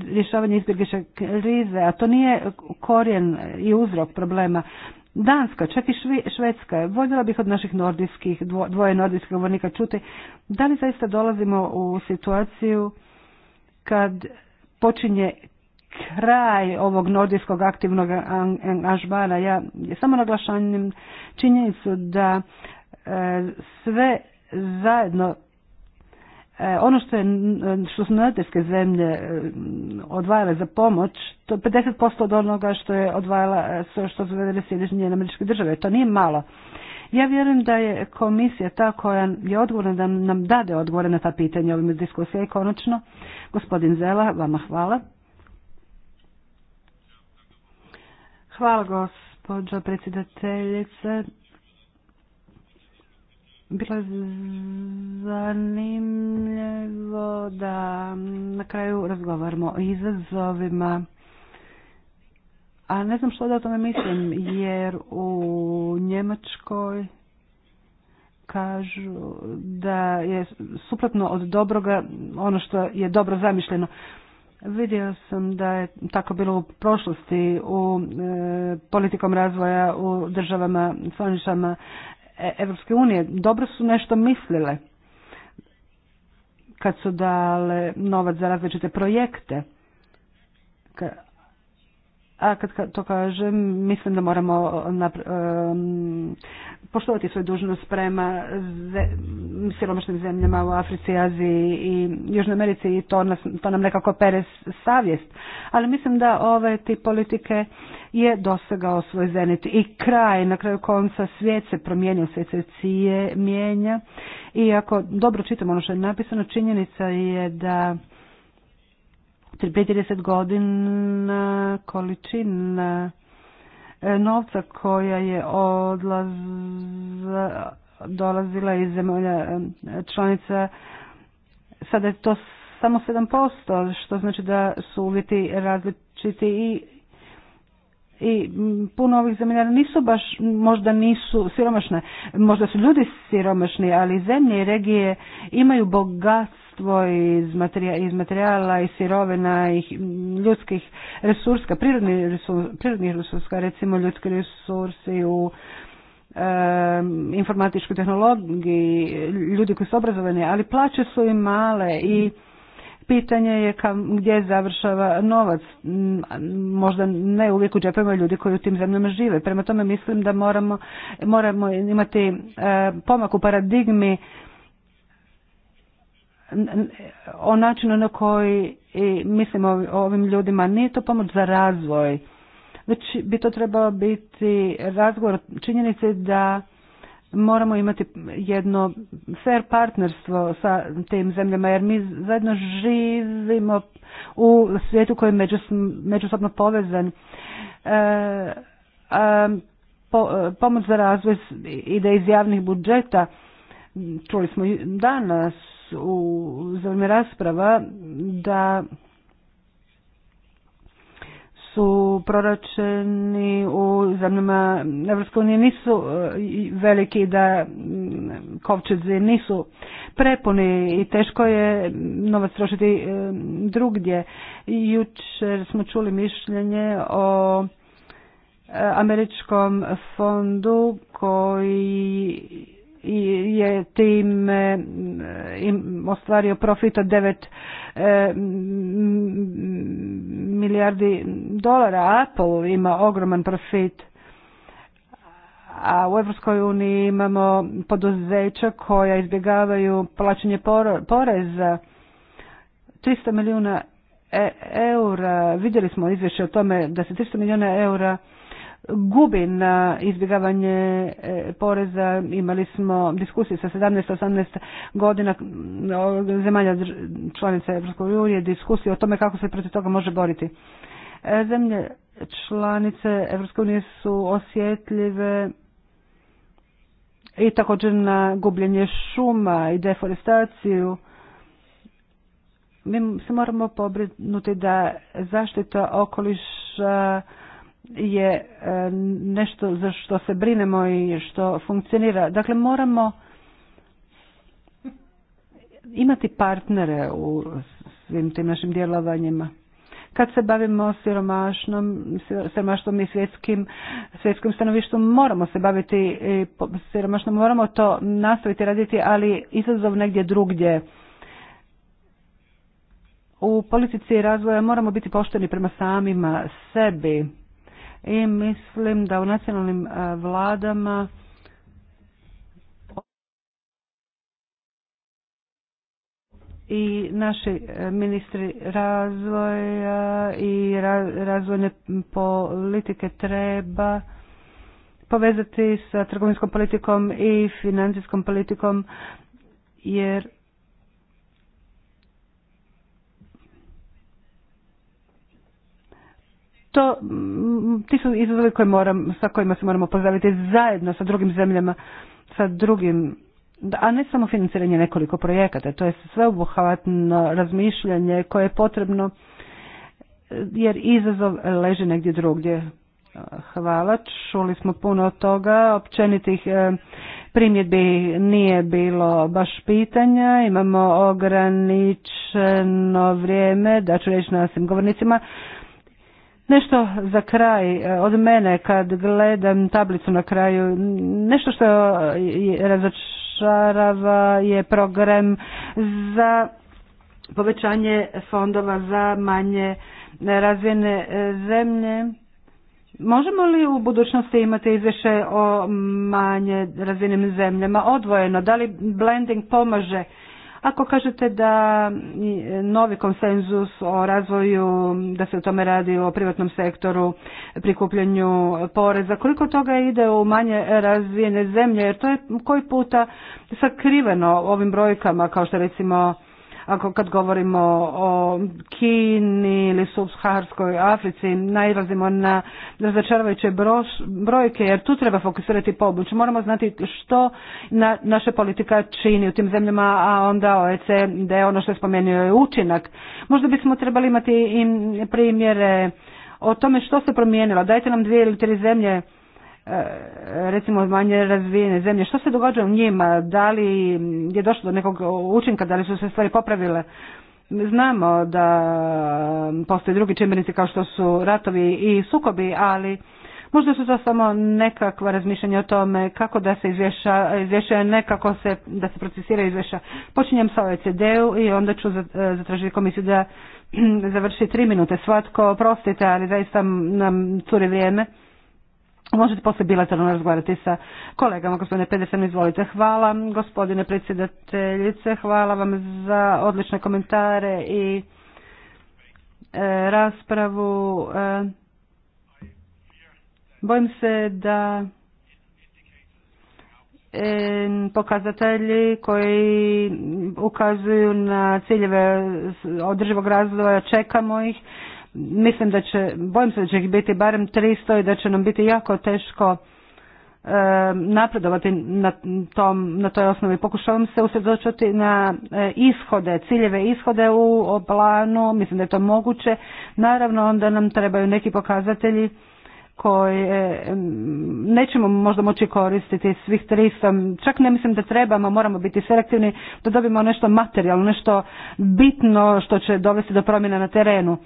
rješavanje izbjegličke krize, a to nije korijen i uzrok problema. Danska, čak i Švedska. Voljela bih od naših nordijskih, dvoje nordijskih govornika čuti da li zaista dolazimo u situaciju kad počinje kraj ovog nordijskog aktivnog angažmana. Ja samo naglašanjem činjenicu da e, sve zajedno E, ono što, je, što su nadateljske zemlje e, odvajale za pomoć, to je 50% od onoga što je odvajala, e, što su vedele Sjedinjene američke države. To nije malo. Ja vjerujem da je komisija ta koja je odgovorna da nam dade odgovore na ta pitanja ovim diskusija i konačno. Gospodin Zela, vama hvala. Hvala gospođo predsjedateljice. Bilo je zanimljivo da na kraju razgovaramo o izazovima, a ne znam što da o tome mislim, jer u Njemačkoj kažu da je suprotno od dobroga ono što je dobro zamišljeno. Vidio sam da je tako bilo u prošlosti u e, politikom razvoja u državama članicama E, Evropske unije dobro su nešto mislile kad su dale novac za različite projekte a kad to kažem, mislim da moramo poštovati svoju dužnost prema siromašnim zemljama u Africi, Aziji i Južnoj Americi i to, nas, to nam nekako pere savjest. Ali mislim da ove ti politike je dosegao svoj zenit i kraj, na kraju konca svijet se promijenio, svijet se cije, mijenja i ako dobro čitamo ono što je napisano, činjenica je da 30 godina e, količina e, novca koja je odlaz, dolazila iz zemlja e, članica, sada je to samo 7%, što znači da su uvjeti različiti i i puno ovih zemalja nisu baš, možda nisu siromašne, možda su ljudi siromašni, ali zemlje i regije imaju bogatstvo iz, iz materijala i sirovina i ljudskih resurska, prirodni resurs, prirodnih resurska, recimo ljudski resursi u e, informatičkoj tehnologiji, ljudi koji su obrazovani, ali plaće su i male i Pitanje je kam, gdje završava novac, možda ne uvijek u ljudi koji u tim zemljama žive. Prema tome mislim da moramo, moramo imati e, pomak u paradigmi o načinu na koji mislimo o ovim ljudima. Nije to pomoć za razvoj, već bi to trebao biti razgovor činjenice da moramo imati jedno fair partnerstvo sa tim zemljama jer mi zajedno živimo u svijetu koji je međusobno povezan. E, pomoć za razvoj ide iz javnih budžeta. Čuli smo danas u za rasprava da su proračeni u zemljama Evropske unije nisu e, veliki da kovčezi nisu prepuni i teško je novac trošiti e, drugdje. Jučer smo čuli mišljenje o e, američkom fondu koji i je tim e, ostvario profit od 9 e, milijardi dolara. Apple ima ogroman profit. A u Evropskoj uniji imamo poduzeća koja izbjegavaju plaćanje poreza. 300 milijuna e-, eura, vidjeli smo izvješće o tome da se 300 milijuna eura gubi na izbjegavanje e, poreza. Imali smo diskusije sa 17-18 godina e, zemalja članica EU, diskusije o tome kako se protiv toga može boriti. E, zemlje članice EU su osjetljive i također na gubljenje šuma i deforestaciju. Mi se moramo pobrinuti da zaštita okoliša je e, nešto za što se brinemo i što funkcionira. Dakle, moramo imati partnere u svim tim našim djelovanjima. Kad se bavimo siromašnom, siromaštvom i svjetskim, svjetskim stanovištom, moramo se baviti siromašnom, moramo to nastaviti raditi, ali izazov negdje drugdje. U politici razvoja moramo biti pošteni prema samima sebi i mislim da u nacionalnim e, vladama i naši e, ministri razvoja i razvojne politike treba povezati sa trgovinskom politikom i financijskom politikom jer to, ti su izazovi koje moram, sa kojima se moramo pozdraviti zajedno sa drugim zemljama, sa drugim, a ne samo financiranje nekoliko projekata, to je sveobuhvatno razmišljanje koje je potrebno jer izazov leži negdje drugdje. Hvala, čuli smo puno od toga, općenitih e, primjedbi nije bilo baš pitanja, imamo ograničeno vrijeme, da ću reći svim govornicima Nešto za kraj e, od mene kad gledam tablicu na kraju, nešto što e, razočarava je program za povećanje fondova za manje razvijene e, zemlje. Možemo li u budućnosti imati izvješće o manje razvijenim zemljama odvojeno? Da li blending pomaže ako kažete da e, novi konsenzus o razvoju, da se o tome radi o privatnom sektoru, prikupljanju poreza, koliko toga ide u manje razvijene zemlje, jer to je koji puta sakriveno ovim brojkama, kao što recimo ako kad govorimo o Kini ili subsaharskoj Africi, najrazimo na razočaravajuće brojke, jer tu treba fokusirati pomoć. Moramo znati što na, naša politika čini u tim zemljama, a onda je ono što je spomenuo je učinak. Možda bismo trebali imati i primjere o tome što se promijenilo. Dajte nam dvije ili tri zemlje E, recimo manje razvijene zemlje. Što se događa u njima? Da li je došlo do nekog učinka? Da li su se stvari popravile? Znamo da postoje drugi čimbenici kao što su ratovi i sukobi, ali možda su to samo nekakva razmišljanja o tome kako da se izvješa, ne nekako se, da se procesira izvješa. Počinjem sa OECD-u i onda ću e, zatražiti komisiju da završi tri minute. Svatko, prostite, ali zaista nam curi vrijeme. Možete poslije bilateralno razgovarati sa kolegama. Gospodine Pedersen, izvolite. Hvala. Gospodine predsjedateljice, hvala vam za odlične komentare i e, raspravu. E, bojim se da e, pokazatelji koji ukazuju na ciljeve održivog razvoja, čekamo ih Mislim da će, bojim se da će ih biti barem 300 i da će nam biti jako teško e, napredovati na, tom, na toj osnovi. Pokušavam se usredočiti na e, ishode, ciljeve ishode u planu, mislim da je to moguće. Naravno onda nam trebaju neki pokazatelji koje nećemo možda moći koristiti svih 300, čak ne mislim da trebamo, moramo biti selektivni da dobimo nešto materijalno, nešto bitno što će dovesti do promjena na terenu.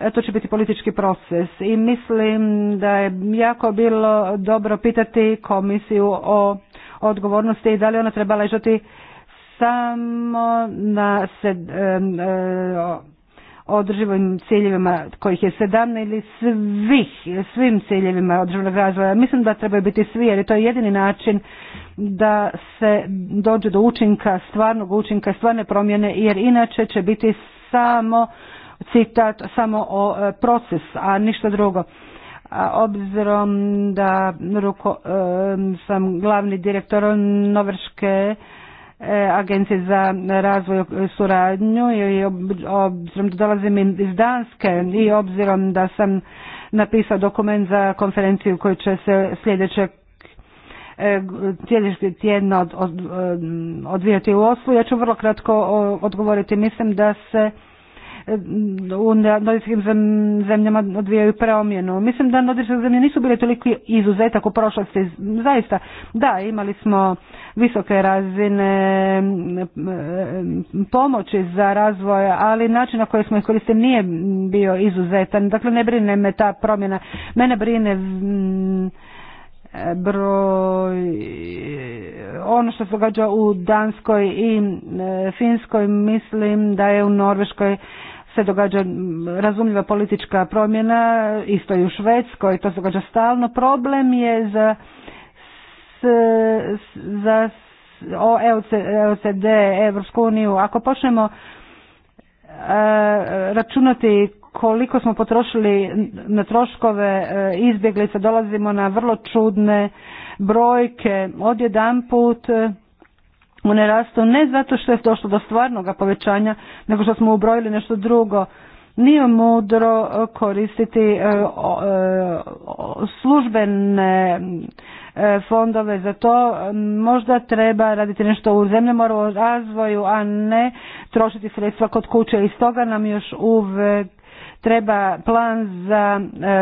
E, to će biti politički proces i mislim da je jako bilo dobro pitati komisiju o odgovornosti i da li ona treba ležati samo na sed, e, održivim ciljevima kojih je 17 ili svih, svim ciljevima održivog razvoja. Mislim da trebaju biti svi jer to je jedini način da se dođe do učinka, stvarnog učinka, stvarne promjene jer inače će biti samo citat samo o e, proces, a ništa drugo. obzirom da e, sam glavni direktor Novrške e, agencije za razvoj suradnju i obzirom da dolazim iz Danske i obzirom da sam napisao dokument za konferenciju koju će se sljedećeg tjedeški tjedna odvijati u Oslu. Ja ću vrlo kratko odgovoriti. Mislim da se u nordijskim zemljama odvijaju promjenu. Mislim da nordijske zemlje nisu bile toliko izuzetak u prošlosti. Zaista, da, imali smo visoke razine eh, pomoći za razvoj, ali način na koji smo ih koristili nije bio izuzetan. Dakle, ne brine me ta promjena. Mene brine mm, broj ono što se događa u Danskoj i eh, Finskoj mislim da je u Norveškoj se događa razumljiva politička promjena, isto i u Švedskoj, to se događa stalno. Problem je za, s, za o EOCD, e Evropsku uniju, ako počnemo e, računati koliko smo potrošili na troškove e, izbjeglica, dolazimo na vrlo čudne brojke. Odjedanput put ne rastu ne zato što je došlo do stvarnog povećanja, nego što smo ubrojili nešto drugo. Nije mudro eh, koristiti eh, eh, službene fondove za to. Možda treba raditi nešto u zemljama o razvoju, a ne trošiti sredstva kod kuće. I stoga nam još uvek treba plan za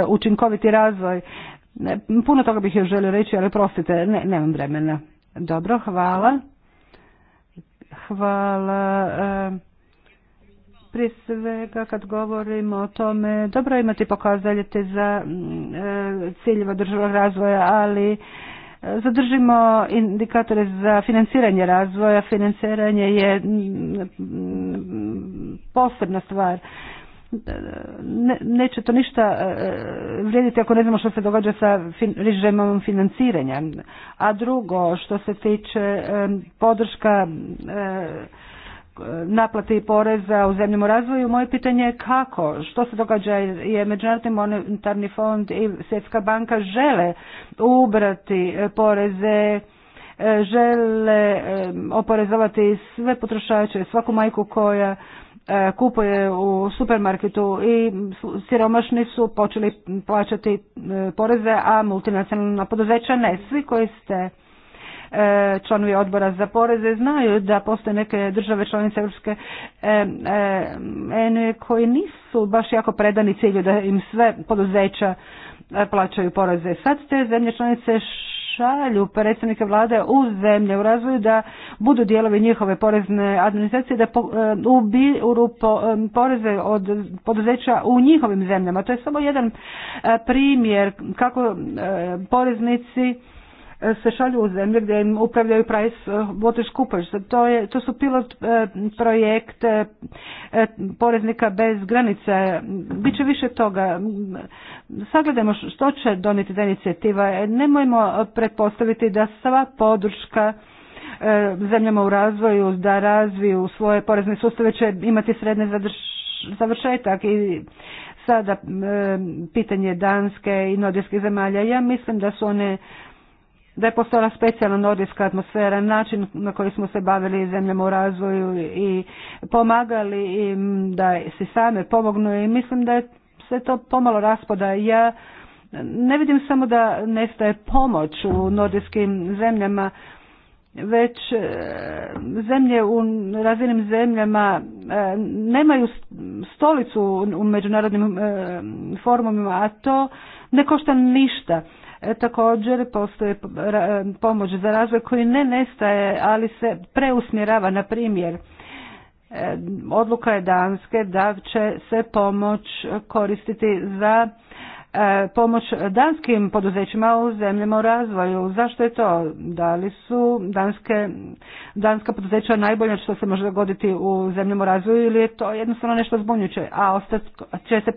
učinkoviti razvoj. Puno toga bih još želio reći, ali prostite, ne, nemam vremena. Dobro, hvala. Hvala. E, prije svega kad govorimo o tome, dobro imati pokazaljete za e, ciljeva državnog razvoja, ali e, zadržimo indikatore za financiranje razvoja. Financiranje je posebna stvar ne, neće to ništa e, vrijediti ako ne znamo što se događa sa fin, režimom financiranja. A drugo, što se tiče e, podrška e, naplati poreza u zemljom razvoju, moje pitanje je kako, što se događa je Međunarodni monetarni fond i Svjetska banka žele ubrati poreze žele oporezovati sve potrošače, svaku majku koja E, kupuje u supermarketu i siromašni su počeli plaćati e, poreze, a multinacionalna poduzeća ne. Svi koji ste e, članovi odbora za poreze znaju da postoje neke države članice Europske unije koji nisu baš jako predani cilju da im sve poduzeća plaćaju poreze. Sad te zemlje članice šalju predstavnike vlade u zemlje u razvoju da budu dijelovi njihove porezne administracije da e, ubiru e, poreze od poduzeća u njihovim zemljama. To je samo jedan e, primjer kako poreznici se šalju u zemlje gdje im upravljaju price eh, Water coopers. To, je, to su pilot eh, projekt eh, poreznika bez granice. Biće više toga. Sagledajmo što će doniti ta inicijativa. Nemojmo pretpostaviti da sva podrška zemljama u razvoju da razviju svoje porezne sustave će imati sredne završetak i sada pitanje Danske i nordijskih zemalja. Ja mislim da su one da je postala specijalna nordijska atmosfera, način na koji smo se bavili zemljama u razvoju i pomagali im da se same pomognu i mislim da je sve to pomalo raspada. Ja ne vidim samo da nestaje pomoć u nordijskim zemljama, već e, zemlje u razvijenim zemljama e, nemaju stolicu u međunarodnim e, forumima, a to ne košta ništa. E, također postoje e, e, pomoć za razvoj koji ne nestaje, ali se preusmjerava na primjer odluka je Danske da će se pomoć koristiti za E, pomoć danskim poduzećima u zemljama u razvoju. Zašto je to? Da li su danske, danska poduzeća najbolje što se može dogoditi u zemljama u razvoju ili je to jednostavno nešto zbunjuće, a ostat će se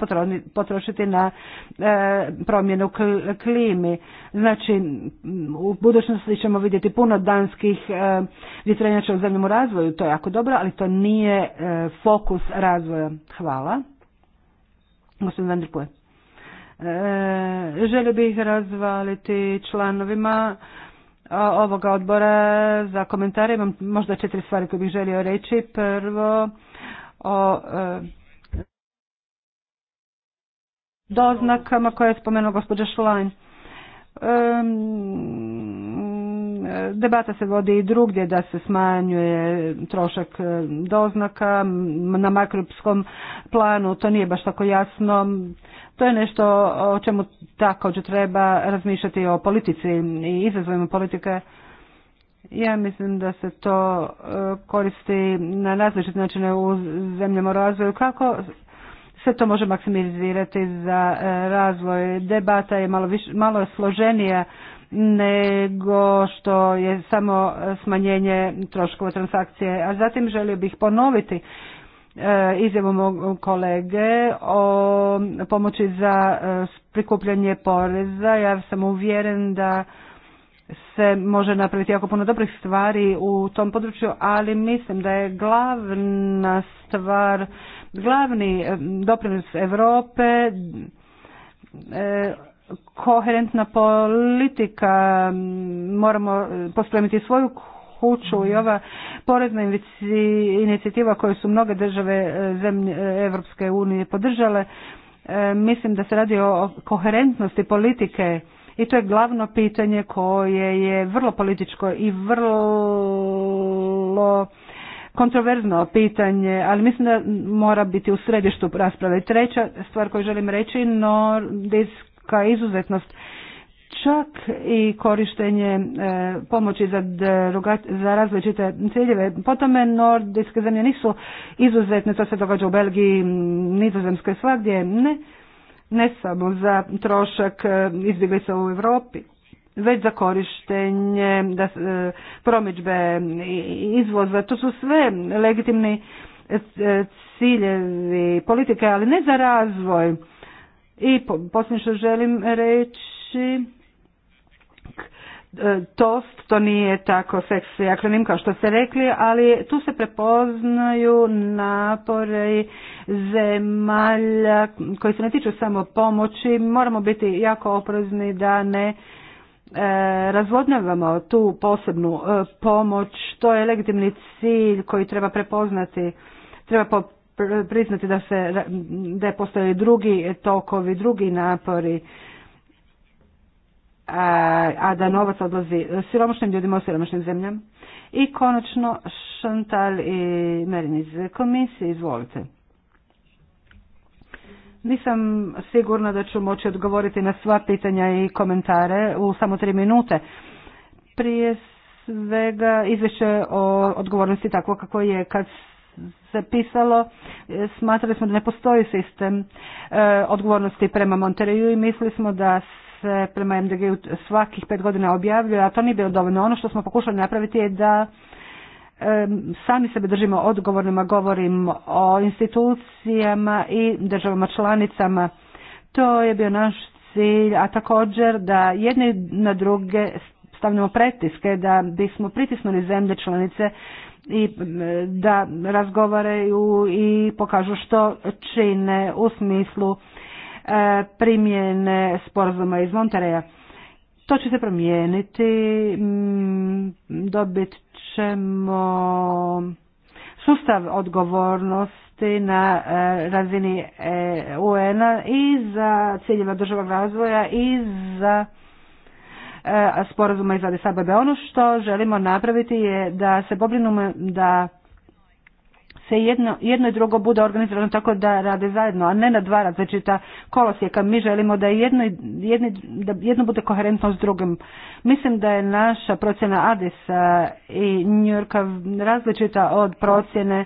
potrošiti na e, promjenu klimi. Znači, u budućnosti ćemo vidjeti puno danskih e, vjetrenjača u zemljama u razvoju, to je jako dobro, ali to nije fokus razvoja. Hvala. Gospodin E, želi bih razvaliti članovima ovoga odbora za komentare. Imam možda četiri stvari koje bih želio reći. Prvo, o e, doznakama koje je spomenuo gospođa Šlajn. Debata se vodi i drugdje da se smanjuje trošak e, doznaka na makropskom planu, to nije baš tako jasno. To je nešto o čemu također treba razmišljati o politici i izazovima politike. Ja mislim da se to e, koristi na različite načine u zemljama razvoju. Kako se to može maksimizirati za e, razvoj debata je malo, više malo složenija nego što je samo smanjenje troškova transakcije. A zatim želio bih ponoviti e, izjavu mog kolege o pomoći za e, prikupljanje poreza. Ja sam uvjeren da se može napraviti jako puno dobrih stvari u tom području, ali mislim da je glavna stvar, glavni e, doprinos Europe koherentna politika, moramo e, pospremiti svoju kuću i ova porezna inicijativa koju su mnoge države e, zemlje e, Evropske unije podržale, mislim da se radi o koherentnosti politike i to je glavno pitanje koje je vrlo političko i vrlo kontroverzno pitanje, ali mislim da mora biti u središtu rasprave. Treća stvar koju želim reći, iz izuzetnost čak i korištenje e, pomoći za, za različite ciljeve. Po tome nordijske zemlje nisu izuzetne, to se događa u Belgiji, nizozemskoj svakdje, ne, ne samo za trošak e, izbjeglica u Europi već za korištenje da, e, promičbe izvoza. To su sve legitimni ciljevi politike, ali ne za razvoj i posljednje što želim reći, e, tost, to nije tako seksi akronim kao što ste rekli, ali tu se prepoznaju napore zemalja koji se ne tiču samo pomoći. Moramo biti jako oprezni da ne e, razvodnjavamo tu posebnu e, pomoć. To je legitimni cilj koji treba prepoznati, treba priznati da se da postoje drugi tokovi, drugi napori a, a da novac odlazi siromašnim ljudima u siromašnim zemljama. I konačno Šantal i Merin iz komisije, izvolite. Nisam sigurna da ću moći odgovoriti na sva pitanja i komentare u samo tri minute. Prije svega izvješće o odgovornosti tako kako je kad pisalo, e, smatrali smo da ne postoji sistem e, odgovornosti prema Monteriju i mislili smo da se prema MDG svakih pet godina objavljuje, a to nije bilo dovoljno. Ono što smo pokušali napraviti je da e, sami sebe držimo odgovornima, govorim o institucijama i državama članicama. To je bio naš cilj, a također da jedne na druge stavljamo pretiske, da bismo pritisnuli zemlje članice i da razgovaraju i pokažu što čine u smislu e, primjene sporazuma iz Montereja. To će se promijeniti, dobit ćemo sustav odgovornosti na e, razini e, UN-a i za ciljeva državnog razvoja i za Eh, sporazuma iz Adis Abebe. Ono što želimo napraviti je da se pobrinemo da se jedno, jedno i drugo bude organizirano tako da rade zajedno, a ne na dva različita kolosijeka. Mi želimo da jedno, da jedno bude koherentno s drugim. Mislim da je naša procjena Adisa i Njurka različita od procjene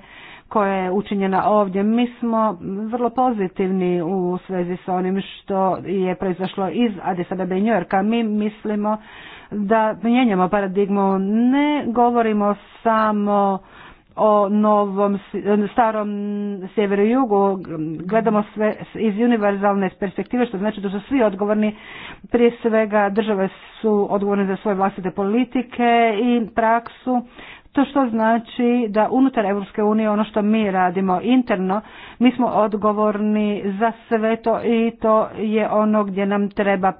koja je učinjena ovdje. Mi smo vrlo pozitivni u svezi s onim što je proizašlo iz Addis Abeba i Mi mislimo da mijenjamo paradigmu, ne govorimo samo o novom, starom sjeveru i jugu, gledamo sve iz univerzalne perspektive, što znači da su svi odgovorni, prije svega države su odgovorne za svoje vlastite politike i praksu, to što znači da unutar Europske unije ono što mi radimo interno, mi smo odgovorni za sve to i to je ono gdje nam treba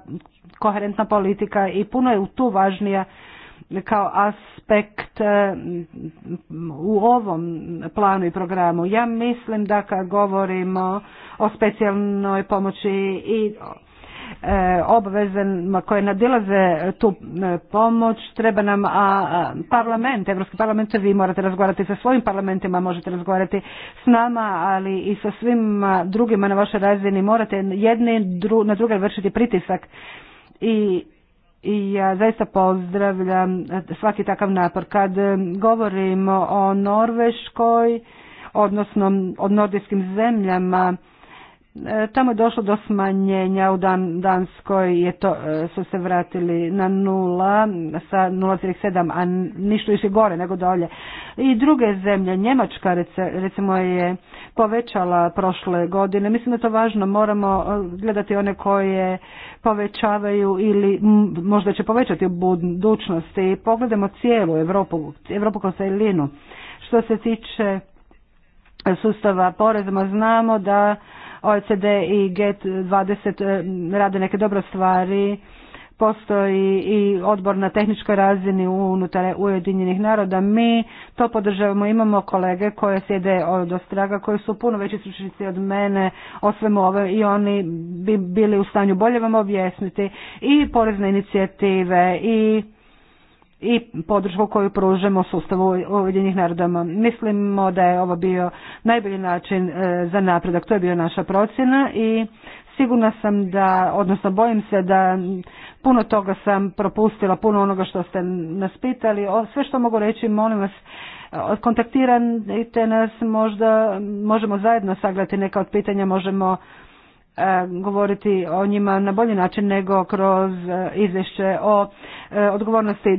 koherentna politika i puno je tu važnija kao aspekt e, u ovom planu i programu. Ja mislim da kad govorimo o specijalnoj pomoći i Eh, obvezama koje nadilaze tu eh, pomoć treba nam a parlament, Evropski parlament, vi morate razgovarati sa svojim parlamentima, možete razgovarati s nama, ali i sa svim drugima na vašoj razini morate jedni na druge vršiti pritisak i i ja zaista pozdravljam eh, svaki takav napor. Kad govorimo o Norveškoj, odnosno o nordijskim zemljama, E, tamo je došlo do smanjenja, u Dan, Danskoj je to, e, su se vratili na nula, sa 0,7, a ništa više gore nego dolje. I druge zemlje, Njemačka recimo je povećala prošle godine, mislim da je to važno, moramo e, gledati one koje povećavaju ili možda će povećati u budućnosti. Pogledamo cijelu Europu, Evropu kao Što se tiče sustava poreza, znamo da OECD i G20 eh, rade neke dobre stvari, postoji i odbor na tehničkoj razini unutar Ujedinjenih naroda. Mi to podržavamo, imamo kolege koje sjede od ostraga, koji su puno veći stručnjaci od mene o svemu ove i oni bi bili u stanju bolje vam objasniti i porezne inicijative i i podršku koju pružemo sustavu Ujedinjenih naroda. Mislimo da je ovo bio najbolji način e, za napredak, to je bio naša procjena i sigurna sam da, odnosno bojim se da puno toga sam propustila, puno onoga što ste nas pitali. Sve što mogu reći, molim vas, e, kontaktirajte nas, možda možemo zajedno sagledati neka od pitanja, možemo E, govoriti o njima na bolji način nego kroz e, izvješće o e, odgovornosti.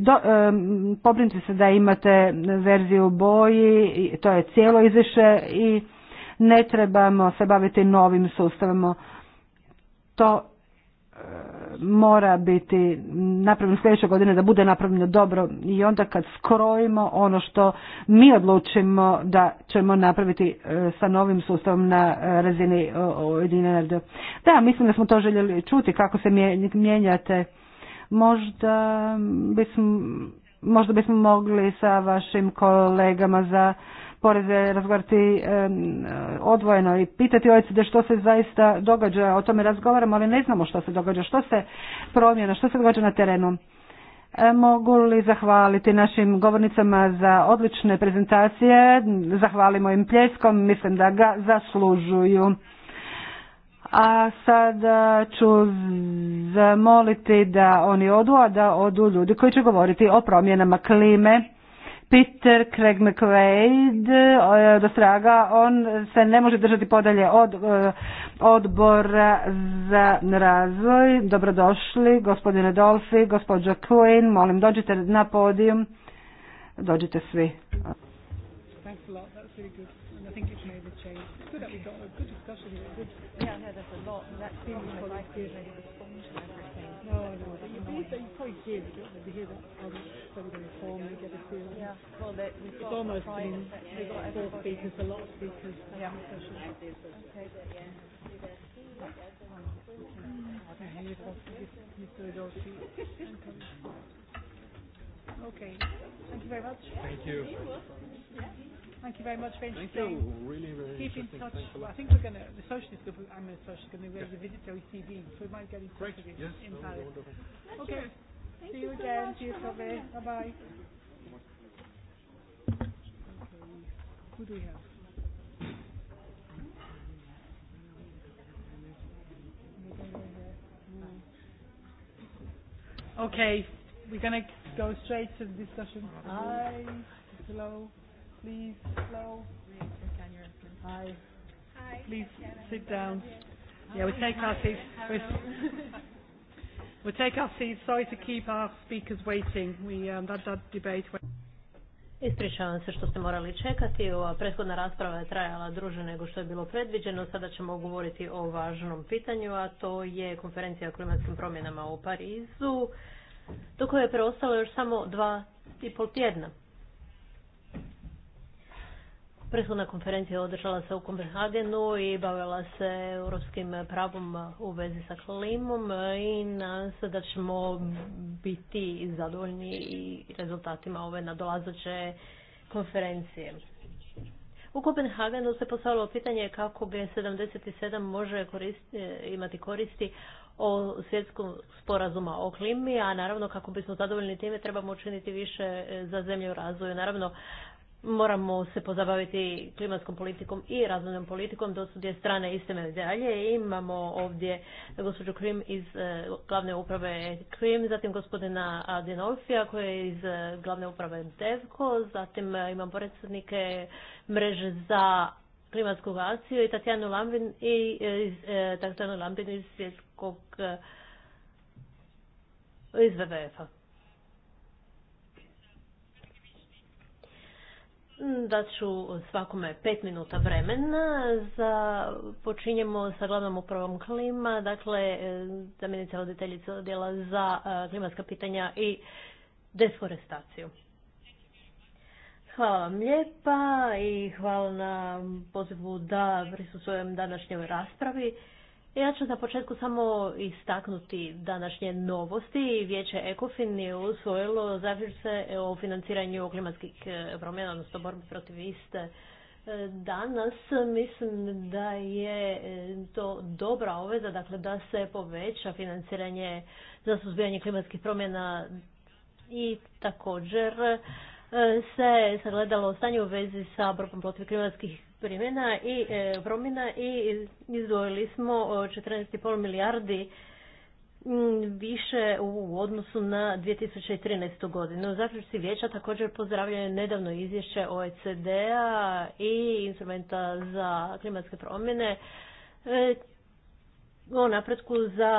pobrinite se da imate verziju boji, to je cijelo izvješće i ne trebamo se baviti novim sustavom. To mora biti napravljeno sljedeće godine da bude napravljeno dobro i onda kad skrojimo ono što mi odlučimo da ćemo napraviti e, sa novim sustavom na e, razini Ujedinjene Da, mislim da smo to željeli čuti kako se mijenjate. Možda bismo, možda bismo mogli sa vašim kolegama za poreze razgovarati odvojeno i pitati OECD što se zaista događa, o tome razgovaramo, ali ne znamo što se događa, što se promjena, što se događa na terenu. Mogu li zahvaliti našim govornicama za odlične prezentacije, zahvalimo im pljeskom, mislim da ga zaslužuju. A sada ću zamoliti da oni odu, a da odu ljudi koji će govoriti o promjenama klime. Peter Craig McQuaid e, do straga, on se ne može držati podalje od e, odbora za razvoj. Dobrodošli, gospodine Dolfi, gospođa Quinn, molim dođite na podijum, dođite svi. Well, that we've it's got almost been we've got four speakers, a lot of speakers. Yeah. Okay. Thank you very much. Thank you. Thank you very much for Thank you. Really, really Keep in touch. I think we're gonna the socialist group, I'm a socialist, going to go to visit OECD, so we might get in touch Great. again yes, in Paris. Okay. Thank See you, you so again. Much. See you, Bye-bye. who do we have? Okay, we're gonna go straight to the discussion. Hi, hello. please, slow. Hi. Hi. Please sit down. Yeah, we take our seats. We'll take our seats. Sorry to keep our speakers waiting. We um, that, that debate. Went Ispričavam se što ste morali čekati. Ova prethodna rasprava je trajala druže nego što je bilo predviđeno. Sada ćemo govoriti o važnom pitanju, a to je konferencija o klimatskim promjenama u Parizu, do koje je preostalo još samo dva i pol tjedna. Prethodna konferencija održala se u Kopenhagenu i bavila se europskim pravom u vezi sa klimom i nas da ćemo biti zadovoljni i rezultatima ove nadolazeće konferencije. U Kopenhagenu se postavilo pitanje kako G77 može koristi, e, imati koristi o svjetskom sporazuma o klimi, a naravno kako bismo zadovoljni time trebamo učiniti više e, za zemlje u razvoju. Naravno, moramo se pozabaviti klimatskom politikom i razvojnom politikom, do su dvije strane iste medalje. Imamo ovdje gospođu Krim iz e, glavne uprave Krim, zatim gospodina Adinolfija koja je iz e, glavne uprave Devko, zatim e, imam predsjednike mreže za klimatsku akciju i Tatjanu Lambin i iz, Tatjanu Lambin iz svjetskog iz WWF-a. Mm, da ću svakome pet minuta vremena. Za, počinjemo sa glavnom upravom klima, dakle e, zamjenica voditeljica odjela za e, klimatska pitanja i deforestaciju. Hvala vam lijepa i hvala na pozivu da svojem današnjoj raspravi. Ja ću na početku samo istaknuti današnje novosti. Vijeće ECOFIN je usvojilo zaključce o financiranju klimatskih e, promjena, odnosno borbi protiv iste. E, danas mislim da je e, to dobra obveza, dakle da se poveća financiranje za suzbijanje klimatskih promjena i također se sagledalo stanje u vezi sa borbom protiv klimatskih primjena i e, promjena i izdvojili smo 14,5 e, milijardi više u odnosu na 2013. godinu. Zaključci vijeća također pozdravljaju nedavno izvješće OECD-a i instrumenta za klimatske promjene e, o napretku za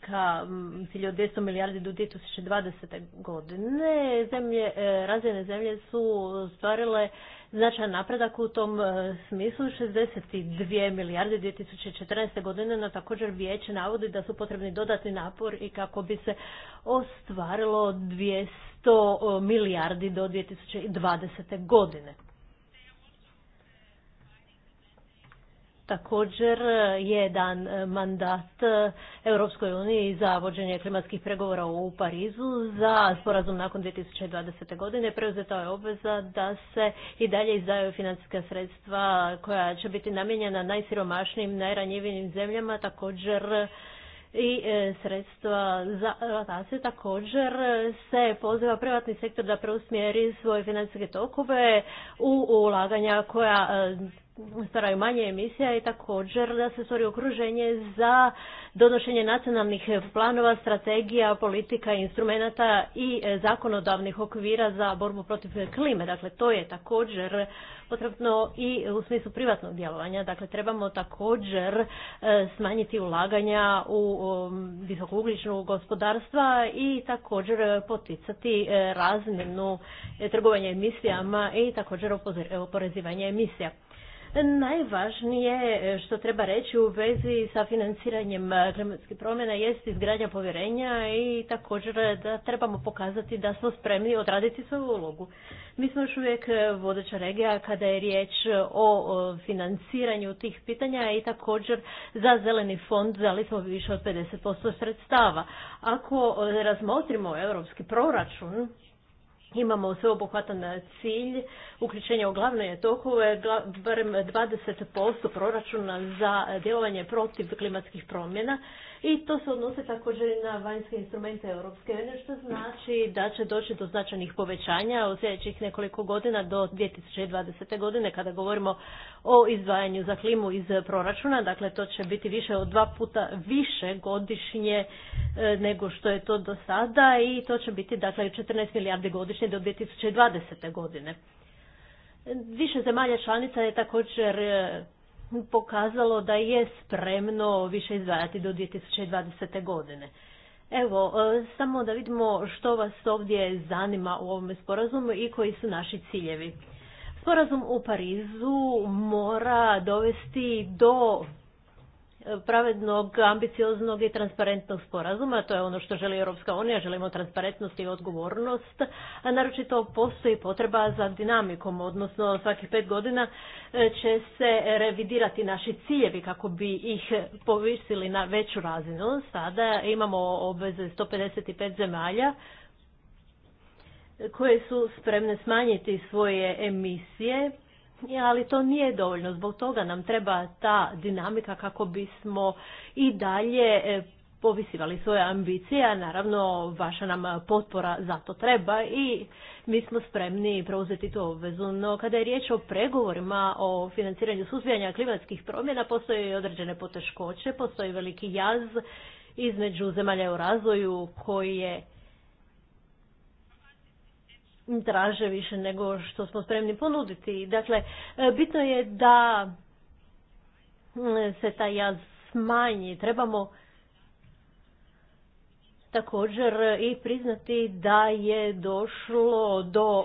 ka mm, cilju od 200 milijardi do 2020. godine. Zemlje, e, razvijene zemlje su stvarile značajan napredak u tom e, smislu. 62 milijarde 2014. godine na također vijeće navodi da su potrebni dodatni napor i kako bi se ostvarilo 200 e, milijardi do 2020. godine. Također je dan mandat Europskoj uniji za vođenje klimatskih pregovora u Parizu za sporazum nakon 2020. godine. Preuzeta je obveza da se i dalje izdaju financijska sredstva koja će biti namijenjena najsiromašnijim, najranjivijim zemljama. Također i e, sredstva za se također se poziva privatni sektor da preusmjeri svoje financijske tokove u ulaganja koja e, stvaraju manje emisija i također da se stvori okruženje za donošenje nacionalnih planova, strategija, politika, instrumenata i e, zakonodavnih okvira za borbu protiv klime. Dakle, to je također potrebno i u smislu privatnog djelovanja. Dakle, trebamo također e, smanjiti ulaganja u visokougličnog gospodarstva i također poticati e, razmjenu trgovanja emisijama i također oporezivanje emisija. Najvažnije e, što treba reći u vezi sa financiranjem e, klimatskih promjena jest izgradnja povjerenja i također e, da trebamo pokazati da smo spremni odraditi svoju ulogu. Mi smo još uvijek vodeća regija kada je riječ o financiranju tih pitanja i također za zeleni fond dali smo više od 50% sredstava. Ako razmotrimo europski proračun, imamo sveobuhvatan cilj uključenja u glavne tokove barem 20% proračuna za djelovanje protiv klimatskih promjena i to se odnose također na vanjske instrumente Europske unije, što znači da će doći do značajnih povećanja u sljedećih nekoliko godina do 2020. godine kada govorimo o izdvajanju za klimu iz proračuna. Dakle, to će biti više od dva puta više godišnje e, nego što je to do sada i to će biti dakle 14 milijardi godišnje do 2020. godine. Više zemalja članica je također e, pokazalo da je spremno više izdvajati do 2020. godine. Evo, e, samo da vidimo što vas ovdje zanima u ovome sporazumu i koji su naši ciljevi. Sporazum u Parizu mora dovesti do pravednog, ambicioznog i transparentnog sporazuma. To je ono što želi Europska unija, želimo transparentnost i odgovornost. A naročito postoji potreba za dinamikom, odnosno svakih pet godina e, će se revidirati naši ciljevi kako bi ih povisili na veću razinu. Sada imamo obveze 155 zemalja koje su spremne smanjiti svoje emisije ali to nije dovoljno. Zbog toga nam treba ta dinamika kako bismo i dalje e, povisivali svoje ambicije, a naravno vaša nam potpora za to treba i mi smo spremni preuzeti tu obvezu. No kada je riječ o pregovorima o financiranju suzbijanja klimatskih promjena, postoje i određene poteškoće, postoji veliki jaz između zemalja u razvoju koje traže više nego što smo spremni ponuditi. Dakle, e, bitno je da mm, se taj jaz smanji. Trebamo također i priznati da je došlo do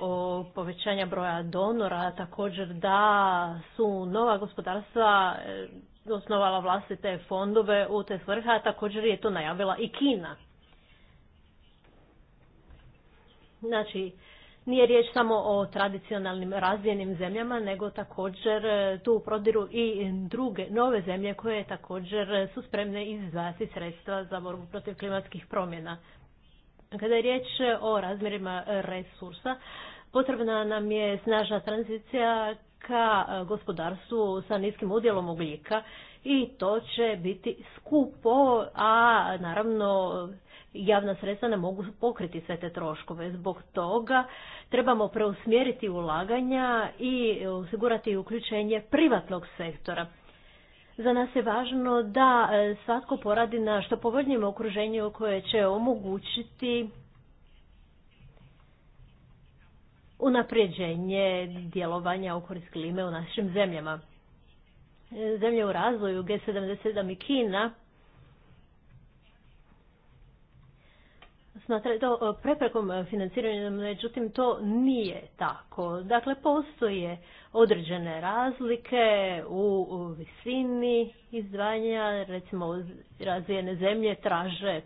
povećanja broja donora, također da su nova gospodarstva e, osnovala vlastite fondove u te svrha, također je to najavila i Kina. Znači, nije riječ samo o tradicionalnim razvijenim zemljama, nego također e, tu prodiru i druge nove zemlje koje također su spremne izdvajati sredstva za borbu protiv klimatskih promjena. Kada je riječ o razmjerima resursa, potrebna nam je snažna tranzicija ka e, gospodarstvu sa niskim udjelom ugljika i to će biti skupo, a naravno javna sredstva ne mogu pokriti sve te troškove. Zbog toga trebamo preusmjeriti ulaganja i osigurati uključenje privatnog sektora. Za nas je važno da e, svatko poradi na što povoljnijem okruženju koje će omogućiti unapređenje djelovanja u klime u našim zemljama. E, zemlje u razvoju G77 i Kina to e, preprekom e, financiranja, međutim to nije tako. Dakle, postoje određene razlike u visini izdvajanja, recimo razvijene zemlje traže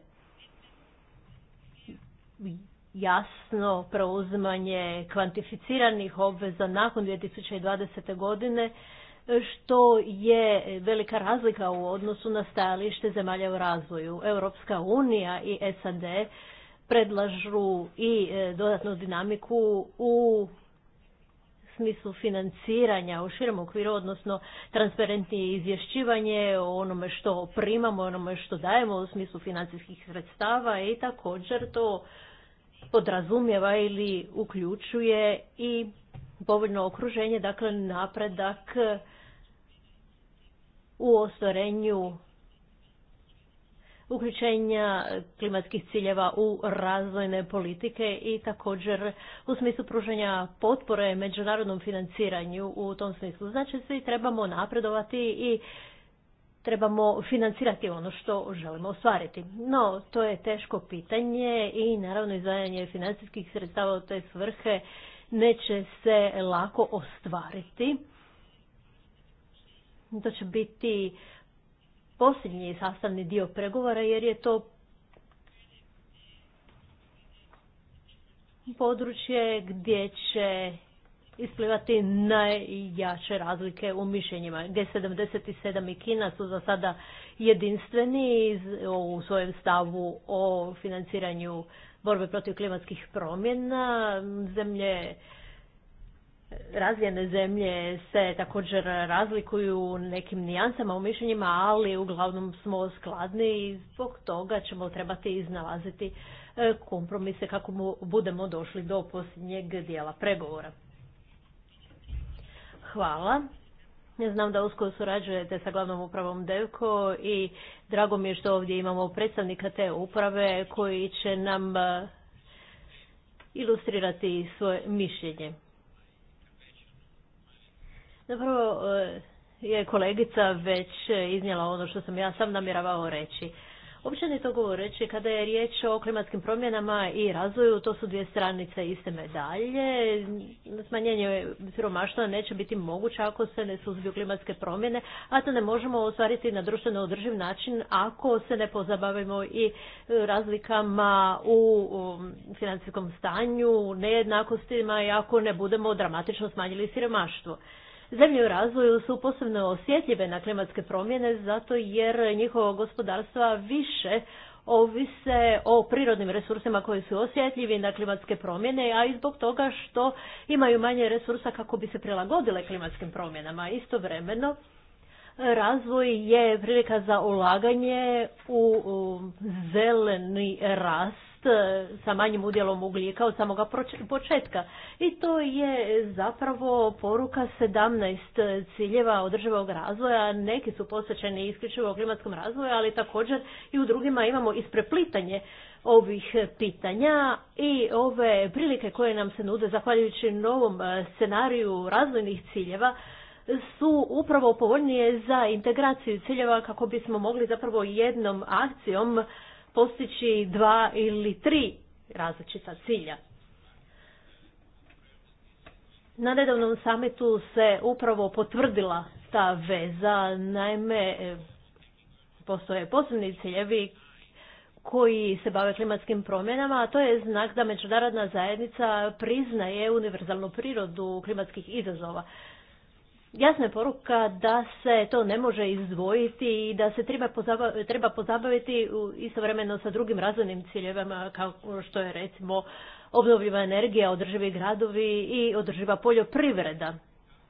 jasno preuzimanje kvantificiranih obveza nakon 2020. godine, što je velika razlika u odnosu na stajalište zemalja u razvoju. Europska unija i SAD predlažu i e, dodatnu dinamiku u smislu financiranja u širem okviru, odnosno transparentnije izvješćivanje o onome što primamo, onome što dajemo u smislu financijskih sredstava i također to podrazumijeva ili uključuje i povoljno okruženje, dakle napredak u ostvarenju uključenja klimatskih ciljeva u razvojne politike i također u smislu pružanja potpore međunarodnom financiranju u tom smislu. Znači svi trebamo napredovati i trebamo financirati ono što želimo ostvariti. No, to je teško pitanje i naravno izvajanje financijskih sredstava u te svrhe neće se lako ostvariti. To će biti posljednji sastavni dio pregovora jer je to područje gdje će isplivati najjače razlike u mišljenjima. G77 i Kina su za sada jedinstveni u svojem stavu o financiranju borbe protiv klimatskih promjena. Zemlje razvijene zemlje se također razlikuju nekim nijansama u mišljenjima, ali uglavnom smo skladni i zbog toga ćemo trebati iznalaziti e, kompromise kako budemo došli do posljednjeg dijela pregovora. Hvala. Znam da uskoro surađujete sa glavnom upravom Devko i drago mi je što ovdje imamo predstavnika te uprave koji će nam e, ilustrirati svoje mišljenje. Zapravo e, je kolegica već e, iznijela ono što sam ja sam namjeravao reći. Općenito govoreći, kada je riječ o klimatskim promjenama i razvoju, to su dvije stranice iste medalje. Smanjenje siromaštva neće biti moguće ako se ne suzbiju klimatske promjene, a to ne možemo ostvariti na društveno održiv način ako se ne pozabavimo i e, razlikama u financijskom stanju, nejednakostima i ako ne budemo dramatično smanjili siromaštvo. Zemlje u razvoju su posebno osjetljive na klimatske promjene zato jer njihova gospodarstva više ovise o prirodnim resursima koji su osjetljivi na klimatske promjene, a i zbog toga što imaju manje resursa kako bi se prilagodile klimatskim promjenama. Istovremeno, razvoj je prilika za ulaganje u zeleni rast E, sa manjim udjelom ugljika od samoga početka. I to je zapravo poruka 17 ciljeva održivog razvoja. Neki su posvećeni isključivo klimatskom razvoju, ali također i u drugima imamo ispreplitanje ovih pitanja i ove prilike koje nam se nude zahvaljujući novom scenariju razvojnih ciljeva su upravo povoljnije za integraciju ciljeva kako bismo mogli zapravo jednom akcijom postići dva ili tri različita cilja. Na nedavnom samitu se upravo potvrdila ta veza, naime postoje posebni ciljevi koji se bave klimatskim promjenama, a to je znak da međunarodna zajednica priznaje univerzalnu prirodu klimatskih izazova. Jasna je poruka da se to ne može izdvojiti i da se treba, pozabaviti, treba pozabaviti istovremeno sa drugim razvojnim ciljevima kao što je recimo obnovljiva energija, održivi gradovi i održiva poljoprivreda.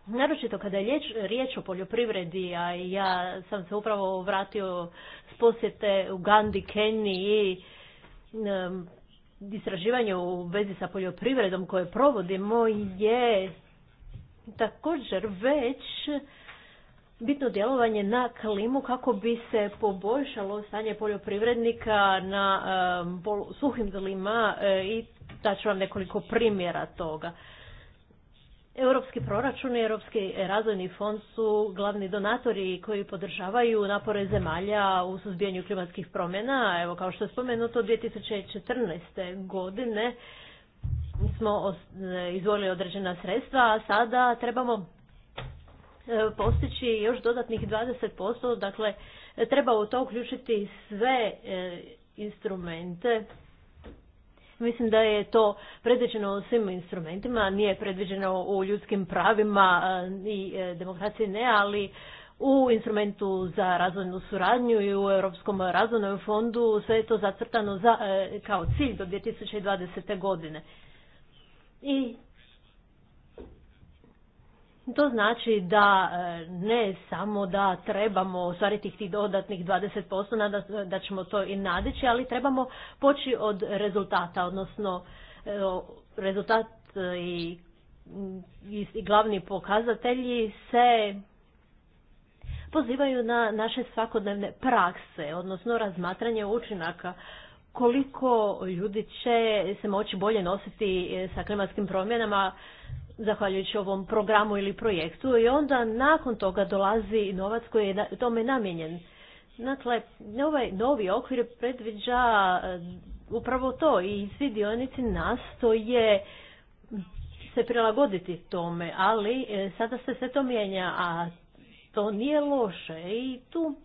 Naročito kada je riječ o poljoprivredi, a ja sam se upravo vratio s posjete u Gandhi, Keniji i istraživanje u vezi sa poljoprivredom koje provodimo je također već bitno djelovanje na klimu kako bi se poboljšalo stanje poljoprivrednika na suhim delima e, i daću vam nekoliko primjera toga. Europski proračun i Europski razvojni fond su glavni donatori koji podržavaju napore zemalja u suzbijanju klimatskih promjena. Evo kao što je spomenuto 2014. godine smo e, izvojili određena sredstva, a sada trebamo e, postići još dodatnih 20%, dakle treba u to uključiti sve e, instrumente. Mislim da je to predviđeno u svim instrumentima, nije predviđeno u ljudskim pravima i demokraciji ne, ali u instrumentu za razvojnu suradnju i u Europskom razvojnom fondu sve je to zacrtano za, kao cilj do 2020. godine. I to znači da e, ne samo da trebamo ostvariti tih dodatnih 20%, nada, da ćemo to i nadići, ali trebamo poći od rezultata, odnosno e, rezultat e, i, i, i glavni pokazatelji se pozivaju na naše svakodnevne prakse, odnosno razmatranje učinaka koliko ljudi će se moći bolje nositi e, sa klimatskim promjenama zahvaljujući ovom programu ili projektu i onda nakon toga dolazi novac koji je tome namijenjen. Dakle, ovaj novi okvir predviđa e, upravo to i svi dionici nastoje se prilagoditi tome, ali e, sada se sve to mijenja, a to nije loše i tu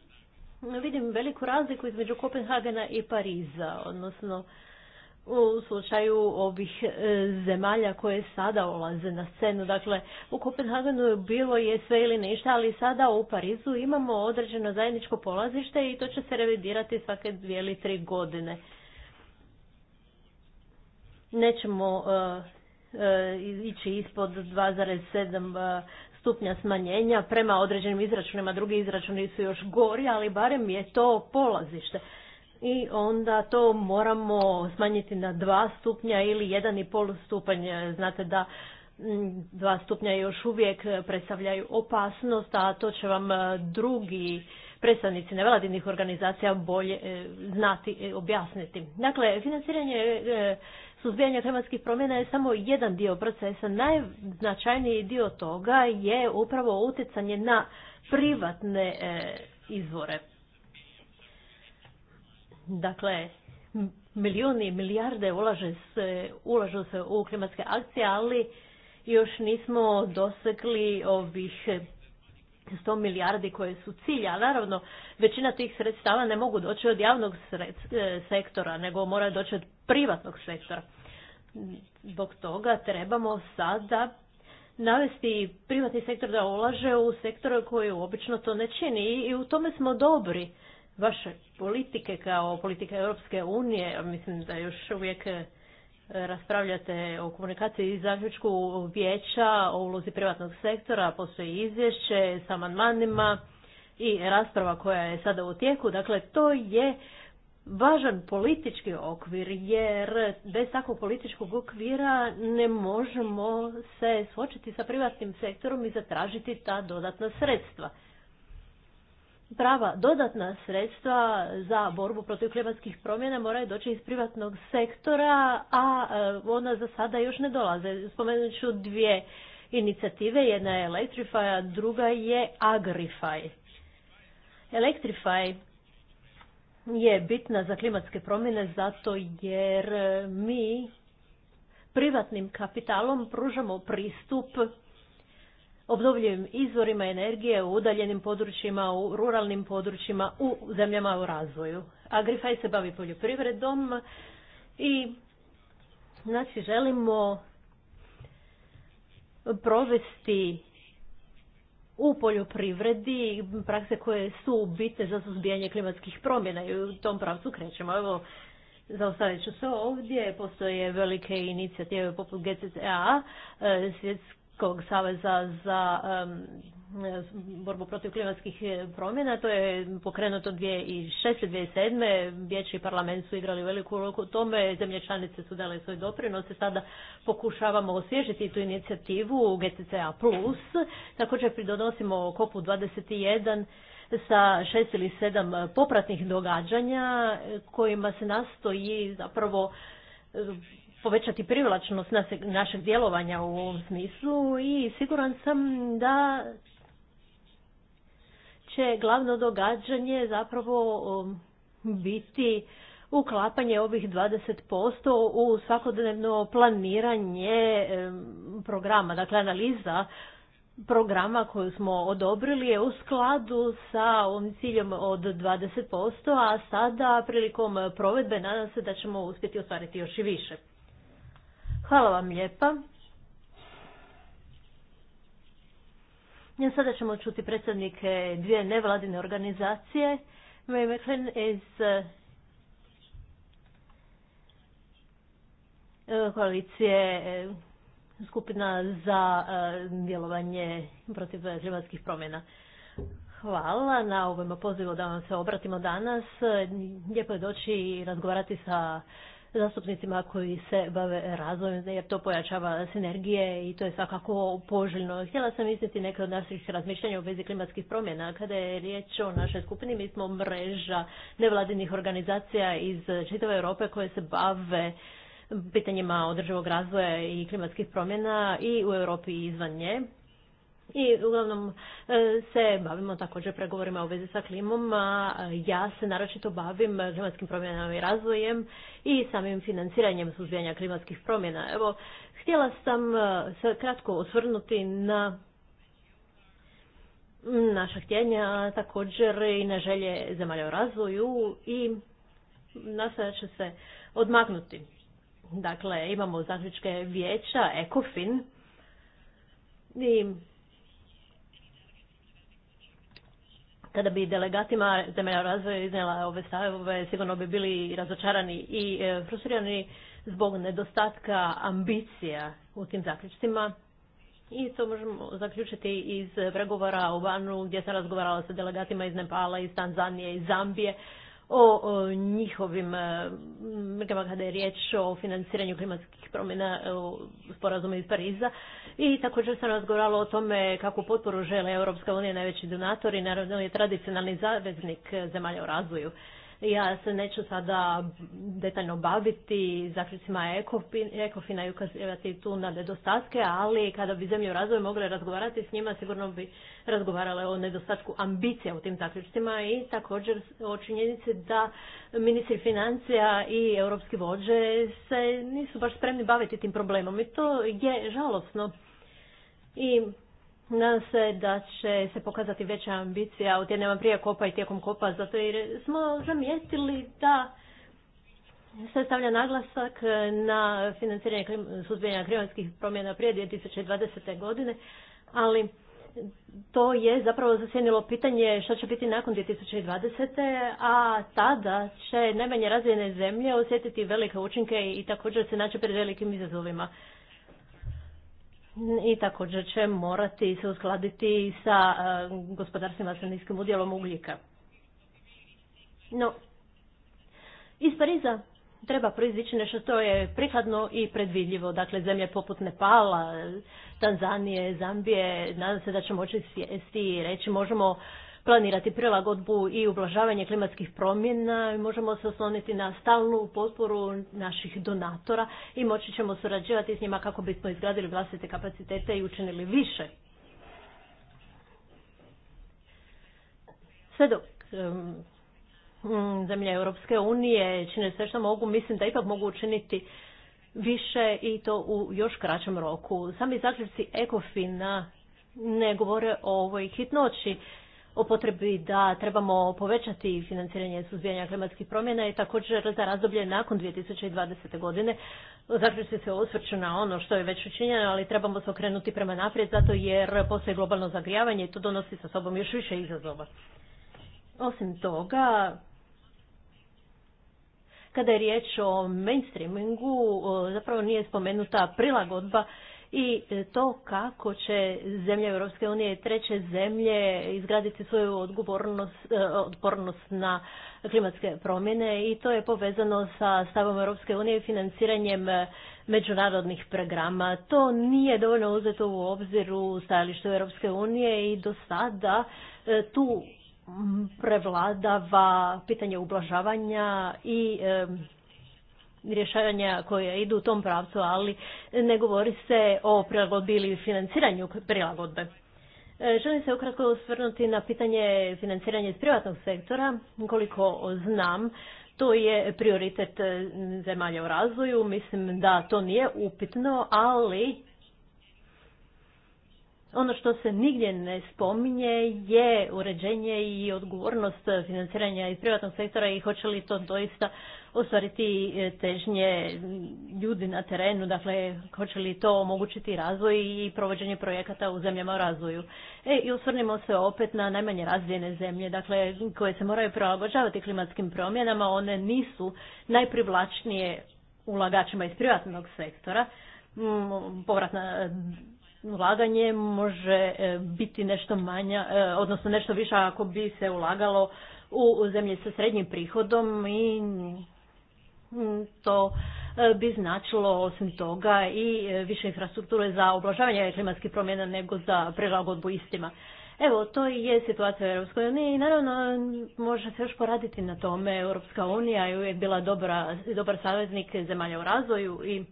vidim veliku razliku između Kopenhagena i Pariza, odnosno u slučaju ovih e, zemalja koje sada olaze na scenu. Dakle, u Kopenhagenu bilo je sve ili ništa, ali sada u Parizu imamo određeno zajedničko polazište i to će se revidirati svake dvije ili tri godine. Nećemo uh, ići ispod 2,7 stupnja smanjenja prema određenim izračunima, drugi izračuni su još gori, ali barem je to polazište. I onda to moramo smanjiti na dva stupnja ili jedan i pol stupanj. Znate da mm, dva stupnja još uvijek predstavljaju opasnost, a to će vam e, drugi predstavnici nevladinih organizacija bolje e, znati e, objasniti. Dakle, financiranje suzbijanje klimatskih promjena je samo jedan dio procesa. Najznačajniji dio toga je upravo utjecanje na privatne e, izvore. Dakle, milijuni i milijarde ulaže se, ulažu se u klimatske akcije, ali još nismo dosekli ovih 100 milijardi koje su cilj, a naravno većina tih sredstava ne mogu doći od javnog e, sektora, nego mora doći od privatnog sektora. Zbog toga trebamo sada navesti privatni sektor da ulaže u sektore koji obično to ne čini i u tome smo dobri. Vaše politike kao politike Europske unije, mislim da još uvijek e, raspravljate o komunikaciji i zaključku vijeća o ulozi privatnog sektora, postoji izvješće sa amandmanima i rasprava koja je sada u tijeku. Dakle, to je važan politički okvir jer bez takvog političkog okvira ne možemo se suočiti sa privatnim sektorom i zatražiti ta dodatna sredstva prava dodatna sredstva za borbu protiv klimatskih promjena moraju doći iz privatnog sektora, a e, ona za sada još ne dolaze. Spomenut ću dvije inicijative, jedna je Electrify, a druga je Agrify. Electrify je bitna za klimatske promjene zato jer mi privatnim kapitalom pružamo pristup obnovljivim izvorima energije u udaljenim područjima, u ruralnim područjima, u zemljama u razvoju. Agrifaj se bavi poljoprivredom i znači želimo provesti u poljoprivredi prakse koje su bitne za suzbijanje klimatskih promjena i u tom pravcu krećemo. Evo, zaustavit ću se ovdje, postoje velike inicijative poput GCCA, e, svjetske Svjetskog saveza za borbu protiv klimatskih e, promjena. To je pokrenuto 2006. 2007. Vijeći i parlament su igrali veliku ulogu u tome. Zemlje članice su dale svoj doprinos i sada pokušavamo osvježiti tu inicijativu GCCA+. Također pridonosimo kopu 21 sa šest ili sedam popratnih događanja kojima se nastoji zapravo povećati privlačnost našeg djelovanja u ovom smislu i siguran sam da će glavno događanje zapravo um, biti uklapanje ovih 20% u svakodnevno planiranje um, programa, dakle analiza programa koju smo odobrili je u skladu sa ovim ciljem od 20%, a sada prilikom provedbe nadam se da ćemo uspjeti ostvariti još i više. Hvala vam lijepa. Ja sada ćemo čuti predstavnike dvije nevladine organizacije. Mary McLean iz eh, koalicije eh, skupina za eh, djelovanje protiv klimatskih promjena. Hvala na ovom pozivu da vam se obratimo danas. Lijepo je doći i razgovarati sa zastupnicima koji se bave razvojem, jer to pojačava sinergije i to je svakako poželjno. Htjela sam izniti neke od naših razmišljanja u vezi klimatskih promjena. Kada je riječ o našoj skupini, mi smo mreža nevladinih organizacija iz čitave Europe koje se bave pitanjima održivog razvoja i klimatskih promjena i u Europi i izvan nje. I uglavnom e, se bavimo također pregovorima u vezi sa klimom. E, ja se naročito bavim klimatskim promjenama i razvojem i samim financiranjem suzbijanja klimatskih promjena. Evo, htjela sam e, se kratko osvrnuti na naša htjenja, također i na želje zemalja u razvoju i nastavlja će se odmaknuti. Dakle, imamo zaključke vijeća, ECOFIN, i Kada bi delegatima zemlja razvoja iznijela ove stavove, sigurno bi bili razočarani i e, frustrirani zbog nedostatka ambicija u tim zaključcima. I to možemo zaključiti iz pregovora u Vanu gdje sam razgovarala sa delegatima iz Nepala, iz Tanzanije, iz Zambije o, njihovim, e, kada je riječ o financiranju klimatskih promjena e, u sporazumu iz Pariza. I također sam razgovarala o tome kako potporu žele Europska unija najveći donatori, naravno je tradicionalni zaveznik e, zemalja u razvoju. Ja se neću sada detaljno baviti zaključcima Ekofina i ukazivati tu na nedostatke, ali kada bi zemlje u razvoju mogle razgovarati s njima, sigurno bi razgovarale o nedostatku ambicija u tim zaključcima i također o činjenici da ministri financija i europski vođe se nisu baš spremni baviti tim problemom i to je žalosno. I Nadam se da će se pokazati veća ambicija u tjednima prije kopa i tijekom kopa, zato jer smo zamijetili da se stavlja naglasak na financiranje suzbijanja klimatskih promjena prije 2020. godine, ali to je zapravo zasjenilo pitanje što će biti nakon 2020. a tada će najmanje razvijene zemlje osjetiti velike učinke i također se naći pred velikim izazovima i također će morati se uskladiti sa e, gospodarstvima sa niskim udjelom ugljika. No, iz Pariza treba proizvići nešto što je prikladno i predvidljivo. Dakle, zemlje poput Nepala, Tanzanije, Zambije, nadam se da ćemo moći sjesti i reći možemo planirati prilagodbu i ublažavanje klimatskih promjena možemo se osloniti na stalnu potporu naših donatora i moći ćemo surađivati s njima kako bismo izgradili vlastite kapacitete i učinili više. Sve dok zemlje Europske unije čine sve što mogu, mislim da ipak mogu učiniti više i to u još kraćem roku. Sami zaključci Ekofina ne govore o ovoj hitnoći o potrebi da trebamo povećati financiranje suzbijanja klimatskih promjena i također za razdoblje nakon 2020. godine. Zaključci se osvrću na ono što je već učinjeno, ali trebamo se okrenuti prema naprijed zato jer postoje globalno zagrijavanje i to donosi sa sobom još više izazova. Osim toga, kada je riječ o mainstreamingu, zapravo nije spomenuta prilagodba i e, to kako će zemlje Europske unije i treće zemlje izgraditi svoju odgovornost, e, odpornost na klimatske promjene i to je povezano sa stavom Europske unije i financiranjem e, međunarodnih programa. To nije dovoljno uzeto u obzir u stajalištu Europske unije i do sada tu prevladava pitanje ublažavanja i rješavanja koje idu u tom pravcu, ali ne govori se o prilagodbi ili financiranju prilagodbe. E, želim se ukratko osvrnuti na pitanje financiranja iz privatnog sektora. Koliko znam, to je prioritet e, zemalja u razvoju. Mislim da to nije upitno, ali ono što se nigdje ne spominje je uređenje i odgovornost financiranja iz privatnog sektora i hoće li to doista ostvariti e, težnje ljudi na terenu, dakle hoće li to omogućiti razvoj i provođenje projekata u zemljama u razvoju. E, I osvrnimo se opet na najmanje razvijene zemlje, dakle koje se moraju prilagođavati klimatskim promjenama, one nisu najprivlačnije ulagačima iz privatnog sektora. Mm, povratna e, ulaganje može e, biti nešto manja, odnosno nešto viša ako bi se ulagalo u zemlje sa srednjim prihodom i Mm, to e, bi značilo osim toga i e, više infrastrukture za oblažavanje klimatskih promjena nego za prilagodbu istima. Evo, to je situacija u Europskoj uniji i naravno može se još poraditi na tome. Europska unija je uvijek bila dobra, dobar saveznik zemalja u razvoju i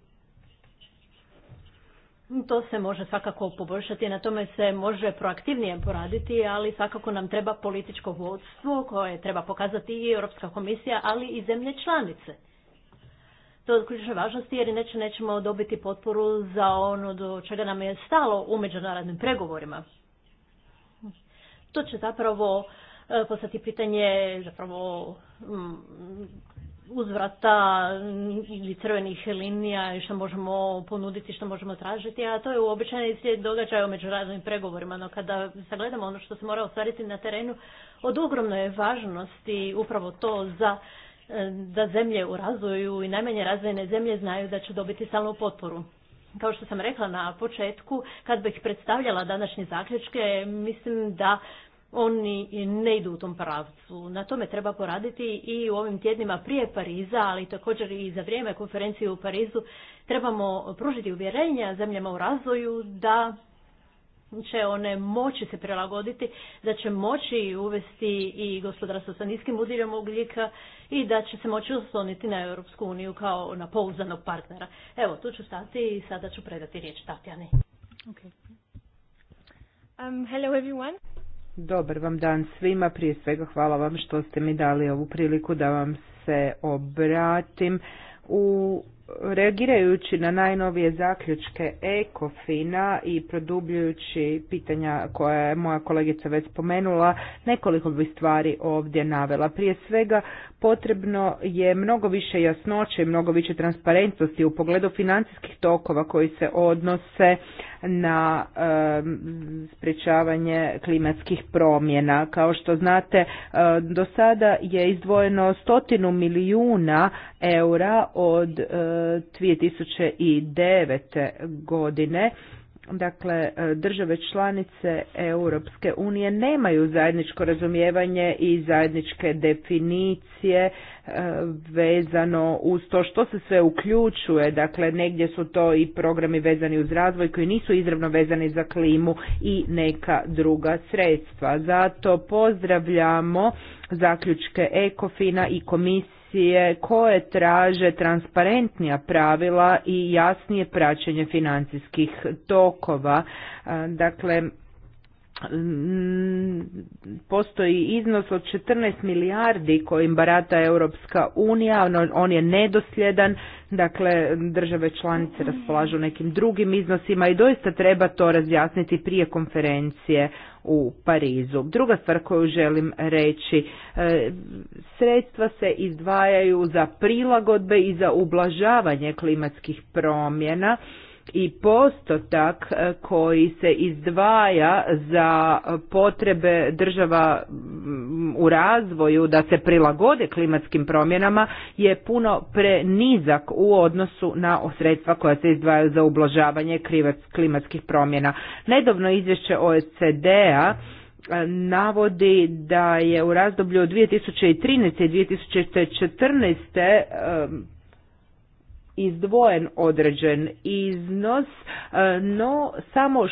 to se može svakako poboljšati, na tome se može proaktivnije poraditi, ali svakako nam treba političko vodstvo koje treba pokazati i Europska komisija, ali i zemlje članice to je od važnosti jer inače nećemo dobiti potporu za ono do čega nam je stalo u međunarodnim pregovorima. To će zapravo e, postati pitanje zapravo mm, uzvrata ili crvenih linija i što možemo ponuditi, što možemo tražiti, a to je uobičajeni slijed događaja u međunarodnim pregovorima. No kada sagledamo ono što se mora ostvariti na terenu, od ogromne je važnosti upravo to za da zemlje u razvoju i najmanje razvojene zemlje znaju da će dobiti stalnu potporu. Kao što sam rekla na početku, kad bih predstavljala današnje zaključke, mislim da oni ne idu u tom pravcu. Na tome treba poraditi i u ovim tjednima prije Pariza, ali također i za vrijeme konferencije u Parizu trebamo pružiti uvjerenja zemljama u razvoju da će one moći se prilagoditi, da će moći uvesti i gospodarstvo sa niskim udjeljom ugljika i da će se moći osloniti na Europsku uniju kao na pouzdanog partnera. Evo, tu ću stati i sada ću predati riječ Tatjani. Okay. Um, hello everyone. Dobar vam dan svima, prije svega hvala vam što ste mi dali ovu priliku da vam se obratim. U Reagirajući na najnovije zaključke ECOFINA i produbljujući pitanja koja je moja kolegica već spomenula, nekoliko bi stvari ovdje navela. Prije svega potrebno je mnogo više jasnoće i mnogo više transparentnosti u pogledu financijskih tokova koji se odnose na sprječavanje klimatskih promjena. Kao što znate, do sada je izdvojeno stotinu milijuna eura od 2009. godine Dakle, države članice Europske unije nemaju zajedničko razumijevanje i zajedničke definicije e, vezano uz to što se sve uključuje. Dakle, negdje su to i programi vezani uz razvoj koji nisu izravno vezani za klimu i neka druga sredstva. Zato pozdravljamo zaključke Ekofina i komisije institucije koje traže transparentnija pravila i jasnije praćenje financijskih tokova. Dakle, Mm, postoji iznos od 14 milijardi kojim barata Europska unija, ono, on je nedosljedan, dakle države članice raspolažu nekim drugim iznosima i doista treba to razjasniti prije konferencije u Parizu. Druga stvar koju želim reći, e, sredstva se izdvajaju za prilagodbe i za ublažavanje klimatskih promjena i postotak e, koji se izdvaja za potrebe država u razvoju da se prilagode klimatskim promjenama je puno prenizak u odnosu na sredstva koja se izdvajaju za ublažavanje klimatskih promjena. Nedavno izvješće OECD-a e, navodi da je u razdoblju od 2013. i 2014 izdvojen određen iznos, e, no samo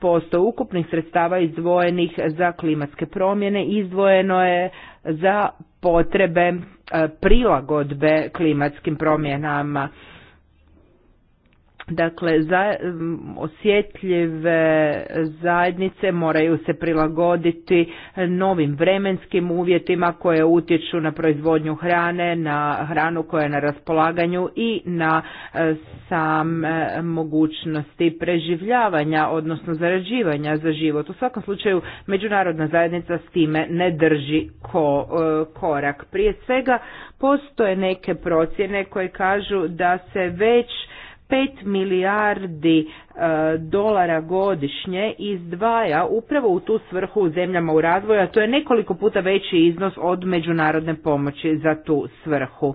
6% ukupnih sredstava izdvojenih za klimatske promjene izdvojeno je za potrebe e, prilagodbe klimatskim promjenama. Dakle, za, osjetljive zajednice moraju se prilagoditi novim vremenskim uvjetima koje utječu na proizvodnju hrane, na hranu koja je na raspolaganju i na e, sam e, mogućnosti preživljavanja, odnosno zarađivanja za život. U svakom slučaju, međunarodna zajednica s time ne drži ko, e, korak. Prije svega, postoje neke procjene koje kažu da se već 5 milijardi e, dolara godišnje izdvaja upravo u tu svrhu u zemljama u razvoju, a to je nekoliko puta veći iznos od međunarodne pomoći za tu svrhu.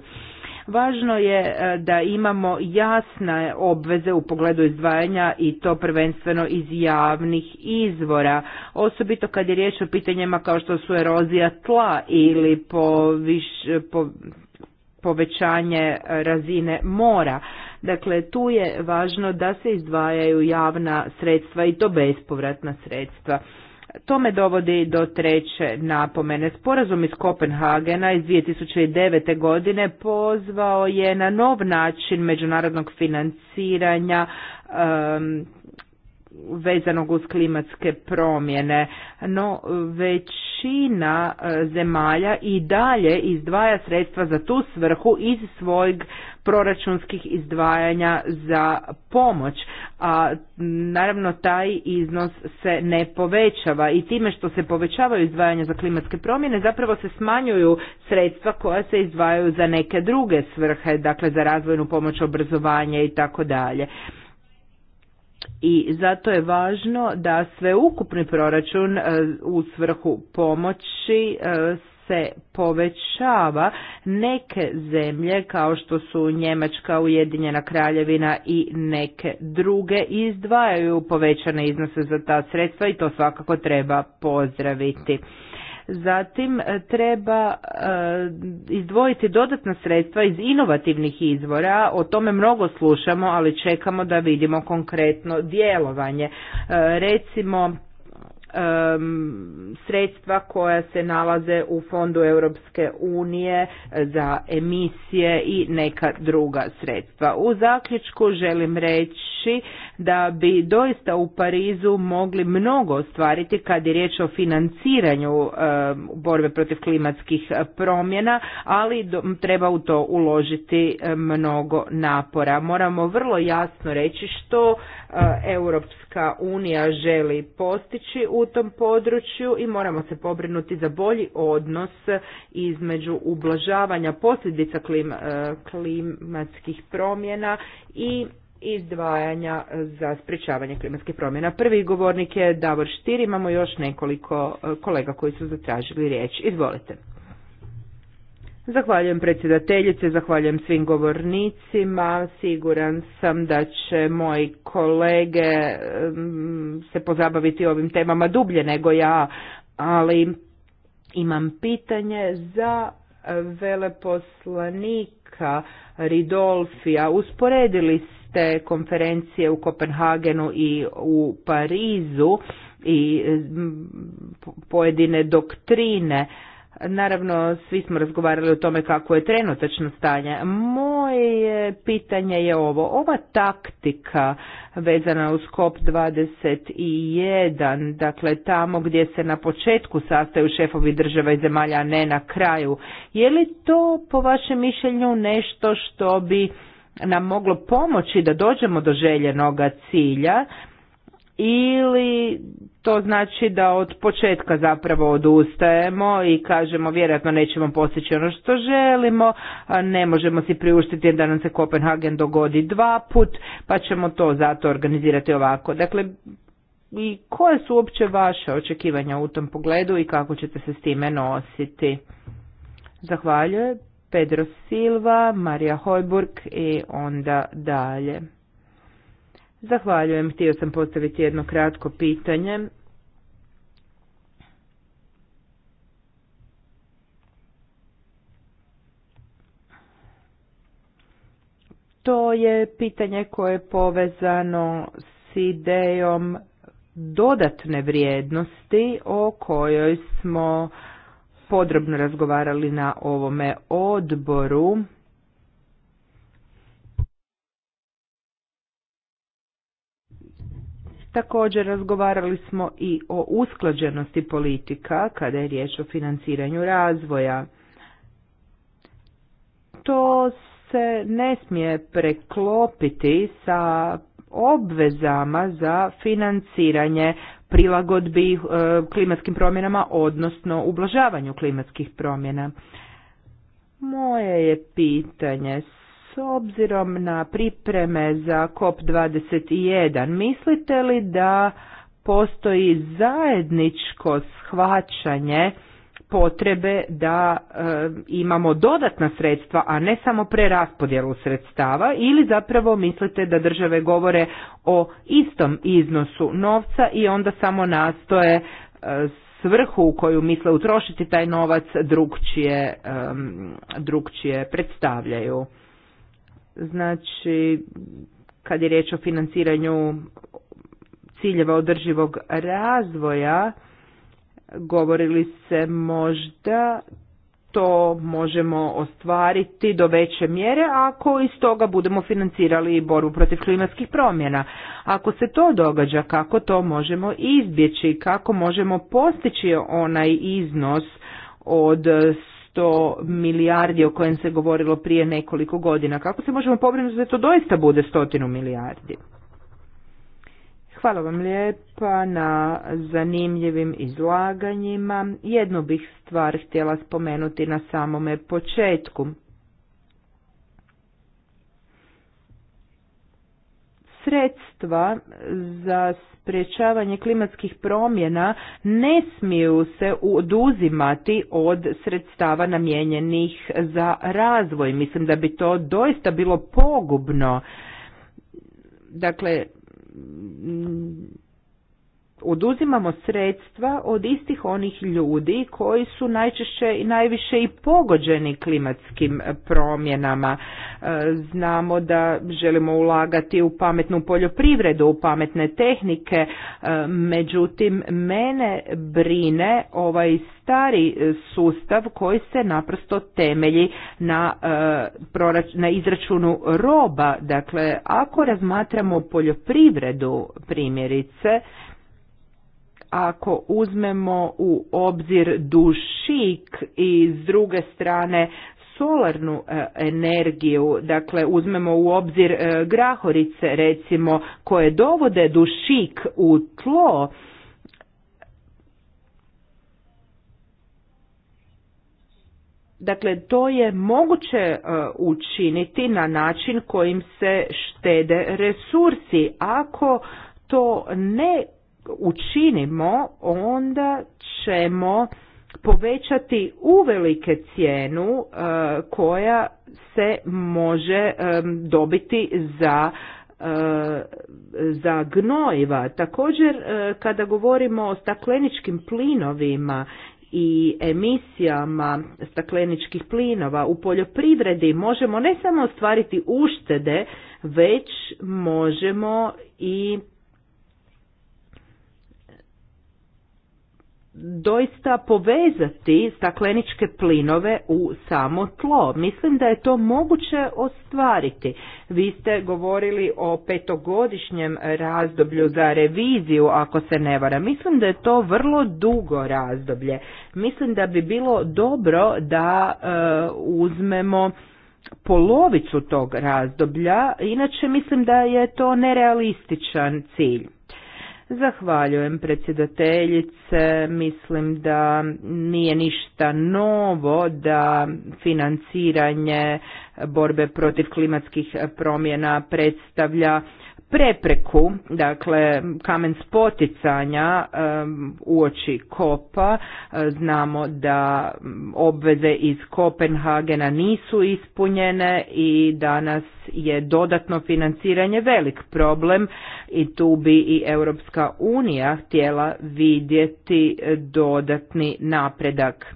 Važno je e, da imamo jasne obveze u pogledu izdvajanja i to prvenstveno iz javnih izvora, osobito kad je riječ o pitanjima kao što su erozija tla ili poviš, povećanje razine mora. Dakle, tu je važno da se izdvajaju javna sredstva i to bespovratna sredstva. To me dovodi do treće napomene. Sporazum iz Kopenhagena iz 2009. godine pozvao je na nov način međunarodnog financiranja vezanog uz klimatske promjene, no većina e, zemalja i dalje izdvaja sredstva za tu svrhu iz svojeg proračunskih izdvajanja za pomoć, a naravno taj iznos se ne povećava i time što se povećavaju izdvajanja za klimatske promjene zapravo se smanjuju sredstva koja se izdvajaju za neke druge svrhe, dakle za razvojnu pomoć, obrazovanje i tako dalje i zato je važno da sveukupni proračun e, u svrhu pomoći e, se povećava. Neke zemlje kao što su Njemačka, Ujedinjena Kraljevina i neke druge izdvajaju povećane iznose za ta sredstva i to svakako treba pozdraviti. Zatim e, treba e, izdvojiti dodatna sredstva iz inovativnih izvora, o tome mnogo slušamo, ali čekamo da vidimo konkretno djelovanje. E, recimo sredstva koja se nalaze u fondu Europske unije za emisije i neka druga sredstva. U zaključku želim reći da bi doista u Parizu mogli mnogo ostvariti kad je riječ o financiranju borbe protiv klimatskih promjena, ali treba u to uložiti mnogo napora. Moramo vrlo jasno reći što Europska unija želi postići u u tom području i moramo se pobrinuti za bolji odnos između ublažavanja posljedica e, klimatskih promjena i izdvajanja za sprječavanje klimatskih promjena. Prvi govornik je Davor Štir, imamo još nekoliko e, kolega koji su zatražili riječ. Izvolite. Zahvaljujem predsjedateljice, zahvaljujem svim govornicima. Siguran sam da će moji kolege se pozabaviti ovim temama dublje nego ja, ali imam pitanje za veleposlanika Ridolfija. Usporedili ste konferencije u Kopenhagenu i u Parizu i pojedine doktrine Naravno, svi smo razgovarali o tome kako je trenutačno stanje. Moje pitanje je ovo. Ova taktika vezana uz COP21, dakle tamo gdje se na početku sastaju šefovi država i zemalja, a ne na kraju, je li to po vašem mišljenju nešto što bi nam moglo pomoći da dođemo do željenoga cilja, ili to znači da od početka zapravo odustajemo i kažemo vjerojatno nećemo postići ono što želimo, ne možemo si priuštiti da nam se Kopenhagen dogodi dva put, pa ćemo to zato organizirati ovako. Dakle, i koje su uopće vaše očekivanja u tom pogledu i kako ćete se s time nositi? Zahvaljujem. Pedro Silva, Marija Hojburg i onda dalje. Zahvaljujem, htio sam postaviti jedno kratko pitanje. To je pitanje koje je povezano s idejom dodatne vrijednosti o kojoj smo podrobno razgovarali na ovome odboru. Također razgovarali smo i o usklađenosti politika kada je riječ o financiranju razvoja. To se ne smije preklopiti sa obvezama za financiranje prilagodbi eh, klimatskim promjenama, odnosno ublažavanju klimatskih promjena. Moje je pitanje obzirom na pripreme za COP21, mislite li da postoji zajedničko shvaćanje potrebe da e, imamo dodatna sredstva, a ne samo preraspodjelu sredstava ili zapravo mislite da države govore o istom iznosu novca i onda samo nastoje e, svrhu u koju misle utrošiti taj novac drugčije, e, drugčije predstavljaju. Znači, kad je riječ o financiranju ciljeva održivog razvoja, govorili se možda to možemo ostvariti do veće mjere ako iz toga budemo financirali i borbu protiv klimatskih promjena. Ako se to događa, kako to možemo izbjeći, kako možemo postići onaj iznos od 100 milijardi o kojem se govorilo prije nekoliko godina. Kako se možemo pobrinuti da to doista bude stotinu milijardi? Hvala vam lijepa na zanimljivim izlaganjima. Jednu bih stvar htjela spomenuti na samome početku. sredstva za sprječavanje klimatskih promjena ne smiju se oduzimati od sredstava namijenjenih za razvoj. Mislim da bi to doista bilo pogubno. Dakle, oduzimamo sredstva od istih onih ljudi koji su najčešće i najviše i pogođeni klimatskim promjenama. E, znamo da želimo ulagati u pametnu poljoprivredu, u pametne tehnike, e, međutim mene brine ovaj stari sustav koji se naprosto temelji na, e, na izračunu roba. Dakle, ako razmatramo poljoprivredu primjerice, ako uzmemo u obzir dušik i s druge strane solarnu e, energiju, dakle uzmemo u obzir e, grahorice recimo koje dovode dušik u tlo, Dakle, to je moguće e, učiniti na način kojim se štede resursi. Ako to ne učinimo, onda ćemo povećati uvelike cijenu e, koja se može e, dobiti za e, za gnojiva. Također kada govorimo o stakleničkim plinovima i emisijama stakleničkih plinova u poljoprivredi možemo ne samo ostvariti uštede, već možemo i doista povezati stakleničke plinove u samo tlo. Mislim da je to moguće ostvariti. Vi ste govorili o petogodišnjem razdoblju za reviziju, ako se ne vara. Mislim da je to vrlo dugo razdoblje. Mislim da bi bilo dobro da e, uzmemo polovicu tog razdoblja, inače mislim da je to nerealističan cilj. Zahvaljujem predsjedateljice, mislim da nije ništa novo da financiranje borbe protiv klimatskih promjena predstavlja prepreku, dakle kamen spoticanja uoči kopa. E, znamo da obveze iz Kopenhagena nisu ispunjene i danas je dodatno financiranje velik problem i tu bi i Europska unija htjela vidjeti dodatni napredak.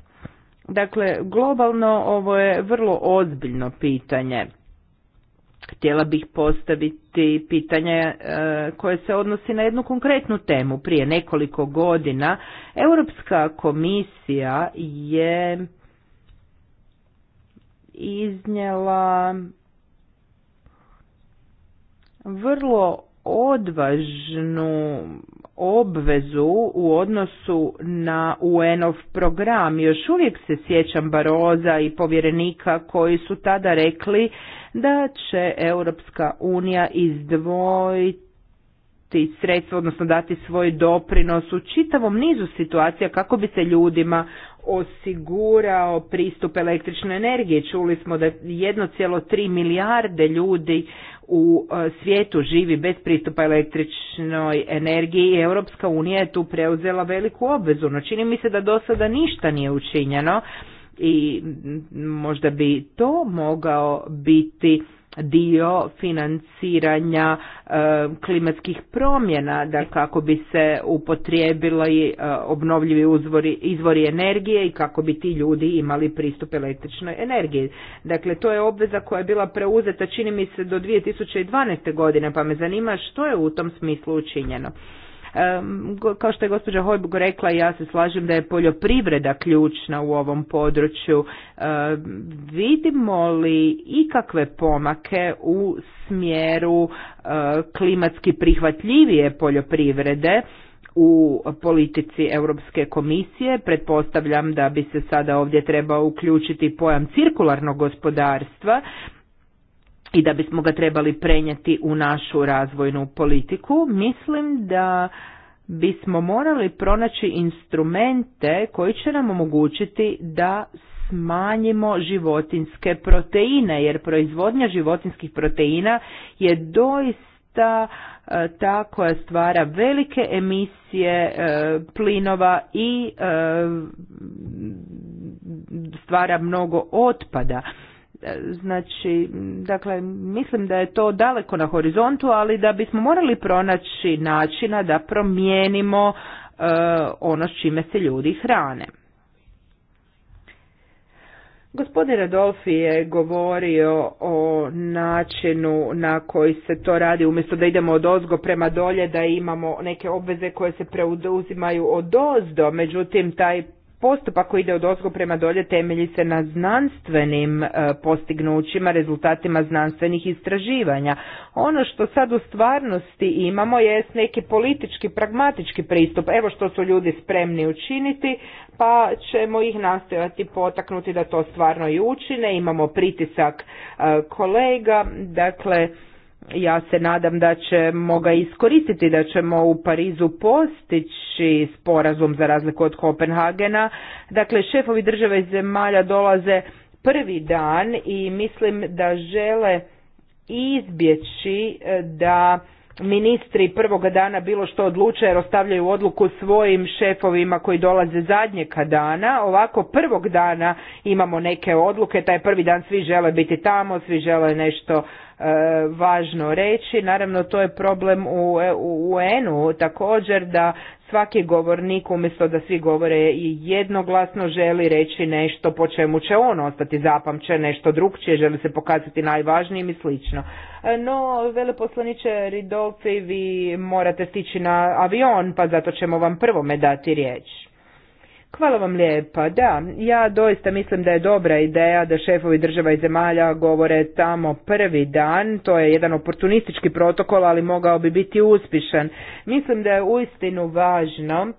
Dakle, globalno ovo je vrlo ozbiljno pitanje. Htjela bih postaviti pitanje e, koje se odnosi na jednu konkretnu temu. Prije nekoliko godina Europska komisija je iznjela vrlo odvažnu obvezu u odnosu na UN-ov program. Još uvijek se sjećam Baroza i povjerenika koji su tada rekli da će Europska unija izdvojiti sredstvo, odnosno dati svoj doprinos u čitavom nizu situacija kako bi se ljudima osigurao pristup električne energije. Čuli smo da 1,3 milijarde ljudi u e, svijetu živi bez pristupa električnoj energiji i Europska unija je tu preuzela veliku obvezu. No čini mi se da do sada ništa nije učinjeno i možda bi to mogao biti dio financiranja e, klimatskih promjena da kako bi se upotrijebili e, obnovljivi izvori energije i kako bi ti ljudi imali pristup električnoj energiji. Dakle, to je obveza koja je bila preuzeta čini mi se do 2012. godine, pa me zanima što je u tom smislu učinjeno. Kao što je gospođa Hojbog rekla, ja se slažem da je poljoprivreda ključna u ovom području. Vidimo li ikakve pomake u smjeru e, klimatski prihvatljivije poljoprivrede? u politici Europske komisije. Pretpostavljam da bi se sada ovdje trebao uključiti pojam cirkularnog gospodarstva i da bismo ga trebali prenijeti u našu razvojnu politiku, mislim da bismo morali pronaći instrumente koji će nam omogućiti da smanjimo životinske proteine, jer proizvodnja životinskih proteina je doista e, ta koja stvara velike emisije e, plinova i e, stvara mnogo otpada. Znači, dakle, mislim da je to daleko na horizontu, ali da bismo morali pronaći načina da promijenimo e, ono s čime se ljudi hrane. Gospodin Adolfi je govorio o načinu na koji se to radi, umjesto da idemo od ozgo prema dolje, da imamo neke obveze koje se preuzimaju od ozdo, međutim taj postupak koji ide od ozgo prema dolje temelji se na znanstvenim e, postignućima, rezultatima znanstvenih istraživanja. Ono što sad u stvarnosti imamo je neki politički, pragmatički pristup. Evo što su ljudi spremni učiniti, pa ćemo ih nastojati potaknuti da to stvarno i učine. Imamo pritisak e, kolega, dakle ja se nadam da ćemo ga iskoristiti, da ćemo u Parizu postići sporazum za razliku od Kopenhagena. Dakle, šefovi države i zemalja dolaze prvi dan i mislim da žele izbjeći e, da ministri prvoga dana bilo što odluče jer ostavljaju odluku svojim šefovima koji dolaze zadnjega dana. Ovako prvog dana imamo neke odluke, taj prvi dan svi žele biti tamo, svi žele nešto E, važno reći. Naravno, to je problem e, u UN-u također da svaki govornik umjesto da svi govore i jednoglasno želi reći nešto po čemu će on ostati zapamćen, nešto drugčije, želi se pokazati najvažnijim i slično. E, no, veleposlaniče Ridolfi, vi morate stići na avion, pa zato ćemo vam prvome dati riječ. Hvala vam lijepa. Da, ja doista mislim da je dobra ideja da šefovi država i zemalja govore tamo prvi dan. To je jedan oportunistički protokol, ali mogao bi biti uspišan. Mislim da je uistinu važno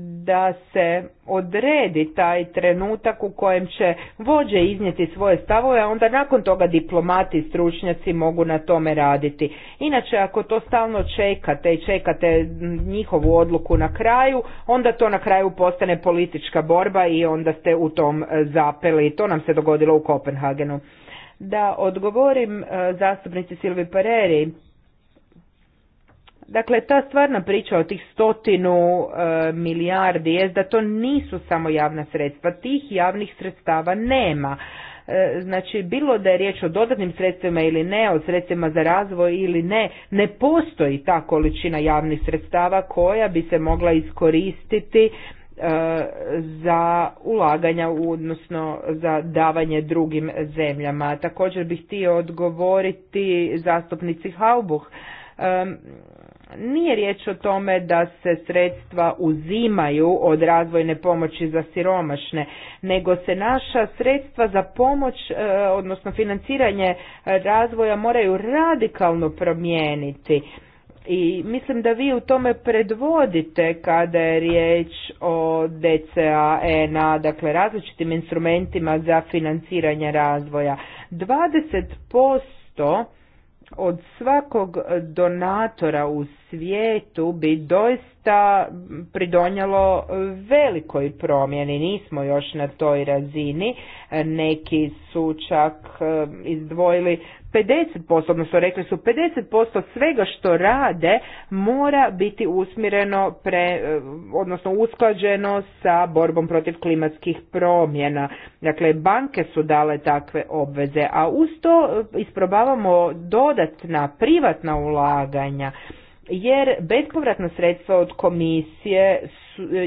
da se odredi taj trenutak u kojem će vođe iznijeti svoje stavove, a onda nakon toga diplomati i stručnjaci mogu na tome raditi. Inače, ako to stalno čekate i čekate njihovu odluku na kraju, onda to na kraju postane politička borba i onda ste u tom e, zapeli. To nam se dogodilo u Kopenhagenu. Da odgovorim e, zastupnici Silvi Pareri, Dakle, ta stvarna priča o tih stotinu e, milijardi je da to nisu samo javna sredstva, tih javnih sredstava nema. E, znači, bilo da je riječ o dodatnim sredstvima ili ne, o sredstvima za razvoj ili ne, ne postoji ta količina javnih sredstava koja bi se mogla iskoristiti e, za ulaganja odnosno za davanje drugim zemljama. Također bih htio odgovoriti zastupnici Haubuh. Nije riječ o tome da se sredstva uzimaju od razvojne pomoći za siromašne, nego se naša sredstva za pomoć, e, odnosno financiranje e, razvoja moraju radikalno promijeniti. I mislim da vi u tome predvodite kada je riječ o na e dakle različitim instrumentima za financiranje razvoja. 20% od svakog donatora u svijetu bi doista pridonjalo velikoj promjeni. Nismo još na toj razini. Neki su čak e, izdvojili 50%, odnosno rekli su 50% svega što rade mora biti usmjereno, pre, e, odnosno usklađeno sa borbom protiv klimatskih promjena. Dakle, banke su dale takve obveze, a uz to e, isprobavamo dodatna privatna ulaganja jer bespovratna sredstva od komisije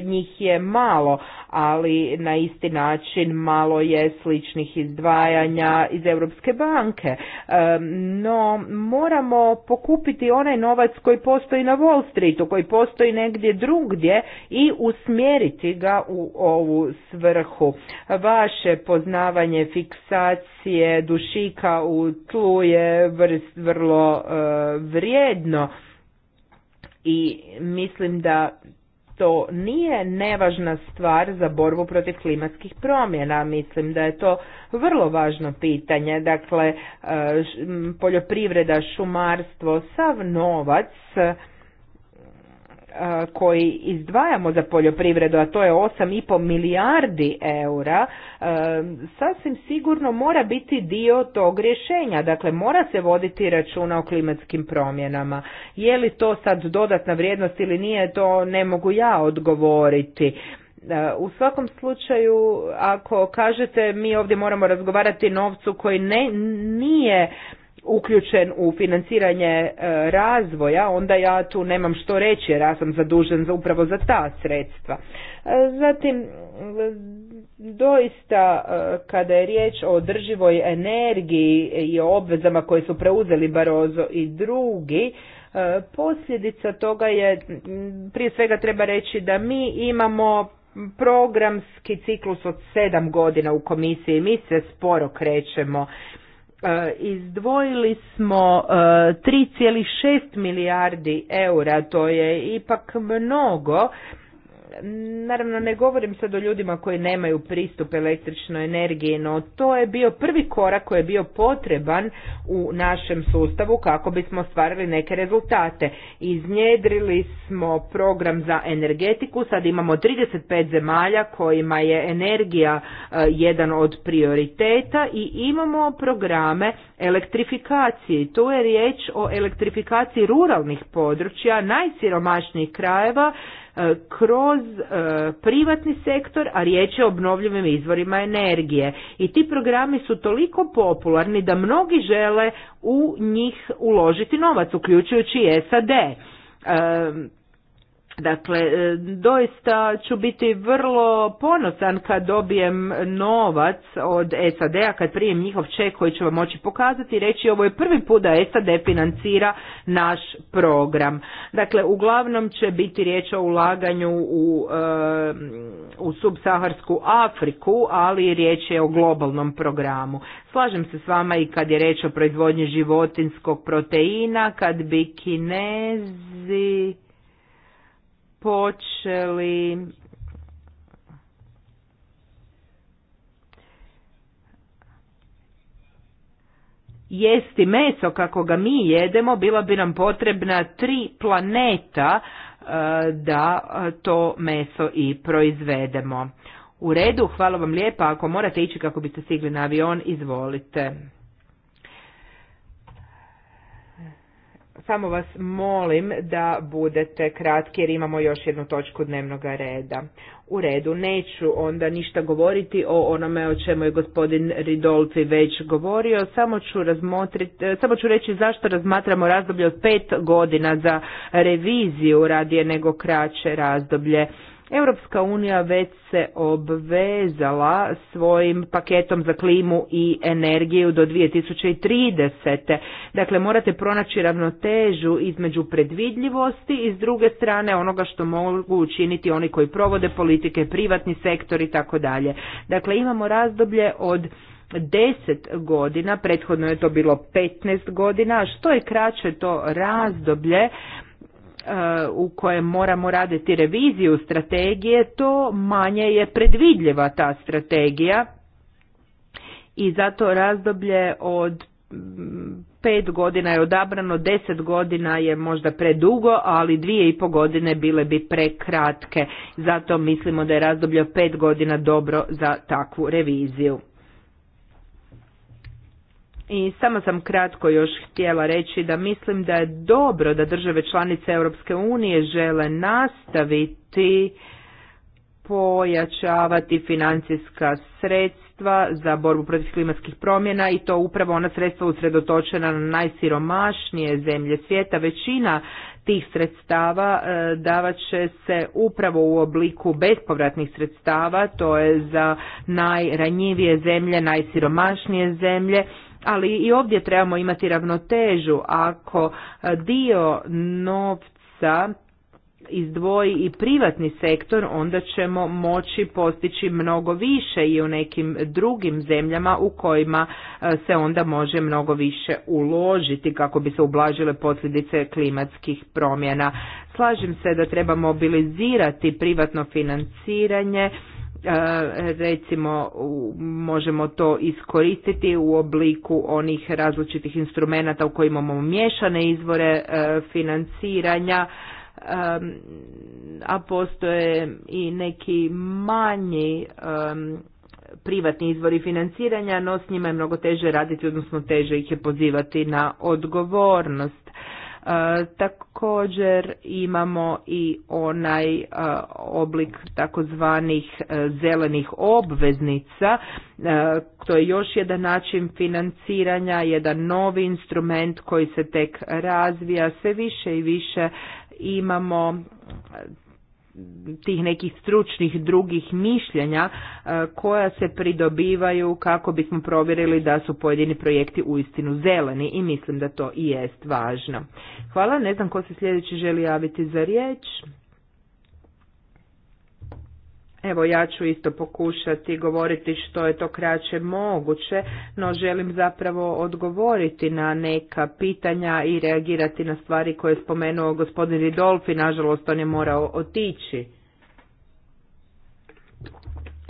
njih je malo, ali na isti način malo je sličnih izdvajanja iz Europske banke. No, moramo pokupiti onaj novac koji postoji na Wall Streetu, koji postoji negdje drugdje i usmjeriti ga u ovu svrhu. Vaše poznavanje fiksacije dušika u tlu je vrst vrlo e, vrijedno i mislim da to nije nevažna stvar za borbu protiv klimatskih promjena. Mislim da je to vrlo važno pitanje. Dakle, e, poljoprivreda, šumarstvo, sav novac koji izdvajamo za poljoprivredu, a to je 8,5 milijardi eura, sasvim sigurno mora biti dio tog rješenja. Dakle, mora se voditi računa o klimatskim promjenama. Je li to sad dodatna vrijednost ili nije, to ne mogu ja odgovoriti. U svakom slučaju, ako kažete mi ovdje moramo razgovarati novcu koji ne, nije uključen u financiranje e, razvoja, onda ja tu nemam što reći jer ja sam zadužen za upravo za ta sredstva. E, zatim, doista e, kada je riječ o održivoj energiji i o obvezama koje su preuzeli Barozo i drugi, posljedica toga je, prije svega treba reći da mi imamo programski ciklus od sedam godina u komisiji, mi se sporo krećemo E, izdvojili smo 3,6 e, milijardi eura, to je ipak mnogo Naravno, ne govorim sad o ljudima koji nemaju pristup električnoj energiji, no to je bio prvi korak koji je bio potreban u našem sustavu kako bismo stvarili neke rezultate. Iznjedrili smo program za energetiku, sad imamo 35 zemalja kojima je energija e, jedan od prioriteta i imamo programe elektrifikacije. Tu je riječ o elektrifikaciji ruralnih područja, najsiromašnijih krajeva, E, kroz e, privatni sektor, a riječ je o obnovljivim izvorima energije. I ti programi su toliko popularni da mnogi žele u njih uložiti novac, uključujući SAD. E, Dakle, e, doista ću biti vrlo ponosan kad dobijem novac od SAD-a, kad prijem njihov ček koji ću vam moći pokazati i reći ovo je prvi put da SAD financira naš program. Dakle, uglavnom će biti riječ o ulaganju u, e, u subsaharsku Afriku, ali riječ je o globalnom programu. Slažem se s vama i kad je riječ o proizvodnji životinskog proteina, kad bi kinezi počeli jesti meso kako ga mi jedemo, bila bi nam potrebna tri planeta e, da to meso i proizvedemo. U redu, hvala vam lijepa, ako morate ići kako biste stigli na avion, izvolite. Samo vas molim da budete kratki jer imamo još jednu točku dnevnog reda. U redu, neću onda ništa govoriti o onome o čemu je gospodin Ridolfi već govorio, samo ću, e, samo ću reći zašto razmatramo razdoblje od pet godina za reviziju radije nego kraće razdoblje. Europska unija već se obvezala svojim paketom za klimu i energiju do 2030. Dakle, morate pronaći ravnotežu između predvidljivosti i s druge strane onoga što mogu učiniti oni koji provode politike, privatni sektor i tako dalje. Dakle, imamo razdoblje od 10 godina, prethodno je to bilo 15 godina, što je kraće to razdoblje, E, u kojem moramo raditi reviziju strategije, to manje je predvidljiva ta strategija i zato razdoblje od mm, pet godina je odabrano, deset godina je možda predugo, ali dvije i po godine bile bi prekratke. Zato mislimo da je razdoblje od pet godina dobro za takvu reviziju. I samo sam kratko još htjela reći da mislim da je dobro da države članice Europske unije žele nastaviti pojačavati financijska sredstva za borbu protiv klimatskih promjena i to upravo ona sredstva usredotočena na najsiromašnije zemlje svijeta. Većina tih sredstava e, davat će se upravo u obliku bespovratnih sredstava, to je za najranjivije zemlje, najsiromašnije zemlje ali i ovdje trebamo imati ravnotežu ako e, dio novca izdvoji i privatni sektor, onda ćemo moći postići mnogo više i u nekim drugim zemljama u kojima e, se onda može mnogo više uložiti kako bi se ublažile posljedice klimatskih promjena. Slažem se da treba mobilizirati privatno financiranje E, recimo možemo to iskoristiti u obliku onih različitih instrumenata u kojima imamo miješane izvore e, financiranja e, a postoje i neki manji privatni izvori financiranja, no s njima je mnogo teže raditi, odnosno teže ih je pozivati na odgovornost. E, također imamo i onaj e, oblik takozvanih e, zelenih obveznica. To je još jedan način financiranja, jedan novi instrument koji se tek razvija. Sve više i više imamo tih nekih stručnih drugih mišljenja e, koja se pridobivaju kako bismo provjerili da su pojedini projekti uistinu zeleni i mislim da to i jest važno. Hvala, ne znam ko se sljedeći želi javiti za riječ. Evo ja ću isto pokušati govoriti što je to kraće moguće, no želim zapravo odgovoriti na neka pitanja i reagirati na stvari koje je spomenuo gospodin Ridolfi, nažalost on je morao otići.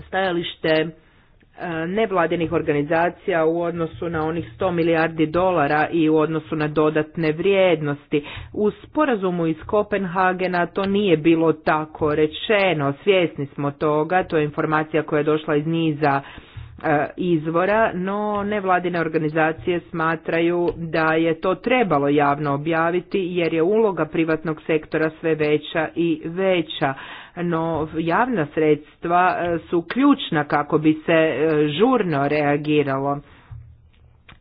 Stajalište E, nevladinih organizacija u odnosu na onih 100 milijardi dolara i u odnosu na dodatne vrijednosti. U sporazumu iz Kopenhagena to nije bilo tako rečeno, svjesni smo toga, to je informacija koja je došla iz niza e, izvora, no nevladine organizacije smatraju da je to trebalo javno objaviti jer je uloga privatnog sektora sve veća i veća no javna sredstva e, su ključna kako bi se e, žurno reagiralo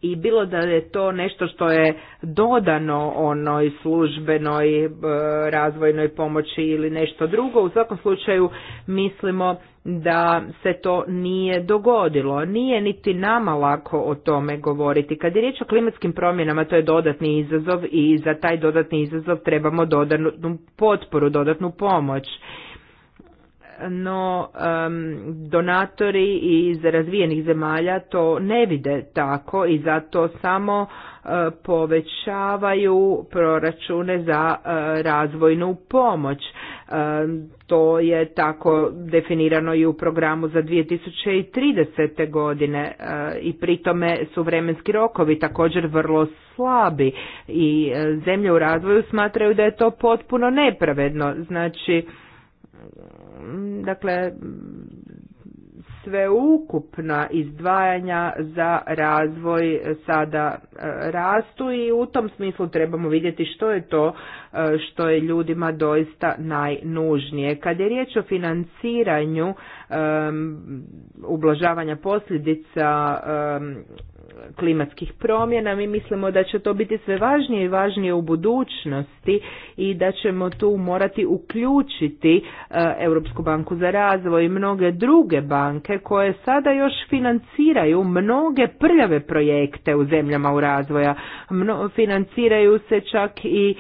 i bilo da je to nešto što je dodano onoj službenoj e, razvojnoj pomoći ili nešto drugo, u svakom slučaju mislimo da se to nije dogodilo. Nije niti nama lako o tome govoriti. Kad je riječ o klimatskim promjenama, to je dodatni izazov i za taj dodatni izazov trebamo dodatnu potporu, dodatnu pomoć no donatori iz razvijenih zemalja to ne vide tako i zato samo e, povećavaju proračune za e, razvojnu pomoć. To je tako definirano i u programu za 2030. godine e, i pritome su vremenski rokovi također vrlo slabi i zemlje u razvoju smatraju da je to potpuno nepravedno. Znači, Mm, dakle sveukupna izdvajanja za razvoj sada e, rastu i u tom smislu trebamo vidjeti što je to e, što je ljudima doista najnužnije. Kad je riječ o financiranju ublažavanja posljedica klimatskih promjena. Mi mislimo da će to biti sve važnije i važnije u budućnosti i da ćemo tu morati uključiti e, Europsku banku za razvoj i mnoge druge banke koje sada još financiraju mnoge prljave projekte u zemljama u razvoja. Mno, financiraju se čak i e,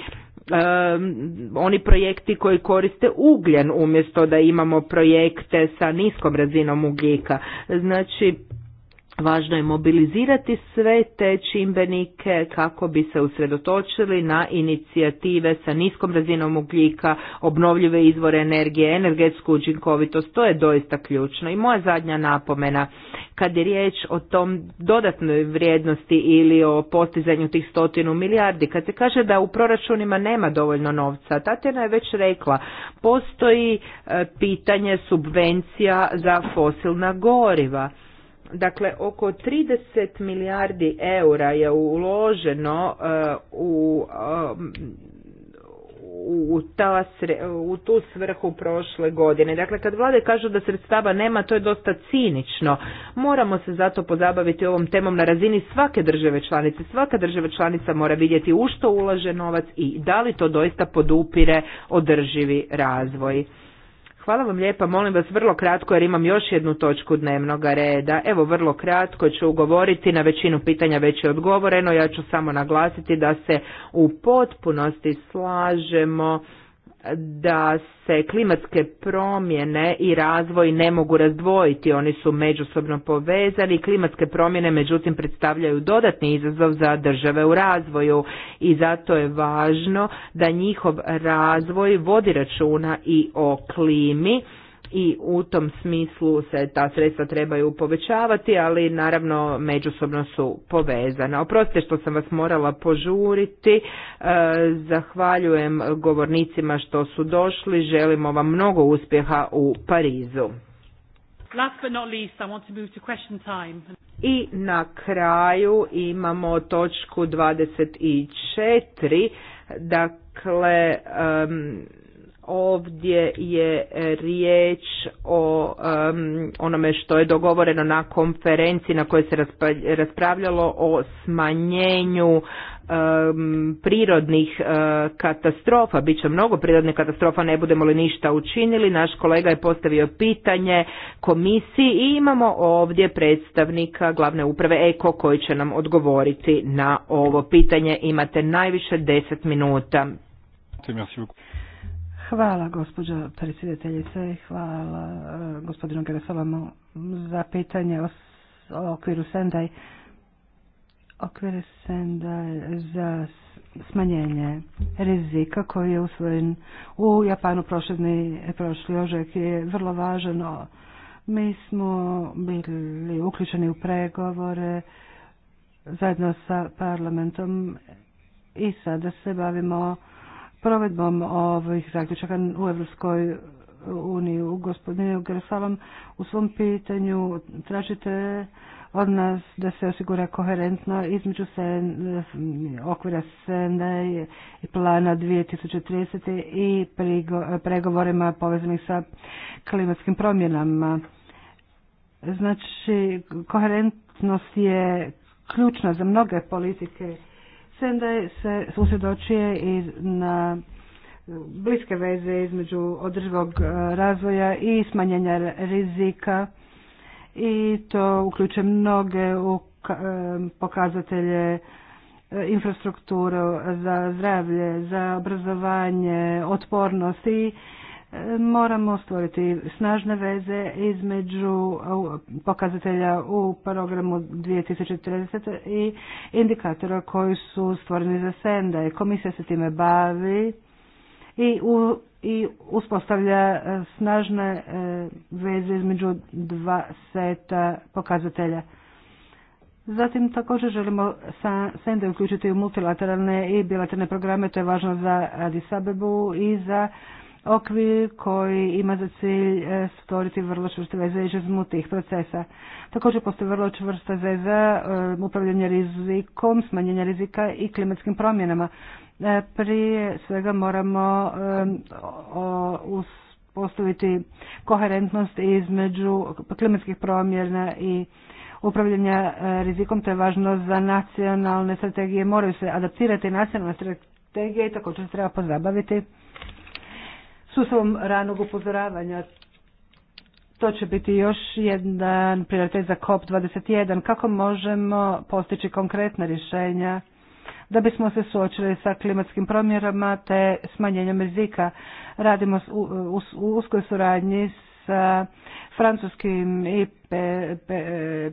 oni projekti koji koriste ugljen umjesto da imamo projekte sa niskom razinom ugljika. Znači Važno je mobilizirati sve te čimbenike kako bi se usredotočili na inicijative sa niskom razinom ugljika, obnovljive izvore energije, energetsku učinkovitost, to je doista ključno. I moja zadnja napomena, kad je riječ o tom dodatnoj vrijednosti ili o postizanju tih stotinu milijardi, kad se kaže da u proračunima nema dovoljno novca, Tatjana je već rekla, postoji e, pitanje subvencija za fosilna goriva Dakle, oko 30 milijardi eura je uloženo uh, u um, u tu svrhu prošle godine. Dakle, kad vlade kažu da sredstava nema, to je dosta cinično. Moramo se zato pozabaviti ovom temom na razini svake države članice. Svaka država članica mora vidjeti u što ulaže novac i da li to doista podupire održivi razvoj. Hvala vam lijepa, molim vas vrlo kratko jer imam još jednu točku dnevnog reda. Evo vrlo kratko ću ugovoriti na većinu pitanja već je odgovoreno, ja ću samo naglasiti da se u potpunosti slažemo da se klimatske promjene i razvoj ne mogu razdvojiti, oni su međusobno povezani, klimatske promjene međutim predstavljaju dodatni izazov za države u razvoju i zato je važno da njihov razvoj vodi računa i o klimi i u tom smislu se ta sredstva trebaju povećavati, ali naravno međusobno su povezana. Oprostite što sam vas morala požuriti, e, zahvaljujem govornicima što su došli, želimo vam mnogo uspjeha u Parizu. I na kraju imamo točku 24, dakle ovdje je e, riječ o um, onome što je dogovoreno na konferenciji na kojoj se raspravljalo o smanjenju prirodnih uh, katastrofa. Biće mnogo prirodnih katastrofa, ne budemo li ništa učinili. Naš kolega je postavio pitanje komisiji i imamo ovdje predstavnika glavne uprave EKO koji će nam odgovoriti na ovo pitanje. Imate najviše 10 minuta. Merci Hvala gospođo predsjedateljice, hvala e, gospodinu Gerasolamu za pitanje o, okviru Sendaj. Okvir Sendaj za smanjenje rizika koji je usvojen u Japanu prošli, prošli ožek je vrlo važan. Mi smo bili uključeni u pregovore zajedno sa parlamentom i sada se bavimo provedbom ovih zaključaka u Evropskoj uniji Gospodine Gersalom. u svom pitanju tražite od nas da se osigura koherentno između se, okvira sene i plana 2030. i pregovorima povezanih sa klimatskim promjenama. Znači, koherentnost je ključna za mnoge politike Sendaj se usredočuje i na bliske veze između održivog e, razvoja i smanjenja rizika i to uključuje mnoge e, pokazatelje e, infrastrukturu za zdravlje, za obrazovanje, otpornost i moramo stvoriti snažne veze između pokazatelja u programu 2030 i indikatora koji su stvoreni za senda. Komisija se time bavi i, u, i uspostavlja e, snažne e, veze između dva seta pokazatelja. Zatim također želimo sende uključiti u multilateralne i bilateralne programe, to je važno za Addis i za okvir koji ima za cilj e, stvoriti vrlo čvrste veze između tih procesa. Također postoji vrlo čvrsta veza e, upravljanja rizikom, smanjenja rizika i klimatskim promjenama. E, prije svega moramo uspostaviti koherentnost između klimatskih promjena i upravljanja rizikom, to je važno za nacionalne strategije, moraju se adaptirati nacionalne strategije i također se treba pozabaviti sustavom ranog upozoravanja. To će biti još jedan prioritet za COP21. Kako možemo postići konkretna rješenja da bismo se suočili sa klimatskim promjerama te smanjenjem rizika. Radimo u uskoj suradnji francuskim i pe,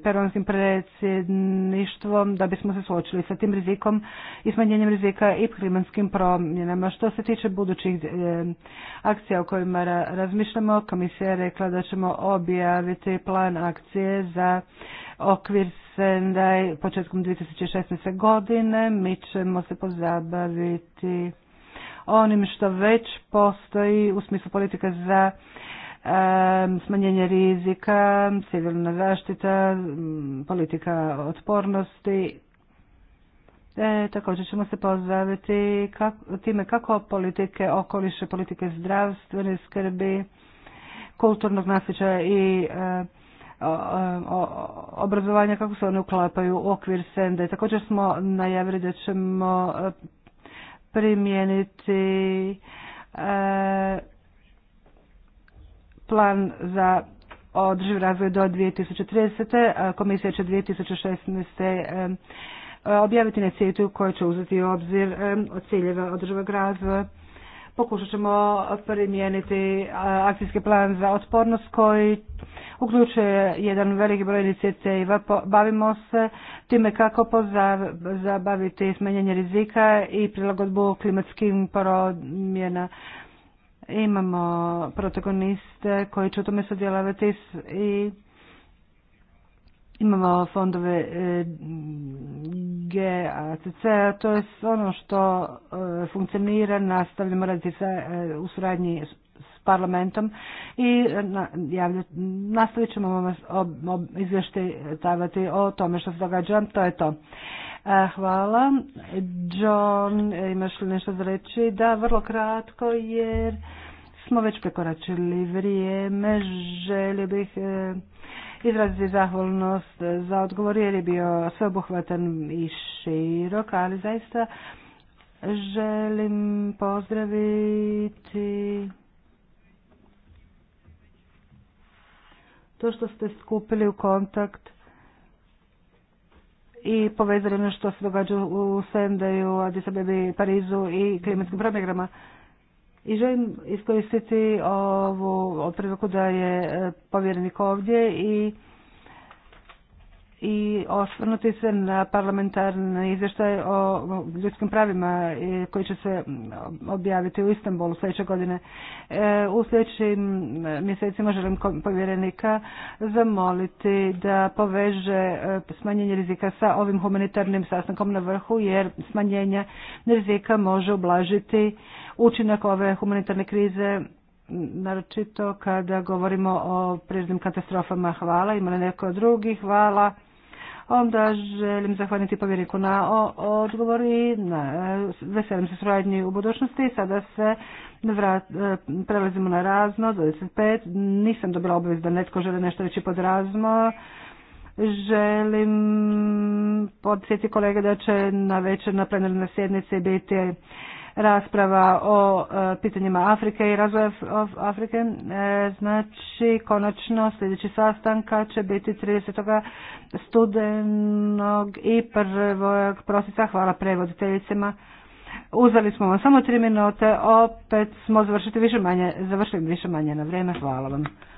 peronskim predsjedništvom da bismo se suočili sa tim rizikom i smanjenjem rizika i klimatskim promjenama. Što se tiče budućih e, akcija o kojima razmišljamo, komisija je rekla da ćemo objaviti plan akcije za okvir Sendaj početkom 2016. godine. Mi ćemo se pozabaviti onim što već postoji u smislu politika za smanjenje rizika, civilna zaštita, politika otpornosti. E, također ćemo se pozdraviti kako, time kako politike okoliše, politike zdravstvene skrbi, kulturnog nasjećaja i e, obrazovanja, kako se one uklapaju u okvir sende. Također smo najavili da ćemo e, primijeniti e, plan za održiv razvoj do 2030. Komisija će 2016. objaviti cijetu koje će uzeti u obzir od ciljeva održivog razvoja. Pokušat ćemo primijeniti akcijski plan za otpornost koji uključuje jedan veliki broj i Bavimo se time kako pozabaviti smanjenje rizika i prilagodbu klimatskim promjena imamo protagoniste koji će u tome sudjelovati i imamo fondove e, GACC, a to je ono što e, funkcionira, nastavljamo raditi e, u suradnji s parlamentom i nastavit ćemo vas izvještavati o tome što se događa, to je to. Hvala. John, imaš li nešto za reći? Da, vrlo kratko jer smo već prekoračili vrijeme. Želio bih e, izraziti zahvalnost za odgovor jer je bio sveobuhvatan i širok, ali zaista želim pozdraviti to što ste skupili u kontakt i povezali ono što se događa u Sendaju, Addis Parizu i klimatskim promjerama. I želim iskoristiti ovu priliku da je eh, povjerenik ovdje i i osvrnuti se na parlamentarni izvještaj o ljudskim pravima e, koji će se objaviti u Istanbulu sljedeće godine. E, u sljedećim mjesecima želim povjerenika zamoliti da poveže e, smanjenje rizika sa ovim humanitarnim sastankom na vrhu jer smanjenje rizika može ublažiti učinak ove humanitarne krize naročito kada govorimo o prirodnim katastrofama. Hvala. Ima li neko drugi? Hvala onda želim zahvaliti povjereniku na odgovori, i e, veselim se suradnji u budućnosti. Sada se vrat, e, prelazimo na razno, 25. Nisam dobila obavez da netko želi nešto reći pod razno. Želim podsjetiti kolege da će na večer na plenarnoj sjednici biti rasprava o e, pitanjima Afrike i razvoja Afrike. E, znači, konačno sljedeći sastanka će biti 30. studenog i prvog prosinca. Hvala prevoditeljicima. Uzeli smo vam samo tri minute, opet smo završili više manje, završili više manje na vrijeme. Hvala vam.